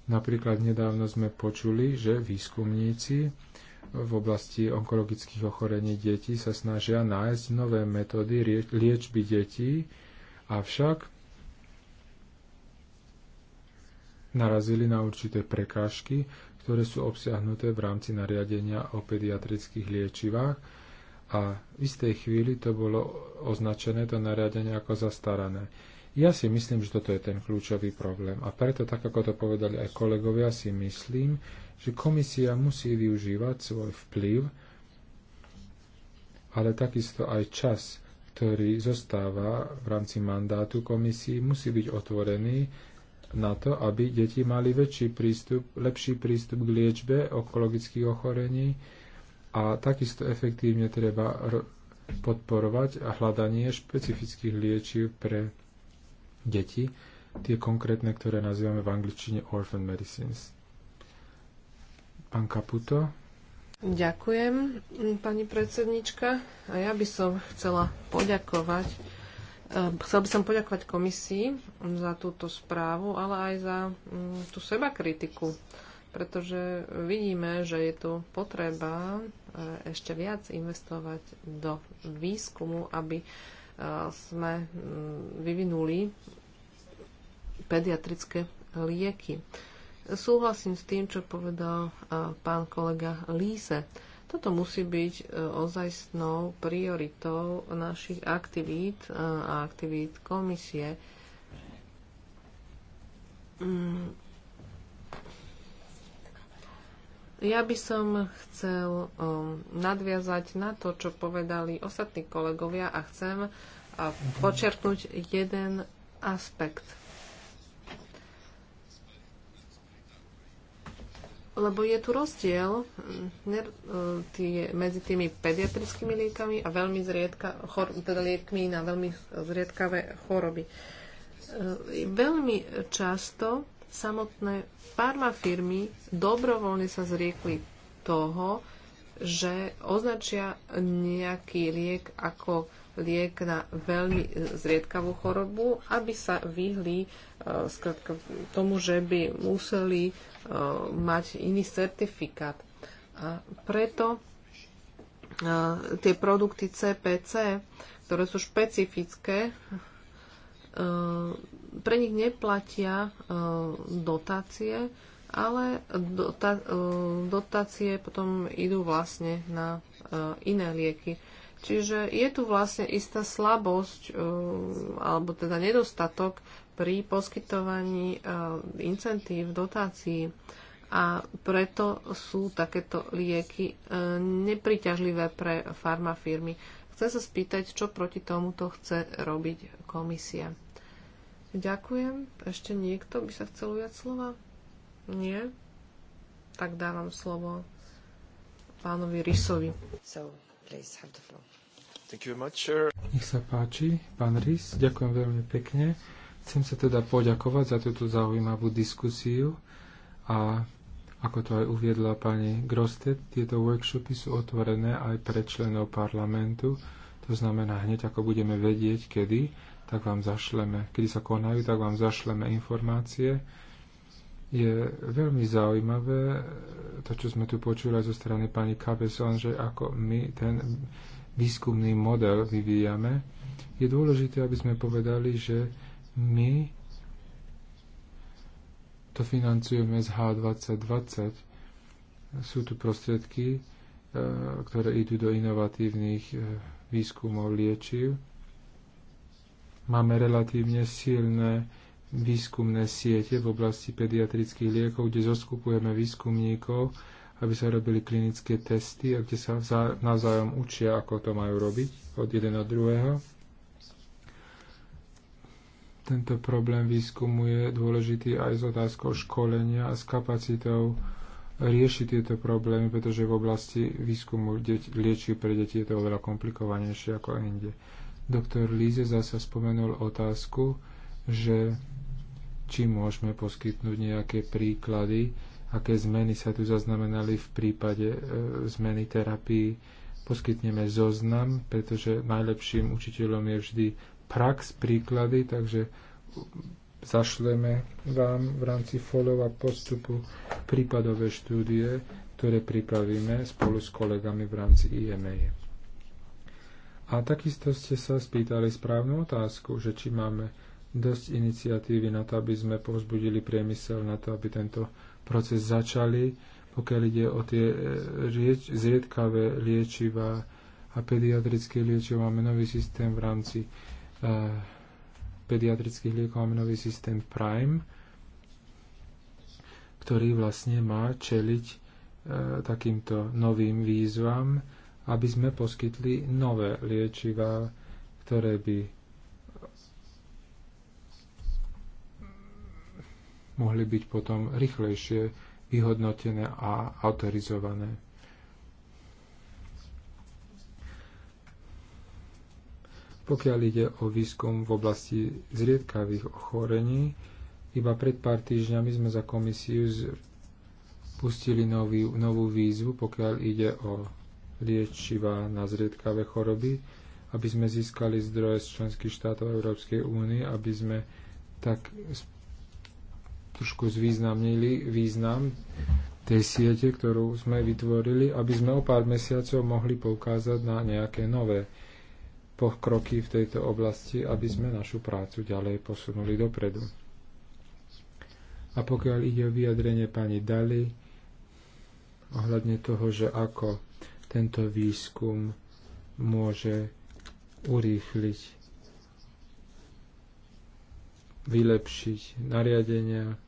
Napríklad nedávno sme počuli, že výskumníci v oblasti onkologických ochorení detí sa snažia nájsť nové metódy liečby detí, avšak narazili na určité prekážky, ktoré sú obsiahnuté v rámci nariadenia o pediatrických liečivách a v istej chvíli to bolo označené, to nariadenie, ako zastarané. Ja si myslím, že toto je ten kľúčový problém a preto, tak ako to povedali aj kolegovia, si myslím, že komisia musí využívať svoj vplyv, ale takisto aj čas, ktorý zostáva v rámci mandátu komisii, musí byť otvorený na to, aby deti mali väčší prístup, lepší prístup k liečbe onkologických ochorení a takisto efektívne treba podporovať a hľadanie špecifických liečiv pre deti, tie konkrétne, ktoré nazývame v angličtine orphan medicines. Pán Kaputo. Ďakujem, pani predsednička. A ja by som chcela poďakovať Ehm, chcel by som poďakovať komisii za túto správu, ale aj za mm, tú seba kritiku, pretože vidíme, že je tu potreba eh, ešte viac investovať do výskumu, aby eh, sme mm, vyvinuli pediatrické lieky. Súhlasím s tým, čo povedal eh, pán kolega Líse toto musí byť e, ozajstnou prioritou našich aktivít e, a aktivít komisie. Mm. Ja by som chcel e, nadviazať na to, čo povedali ostatní kolegovia a chcem počerknúť jeden aspekt lebo je tu rozdiel mm, e, tý, medzi tými pediatrickými liekami a veľmi zriedka, chor, teda liekmi na veľmi zriedkavé choroby. E, veľmi často samotné farmafirmy dobrovoľne sa zriekli toho, že označia nejaký liek ako liek na veľmi e, zriedkavú chorobu, aby sa vyhli e, skratka, tomu, že by museli e, mať iný certifikát. A preto tie produkty CPC, ktoré sú špecifické, pre nich neplatia dotácie, ale dotácie potom idú vlastne na iné lieky. Čiže je tu vlastne istá slabosť eh, alebo teda nedostatok pri poskytovaní eh, incentív, dotácií a preto sú takéto lieky eh, nepriťažlivé pre farmafirmy. Chcem sa spýtať, čo proti tomuto chce robiť komisia. Ďakujem. Ešte niekto by sa chcel ujať slova? Nie? Tak dávam slovo pánovi Rysovi. So please have the floor. Thank you much, sir. Nech sa páči, pán Rys, ďakujem veľmi pekne. Chcem sa teda poďakovať za túto zaujímavú diskusiu a ako to aj uviedla pani Grosted, tieto workshopy sú otvorené aj pre členov parlamentu. To znamená, hneď ako budeme vedieť, kedy, tak vám zašleme, kedy sa konajú, tak vám zašleme informácie je veľmi zaujímavé to, čo sme tu počuli zo strany pani Kapeson, že ako my ten výskumný model vyvíjame. Je dôležité, aby sme povedali, že my to financujeme z H2020. Sú tu prostriedky, e, ktoré idú do inovatívnych e, výskumov liečiv. Máme relatívne silné výskumné siete v oblasti pediatrických liekov, kde zoskupujeme výskumníkov, aby sa robili klinické testy a kde sa navzájom učia, ako to majú robiť od jeden od druhého. Tento problém výskumu je dôležitý aj s otázkou školenia a s kapacitou riešiť tieto problémy, pretože v oblasti výskumu liečí pre deti je to oveľa komplikovanejšie ako inde. Doktor Líze zase spomenul otázku, že či môžeme poskytnúť nejaké príklady, aké zmeny sa tu zaznamenali v prípade e, zmeny terapii. Poskytneme zoznam, pretože najlepším učiteľom je vždy prax, príklady, takže zašleme vám v rámci follow a postupu prípadové štúdie, ktoré pripravíme spolu s kolegami v rámci IMA. A takisto ste sa spýtali správnu otázku, že či máme dosť iniciatívy na to, aby sme povzbudili priemysel na to, aby tento proces začali, pokiaľ ide o tie e, rieč, zriedkavé liečiva a pediatrické liečiva. Máme nový systém v rámci uh, pediatrických liekov, máme nový systém Prime, ktorý vlastne má čeliť uh, takýmto novým výzvam, aby sme poskytli nové liečiva, ktoré by mohli byť potom rýchlejšie vyhodnotené a autorizované. Pokiaľ ide o výskum v oblasti zriedkavých ochorení, iba pred pár týždňami sme za komisiu pustili nový, novú výzvu, pokiaľ ide o liečiva na zriedkavé choroby, aby sme získali zdroje z členských štátov Európskej únie, aby sme tak trošku zvýznamnili význam tej siete, ktorú sme vytvorili, aby sme o pár mesiacov mohli poukázať na nejaké nové pokroky v tejto oblasti, aby sme našu prácu ďalej posunuli dopredu. A pokiaľ ide o vyjadrenie pani Dali ohľadne toho, že ako tento výskum môže urýchliť, vylepšiť nariadenia,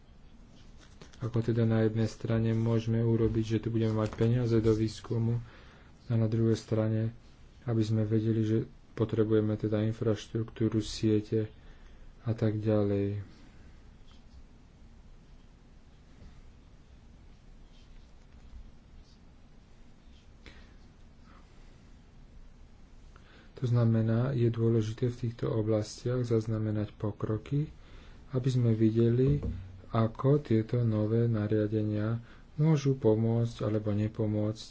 ako teda na jednej strane môžeme urobiť, že tu budeme mať peniaze do výskumu a na druhej strane, aby sme vedeli, že potrebujeme teda infraštruktúru, siete a tak ďalej. To znamená, je dôležité v týchto oblastiach zaznamenať pokroky, aby sme videli, ako tieto nové nariadenia môžu pomôcť alebo nepomôcť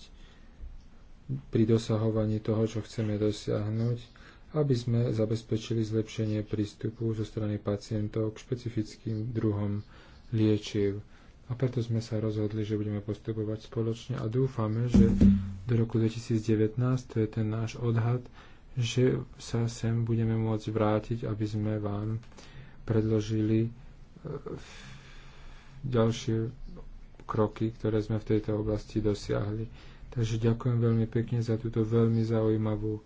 pri dosahovaní toho, čo chceme dosiahnuť, aby sme zabezpečili zlepšenie prístupu zo strany pacientov k špecifickým druhom liečiv. A preto sme sa rozhodli, že budeme postupovať spoločne a dúfame, že do roku 2019, to je ten náš odhad, že sa sem budeme môcť vrátiť, aby sme vám predložili e, ďalšie kroky, ktoré sme v tejto oblasti dosiahli. Takže ďakujem veľmi pekne za túto veľmi zaujímavú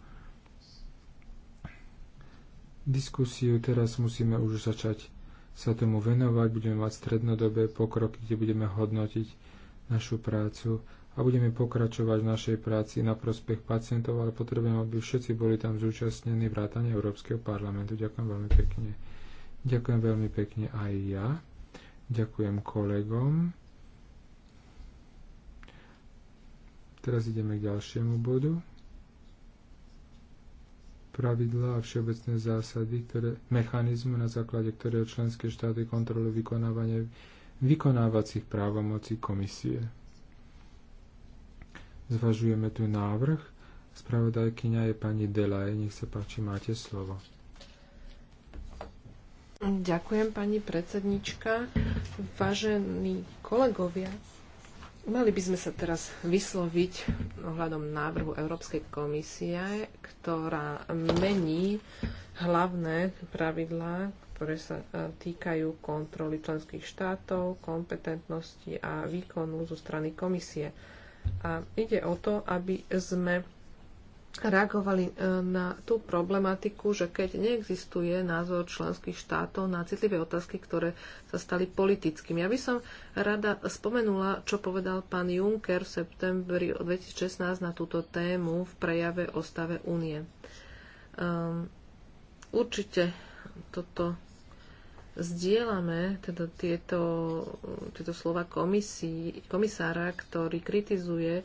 diskusiu. Teraz musíme už začať sa tomu venovať. Budeme mať strednodobé pokroky, kde budeme hodnotiť našu prácu a budeme pokračovať v našej práci na prospech pacientov, ale potrebujeme, aby všetci boli tam zúčastnení vrátane Európskeho parlamentu. Ďakujem veľmi pekne. Ďakujem veľmi pekne aj ja. Ďakujem kolegom. Teraz ideme k ďalšiemu bodu. Pravidla a všeobecné zásady, ktoré, mechanizmu, na základe ktorého členské štáty kontrolujú vykonávanie vykonávacích právomocí komisie. Zvažujeme tu návrh. Spravodajkyňa je pani Delaj. Nech sa páči, máte slovo. Ďakujem, pani predsednička. Vážení kolegovia, mali by sme sa teraz vysloviť ohľadom návrhu Európskej komisie, ktorá mení hlavné pravidlá, ktoré sa e, týkajú kontroly členských štátov, kompetentnosti a výkonu zo strany komisie. A ide o to, aby sme reagovali e, na tú problematiku, že keď neexistuje názor členských štátov na citlivé otázky, ktoré sa stali politickými. Ja by som rada spomenula, čo povedal pán Juncker v septembri 2016 na túto tému v prejave o stave únie. Um, určite toto zdieľame, teda tieto, tieto slova komisí, komisára, ktorý kritizuje uh,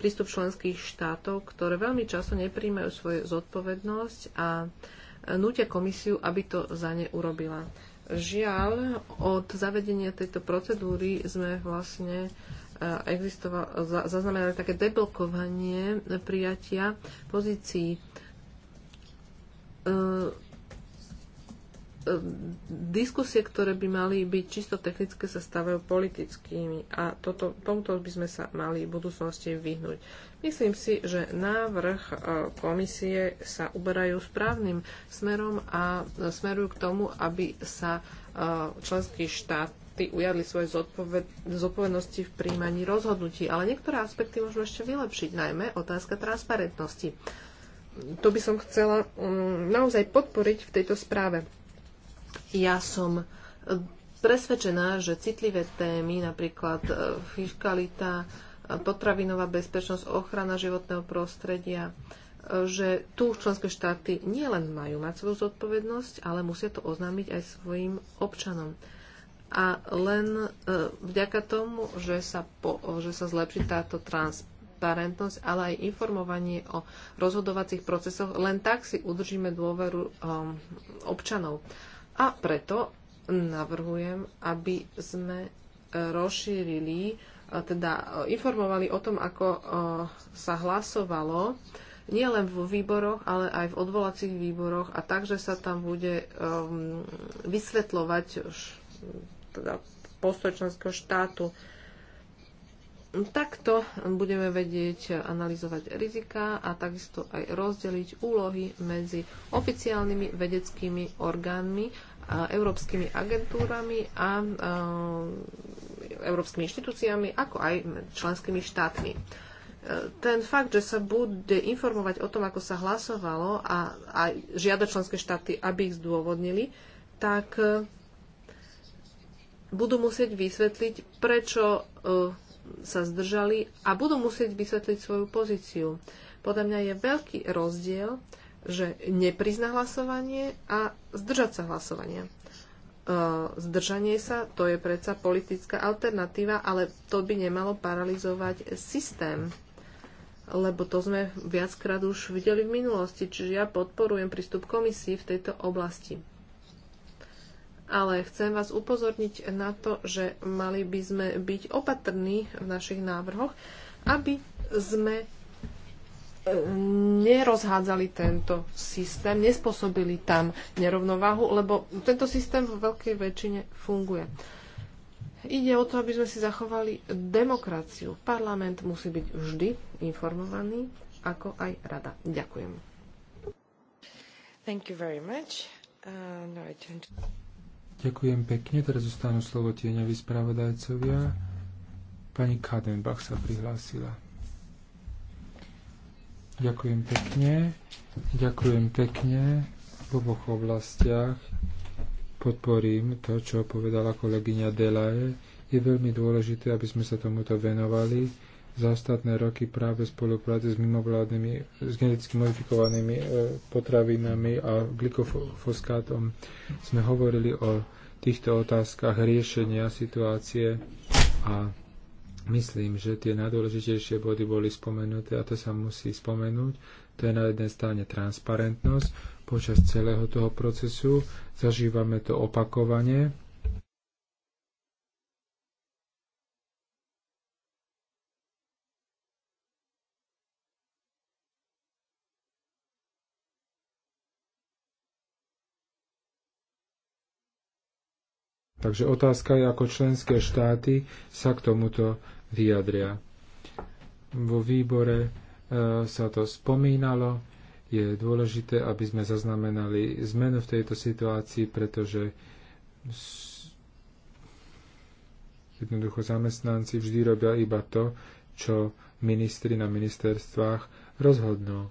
prístup členských štátov, ktoré veľmi často nepríjmajú svoju zodpovednosť a nutia komisiu, aby to za ne urobila. Žiaľ, od zavedenia tejto procedúry sme vlastne e, zaznamenali také deblokovanie prijatia pozícií e, E, diskusie, ktoré by mali byť čisto technické, sa stavajú politickými a toto, tomuto by sme sa mali v budúcnosti vyhnúť. Myslím si, že návrh e, komisie sa uberajú správnym smerom a smerujú k tomu, aby sa e, členský štát štáty ujadli svoje zodpovednosti v príjmaní rozhodnutí, ale niektoré aspekty môžeme ešte vylepšiť, najmä otázka transparentnosti. To by som chcela mm, naozaj podporiť v tejto správe. Ja som e, presvedčená, že citlivé témy, napríklad e, fiskalita, e, potravinová bezpečnosť, ochrana životného prostredia, že tu členské štáty nielen majú mať svoju zodpovednosť, ale musia to oznámiť aj svojim občanom. A len vďaka tomu, že sa, po, že sa zlepší táto transparentnosť, ale aj informovanie o rozhodovacích procesoch, len tak si udržíme dôveru občanov. A preto navrhujem, aby sme e, rozšírili, e, teda e, informovali o tom, ako sa hlasovalo nielen vo výboroch, ale aj v odvolacích výboroch a takže sa tam bude vysvetľovať už, teda postoj členského štátu. Takto budeme vedieť analyzovať rizika a takisto aj rozdeliť úlohy medzi oficiálnymi vedeckými orgánmi, a európskymi agentúrami a európskymi inštitúciami, ako aj členskými štátmi. Ten fakt, že sa bude informovať o tom, ako sa hlasovalo a, a žiada členské štáty, aby ich zdôvodnili, tak e, budú musieť vysvetliť, prečo e, sa zdržali a budú musieť vysvetliť svoju pozíciu. Podľa mňa je veľký rozdiel, že neprizna hlasovanie a zdržať sa hlasovania. E, zdržanie sa, to je predsa politická alternatíva, ale to by nemalo paralizovať systém lebo to sme viackrát už videli v minulosti, čiže ja podporujem prístup komisii v tejto oblasti ale chcem vás upozorniť na to, že mali by sme byť opatrní v našich návrhoch, aby sme e, nerozhádzali tento systém, nespôsobili tam nerovnováhu, lebo tento systém vo veľkej väčšine funguje. Ide o to, aby sme si zachovali demokraciu. Parlament musí byť vždy informovaný, ako aj rada. Ďakujem. Thank you very much. Uh, no, Ďakujem pekne. Teraz zostanú slovo tieňa vyspravodajcovia. Pani Kadenbach sa prihlásila. Ďakujem pekne. Ďakujem pekne. V oboch oblastiach podporím to, čo povedala kolegyňa Delaje. Je veľmi dôležité, aby sme sa tomuto venovali za ostatné roky práve spolupráce s mimovládnymi, s geneticky modifikovanými e, potravinami a glykofoskátom sme hovorili o týchto otázkach riešenia situácie a myslím, že tie najdôležitejšie body boli spomenuté a to sa musí spomenúť. To je na jednej strane transparentnosť počas celého toho procesu. Zažívame to opakovanie Takže otázka je, ako členské štáty sa k tomuto vyjadria. Vo výbore e, sa to spomínalo. Je dôležité, aby sme zaznamenali zmenu v tejto situácii, pretože jednoducho zamestnanci vždy robia iba to, čo ministri na ministerstvách rozhodnú.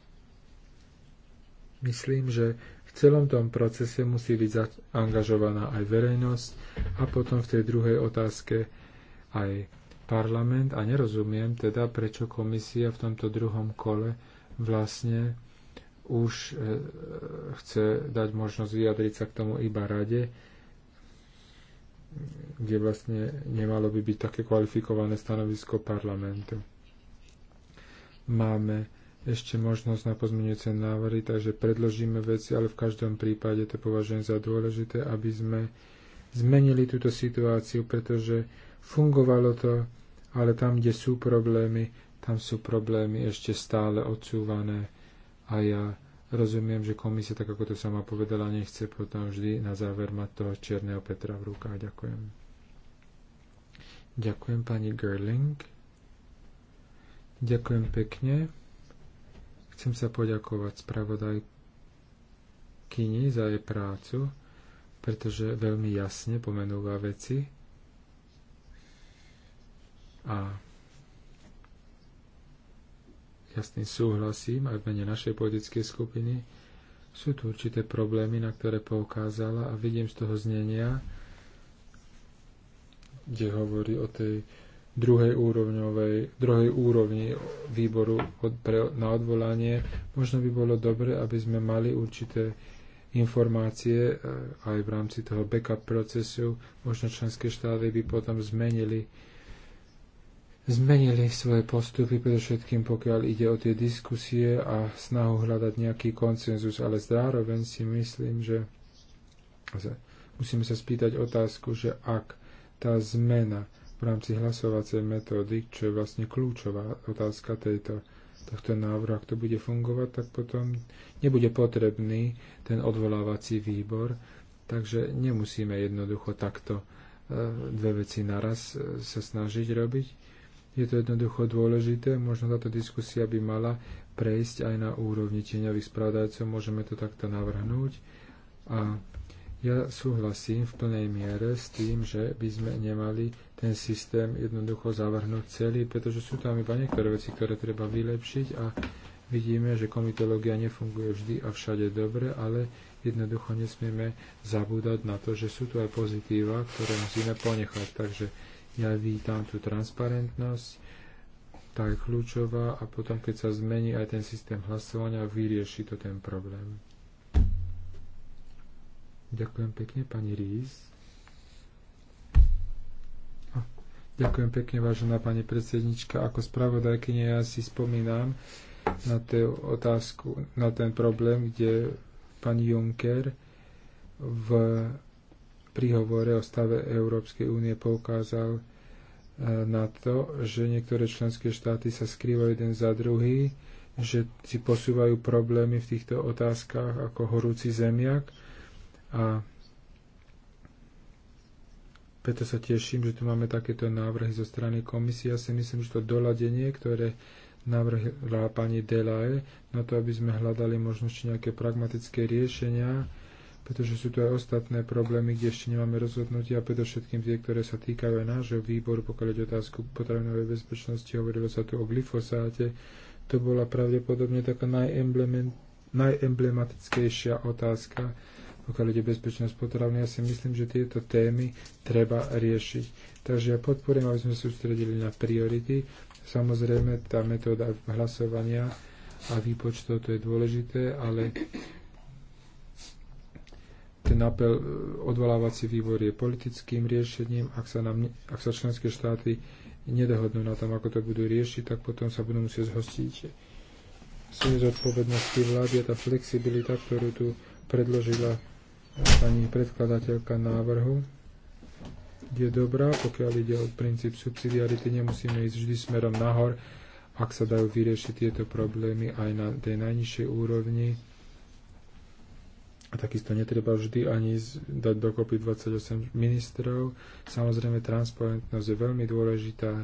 Myslím, že celom tom procese musí byť angažovaná aj verejnosť a potom v tej druhej otázke aj parlament a nerozumiem teda, prečo komisia v tomto druhom kole vlastne už e, chce dať možnosť vyjadriť sa k tomu iba rade, kde vlastne nemalo by byť také kvalifikované stanovisko parlamentu. Máme ešte možnosť na pozmeňujúce návrhy, takže predložíme veci, ale v každom prípade to považujem za dôležité, aby sme zmenili túto situáciu, pretože fungovalo to, ale tam, kde sú problémy, tam sú problémy ešte stále odsúvané a ja rozumiem, že komisia, tak ako to sama povedala, nechce potom vždy na záver mať toho černého Petra v rukách. Ďakujem. Ďakujem pani Gerling. Ďakujem pekne. Chcem sa poďakovať spravodajkyni za jej prácu, pretože veľmi jasne pomenúva veci a jasne súhlasím aj v mene našej politickej skupiny. Sú tu určité problémy, na ktoré poukázala a vidím z toho znenia, kde hovorí o tej druhej, úrovňovej, druhej úrovni výboru od, pre, na odvolanie, možno by bolo dobre, aby sme mali určité informácie e, aj v rámci toho backup procesu. Možno členské štáty by potom zmenili zmenili svoje postupy, predovšetkým pokiaľ ide o tie diskusie a snahu hľadať nejaký koncenzus, ale zároveň si myslím, že musíme sa spýtať otázku, že ak tá zmena v rámci hlasovacej metódy, čo je vlastne kľúčová otázka tejto, tohto návrhu. Ak to bude fungovať, tak potom nebude potrebný ten odvolávací výbor, takže nemusíme jednoducho takto e, dve veci naraz e, sa snažiť robiť. Je to jednoducho dôležité, možno táto diskusia by mala prejsť aj na úrovni tieňových spravodajcov, môžeme to takto navrhnúť a ja súhlasím v plnej miere s tým, že by sme nemali ten systém jednoducho zavrhnúť celý, pretože sú tam iba niektoré veci, ktoré treba vylepšiť a vidíme, že komitológia nefunguje vždy a všade dobre, ale jednoducho nesmieme zabúdať na to, že sú tu aj pozitíva, ktoré musíme ponechať. Takže ja vítam tú transparentnosť, tá je kľúčová a potom, keď sa zmení aj ten systém hlasovania, vyrieši to ten problém. Ďakujem pekne, pani Rís. Ďakujem pekne, vážená pani predsednička. Ako spravodajkyne ja si spomínam na tú otázku, na ten problém, kde pani Juncker v príhovore o stave Európskej únie poukázal e, na to, že niektoré členské štáty sa skrývajú jeden za druhý, že si posúvajú problémy v týchto otázkach ako horúci zemiak a preto sa teším, že tu máme takéto návrhy zo strany komisie. Ja si myslím, že to doladenie, ktoré navrhla pani Delae, na to, aby sme hľadali možnosti nejaké pragmatické riešenia, pretože sú tu aj ostatné problémy, kde ešte nemáme rozhodnutia, predovšetkým tie, ktoré sa týkajú aj nášho výboru, pokiaľ ide otázku potravinovej bezpečnosti, hovorilo sa tu o glyfosáte, to bola pravdepodobne taká najemblematickejšia otázka, pokiaľ ide bezpečnosť potravy. Ja si myslím, že tieto témy treba riešiť. Takže ja podporujem, aby sme sústredili na priority. Samozrejme, tá metóda hlasovania a výpočtov to je dôležité, ale ten apel e, odvolávací výbor je politickým riešením. Ak sa, nám, ak sa členské štáty nedohodnú na tom, ako to budú riešiť, tak potom sa budú musieť zhostiť sú zodpovednosti vlády a tá flexibilita, ktorú tu predložila Pani predkladateľka návrhu je dobrá, pokiaľ ide o princíp subsidiarity, nemusíme ísť vždy smerom nahor, ak sa dajú vyriešiť tieto problémy aj na tej najnižšej úrovni. A takisto netreba vždy ani dať dokopy 28 ministrov. Samozrejme, transparentnosť je veľmi dôležitá,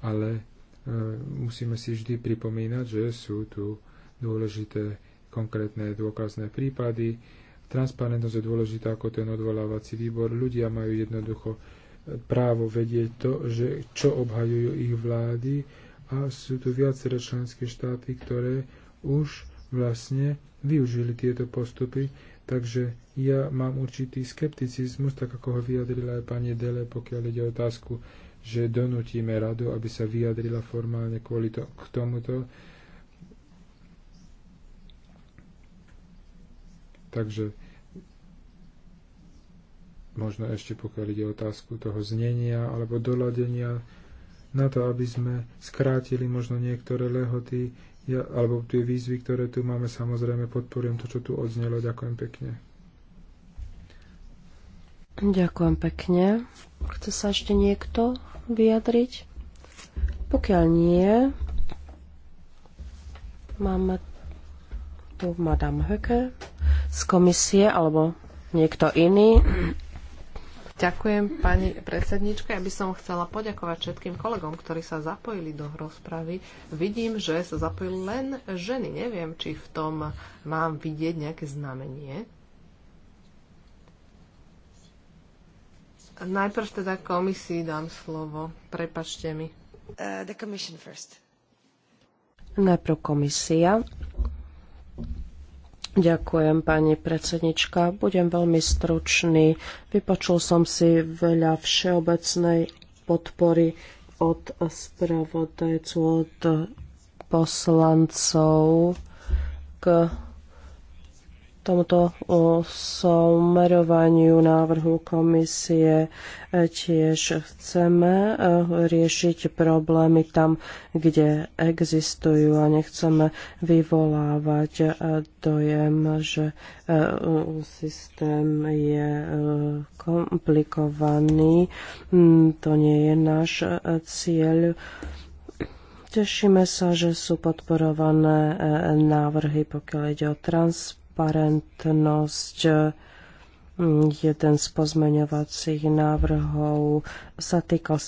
ale e, musíme si vždy pripomínať, že sú tu dôležité konkrétne dôkazné prípady, Transparentnosť je dôležitá ako ten odvolávací výbor. Ľudia majú jednoducho e, právo vedieť to, že čo obhajujú ich vlády a sú tu viaceré členské štáty, ktoré už vlastne využili tieto postupy, takže ja mám určitý skepticizmus, tak ako ho vyjadrila aj pani Dele, pokiaľ ide o otázku, že donutíme radu, aby sa vyjadrila formálne kvôli to, k tomuto, Takže možno ešte pokiaľ ide otázku toho znenia alebo doladenia na to, aby sme skrátili možno niektoré lehoty ja, alebo tie výzvy, ktoré tu máme, samozrejme podporujem to, čo tu odznelo. Ďakujem pekne. Ďakujem pekne. Chce sa ešte niekto vyjadriť? Pokiaľ nie, máme tu Madame Höcke z komisie alebo niekto iný? Ďakujem pani predsedničke. Ja by som chcela poďakovať všetkým kolegom, ktorí sa zapojili do rozpravy. Vidím, že sa zapojili len ženy. Neviem, či v tom mám vidieť nejaké znamenie. Najprv teda komisii dám slovo. Prepačte mi. Uh, Najprv komisia. Ďakujem, pani predsednička. Budem veľmi stručný. Vypočul som si veľa všeobecnej podpory od spravodajcu, od poslancov k tomuto somerovaniu návrhu komisie e, tiež chceme e, riešiť problémy tam, kde existujú a nechceme vyvolávať e, dojem, že systém je komplikovaný. Mm, to nie je náš cieľ. Tešíme sa, že sú podporované návrhy, pokiaľ ide o transport transparentnosť Jeden z pozmeňovacích návrhov sa týkal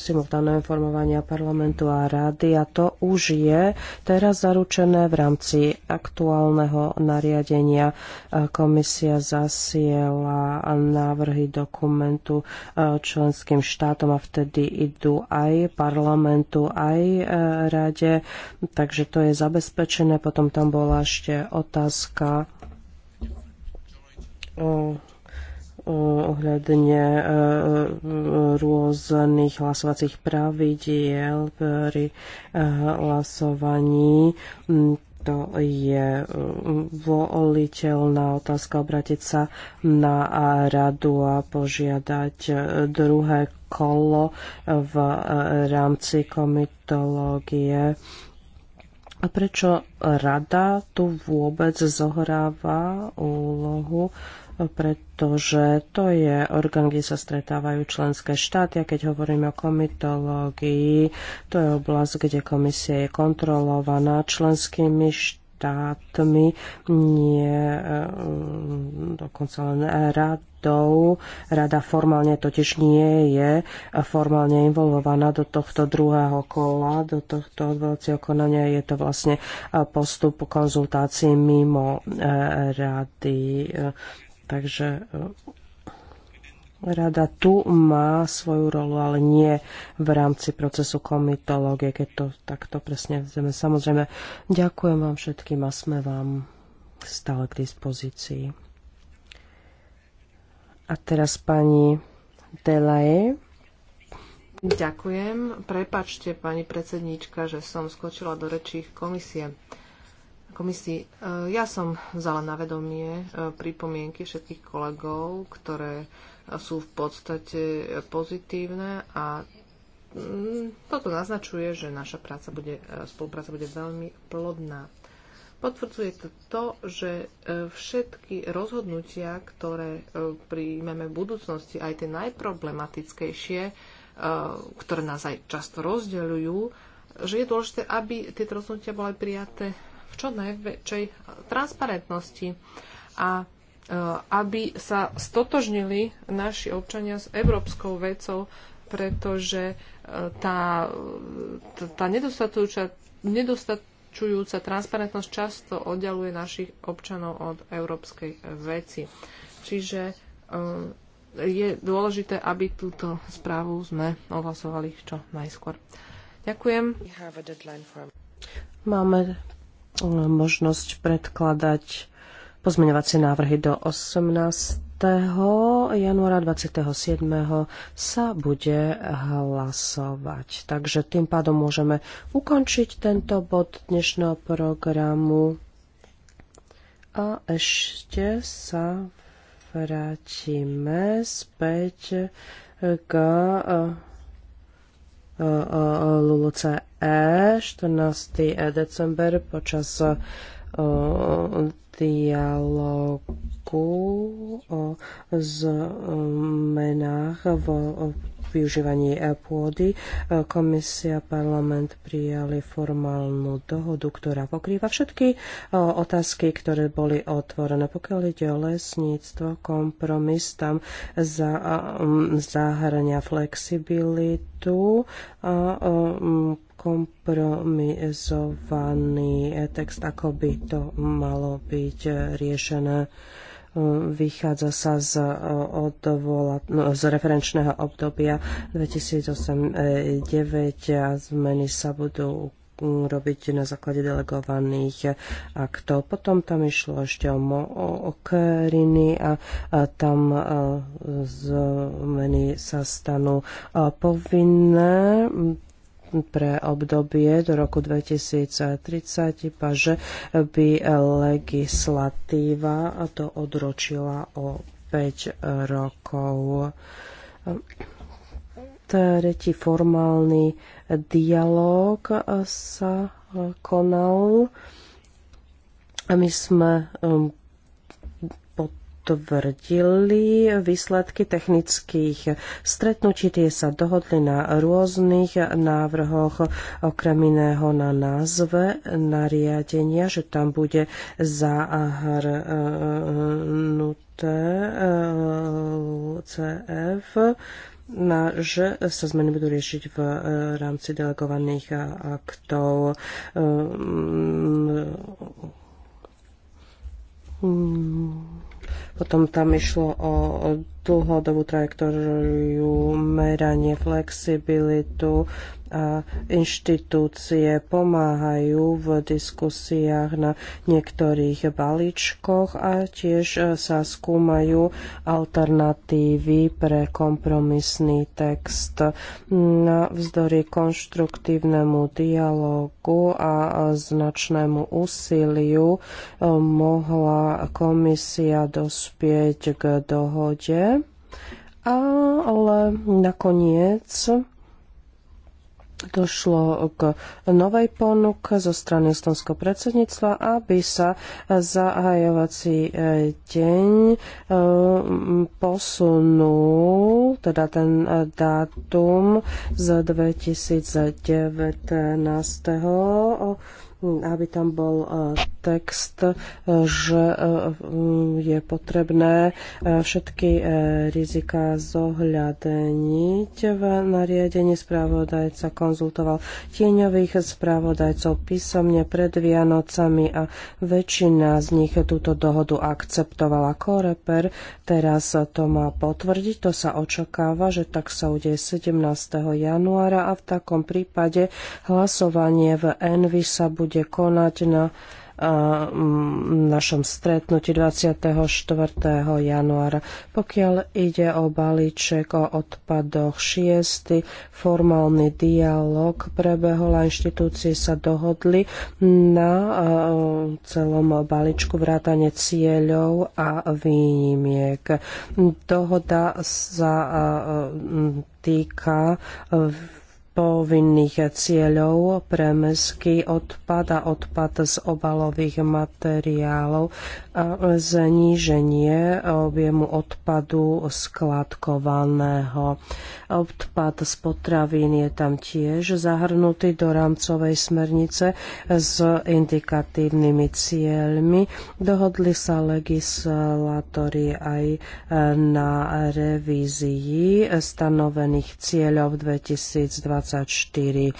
simultánneho informovania parlamentu a rady a to už je teraz zaručené v rámci aktuálneho nariadenia. Komisia zasiela návrhy dokumentu e, členským štátom a vtedy idú aj parlamentu, aj e, rade, takže to je zabezpečené. Potom tam bola ešte otázka ohľadne e, e, rôznych hlasovacích pravidiel pri e, hlasovaní. To je voliteľná otázka obrátiť sa na radu a požiadať druhé kolo v rámci komitológie. A prečo rada tu vôbec zohráva úlohu? pretože to je orgán, kde sa stretávajú členské štáty a keď hovoríme o komitológii, to je oblasť, kde komisia je kontrolovaná členskými štátmi štátmi, nie eh, dokonca len radou. Rada formálne totiž nie je formálne involvovaná do tohto druhého kola, do tohto odvolacieho konania. Je to vlastne postup konzultácií mimo eh, rady. Takže e, rada tu má svoju rolu, ale nie v rámci procesu komitológie, keď to takto presne vzeme. Samozrejme, ďakujem vám všetkým a sme vám stále k dispozícii. A teraz pani Delaje. Ďakujem. Prepačte, pani predsedníčka, že som skočila do rečí komisie komisii. E, ja som vzala na vedomie e, pripomienky všetkých kolegov, ktoré e, sú v podstate pozitívne a mm, toto naznačuje, že naša práca bude, spolupráca bude veľmi plodná. Potvrdzuje to to, že všetky rozhodnutia, ktoré príjmeme v budúcnosti, aj tie najproblematickejšie, ktoré nás aj často rozdeľujú, že je dôležité, aby tieto rozhodnutia boli prijaté čo najväčšej eh, transparentnosti a eh, aby sa stotožnili naši občania s európskou vecou, pretože eh, tá, tá nedostatujúca, transparentnosť často oddialuje našich občanov od európskej veci. Čiže je dôležité, aby túto správu sme ohlasovali čo najskôr. Ďakujem. Máme možnosť predkladať pozmeňovacie návrhy do 18. januára 27. sa bude hlasovať. Takže tým pádom môžeme ukončiť tento bod dnešného programu. A ešte sa vrátime späť k eh, eh, eh, LULUCF E 14. december počas dialogu o zmenách v využívaní e, pôdy. E, komisia a parlament prijali formálnu dohodu, ktorá pokrýva všetky otázky, ktoré boli otvorené. Pokiaľ ide o lesníctvo, kompromis tam zahrania flexibilitu a kompromisovaný text, ako by to malo byť riešené. Vychádza sa z, odvola, no, z referenčného obdobia 2008-2009 a zmeny sa budú robiť na základe delegovaných aktov. Potom tam išlo ešte o mokriny a tam zmeny sa stanú povinné pre obdobie do roku 2030, iba že by legislatíva to odročila o 5 rokov. Tretí formálny dialog sa konal. A My sme potvrdili výsledky technických stretnutí. Tie sa dohodli na rôznych návrhoch, okrem iného na názve nariadenia, že tam bude zahrnuté eh, CF na, že sa zmeny budú riešiť v eh, rámci delegovaných aktov. um, potom tam išlo o dlhodobú trajektóriu, meranie, flexibilitu, a inštitúcie pomáhajú v diskusiách na niektorých balíčkoch a tiež sa skúmajú alternatívy pre kompromisný text. Na vzdory konštruktívnemu dialogu a značnému úsiliu mohla komisia dospieť k dohode, ale nakoniec došlo k novej ponuke zo strany estonského predsedníctva, aby sa zahajovací e, deň e, posunul, teda ten e, dátum z 2019 aby tam bol e, text, e, že e, je potrebné všetky rizika zohľadeniť v nariadení. Spravodajca konzultoval tieňových spravodajcov písomne pred Vianocami a väčšina z nich túto dohodu akceptovala. Koreper teraz to má potvrdiť, to sa očakáva, že tak sa udeje 17. januára a v takom prípade hlasovanie v Envy sa bude bude konať na našom stretnutí 24. januára. Pokiaľ ide o balíček o odpadoch 6. formálny dialog prebehol a inštitúcie sa dohodli na celom balíčku vrátane cieľov a výnimiek. Dohoda sa týka povinných cieľov pre mestský odpad a odpad z obalových materiálov a zníženie objemu odpadu skladkovaného. Odpad z potravín je tam tiež zahrnutý do rámcovej smernice s indikatívnymi cieľmi. Dohodli sa legislatóri aj na revízii stanovených cieľov 2020 24.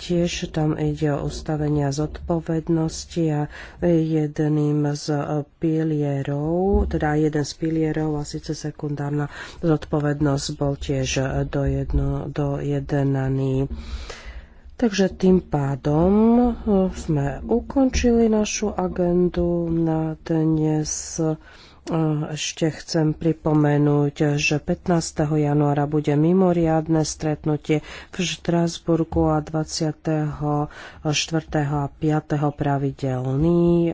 Tiež tam ide o ustavenia zodpovednosti a jedným z e, pilierov, teda jeden z pilierov a síce sekundárna zodpovednosť bol tiež e, dojednaný. Takže tým pádom e, sme ukončili našu agendu na dnes. Ešte chcem pripomenúť, že 15. januára bude mimoriadne stretnutie v Štrásburgu a 24. a 5. pravidelný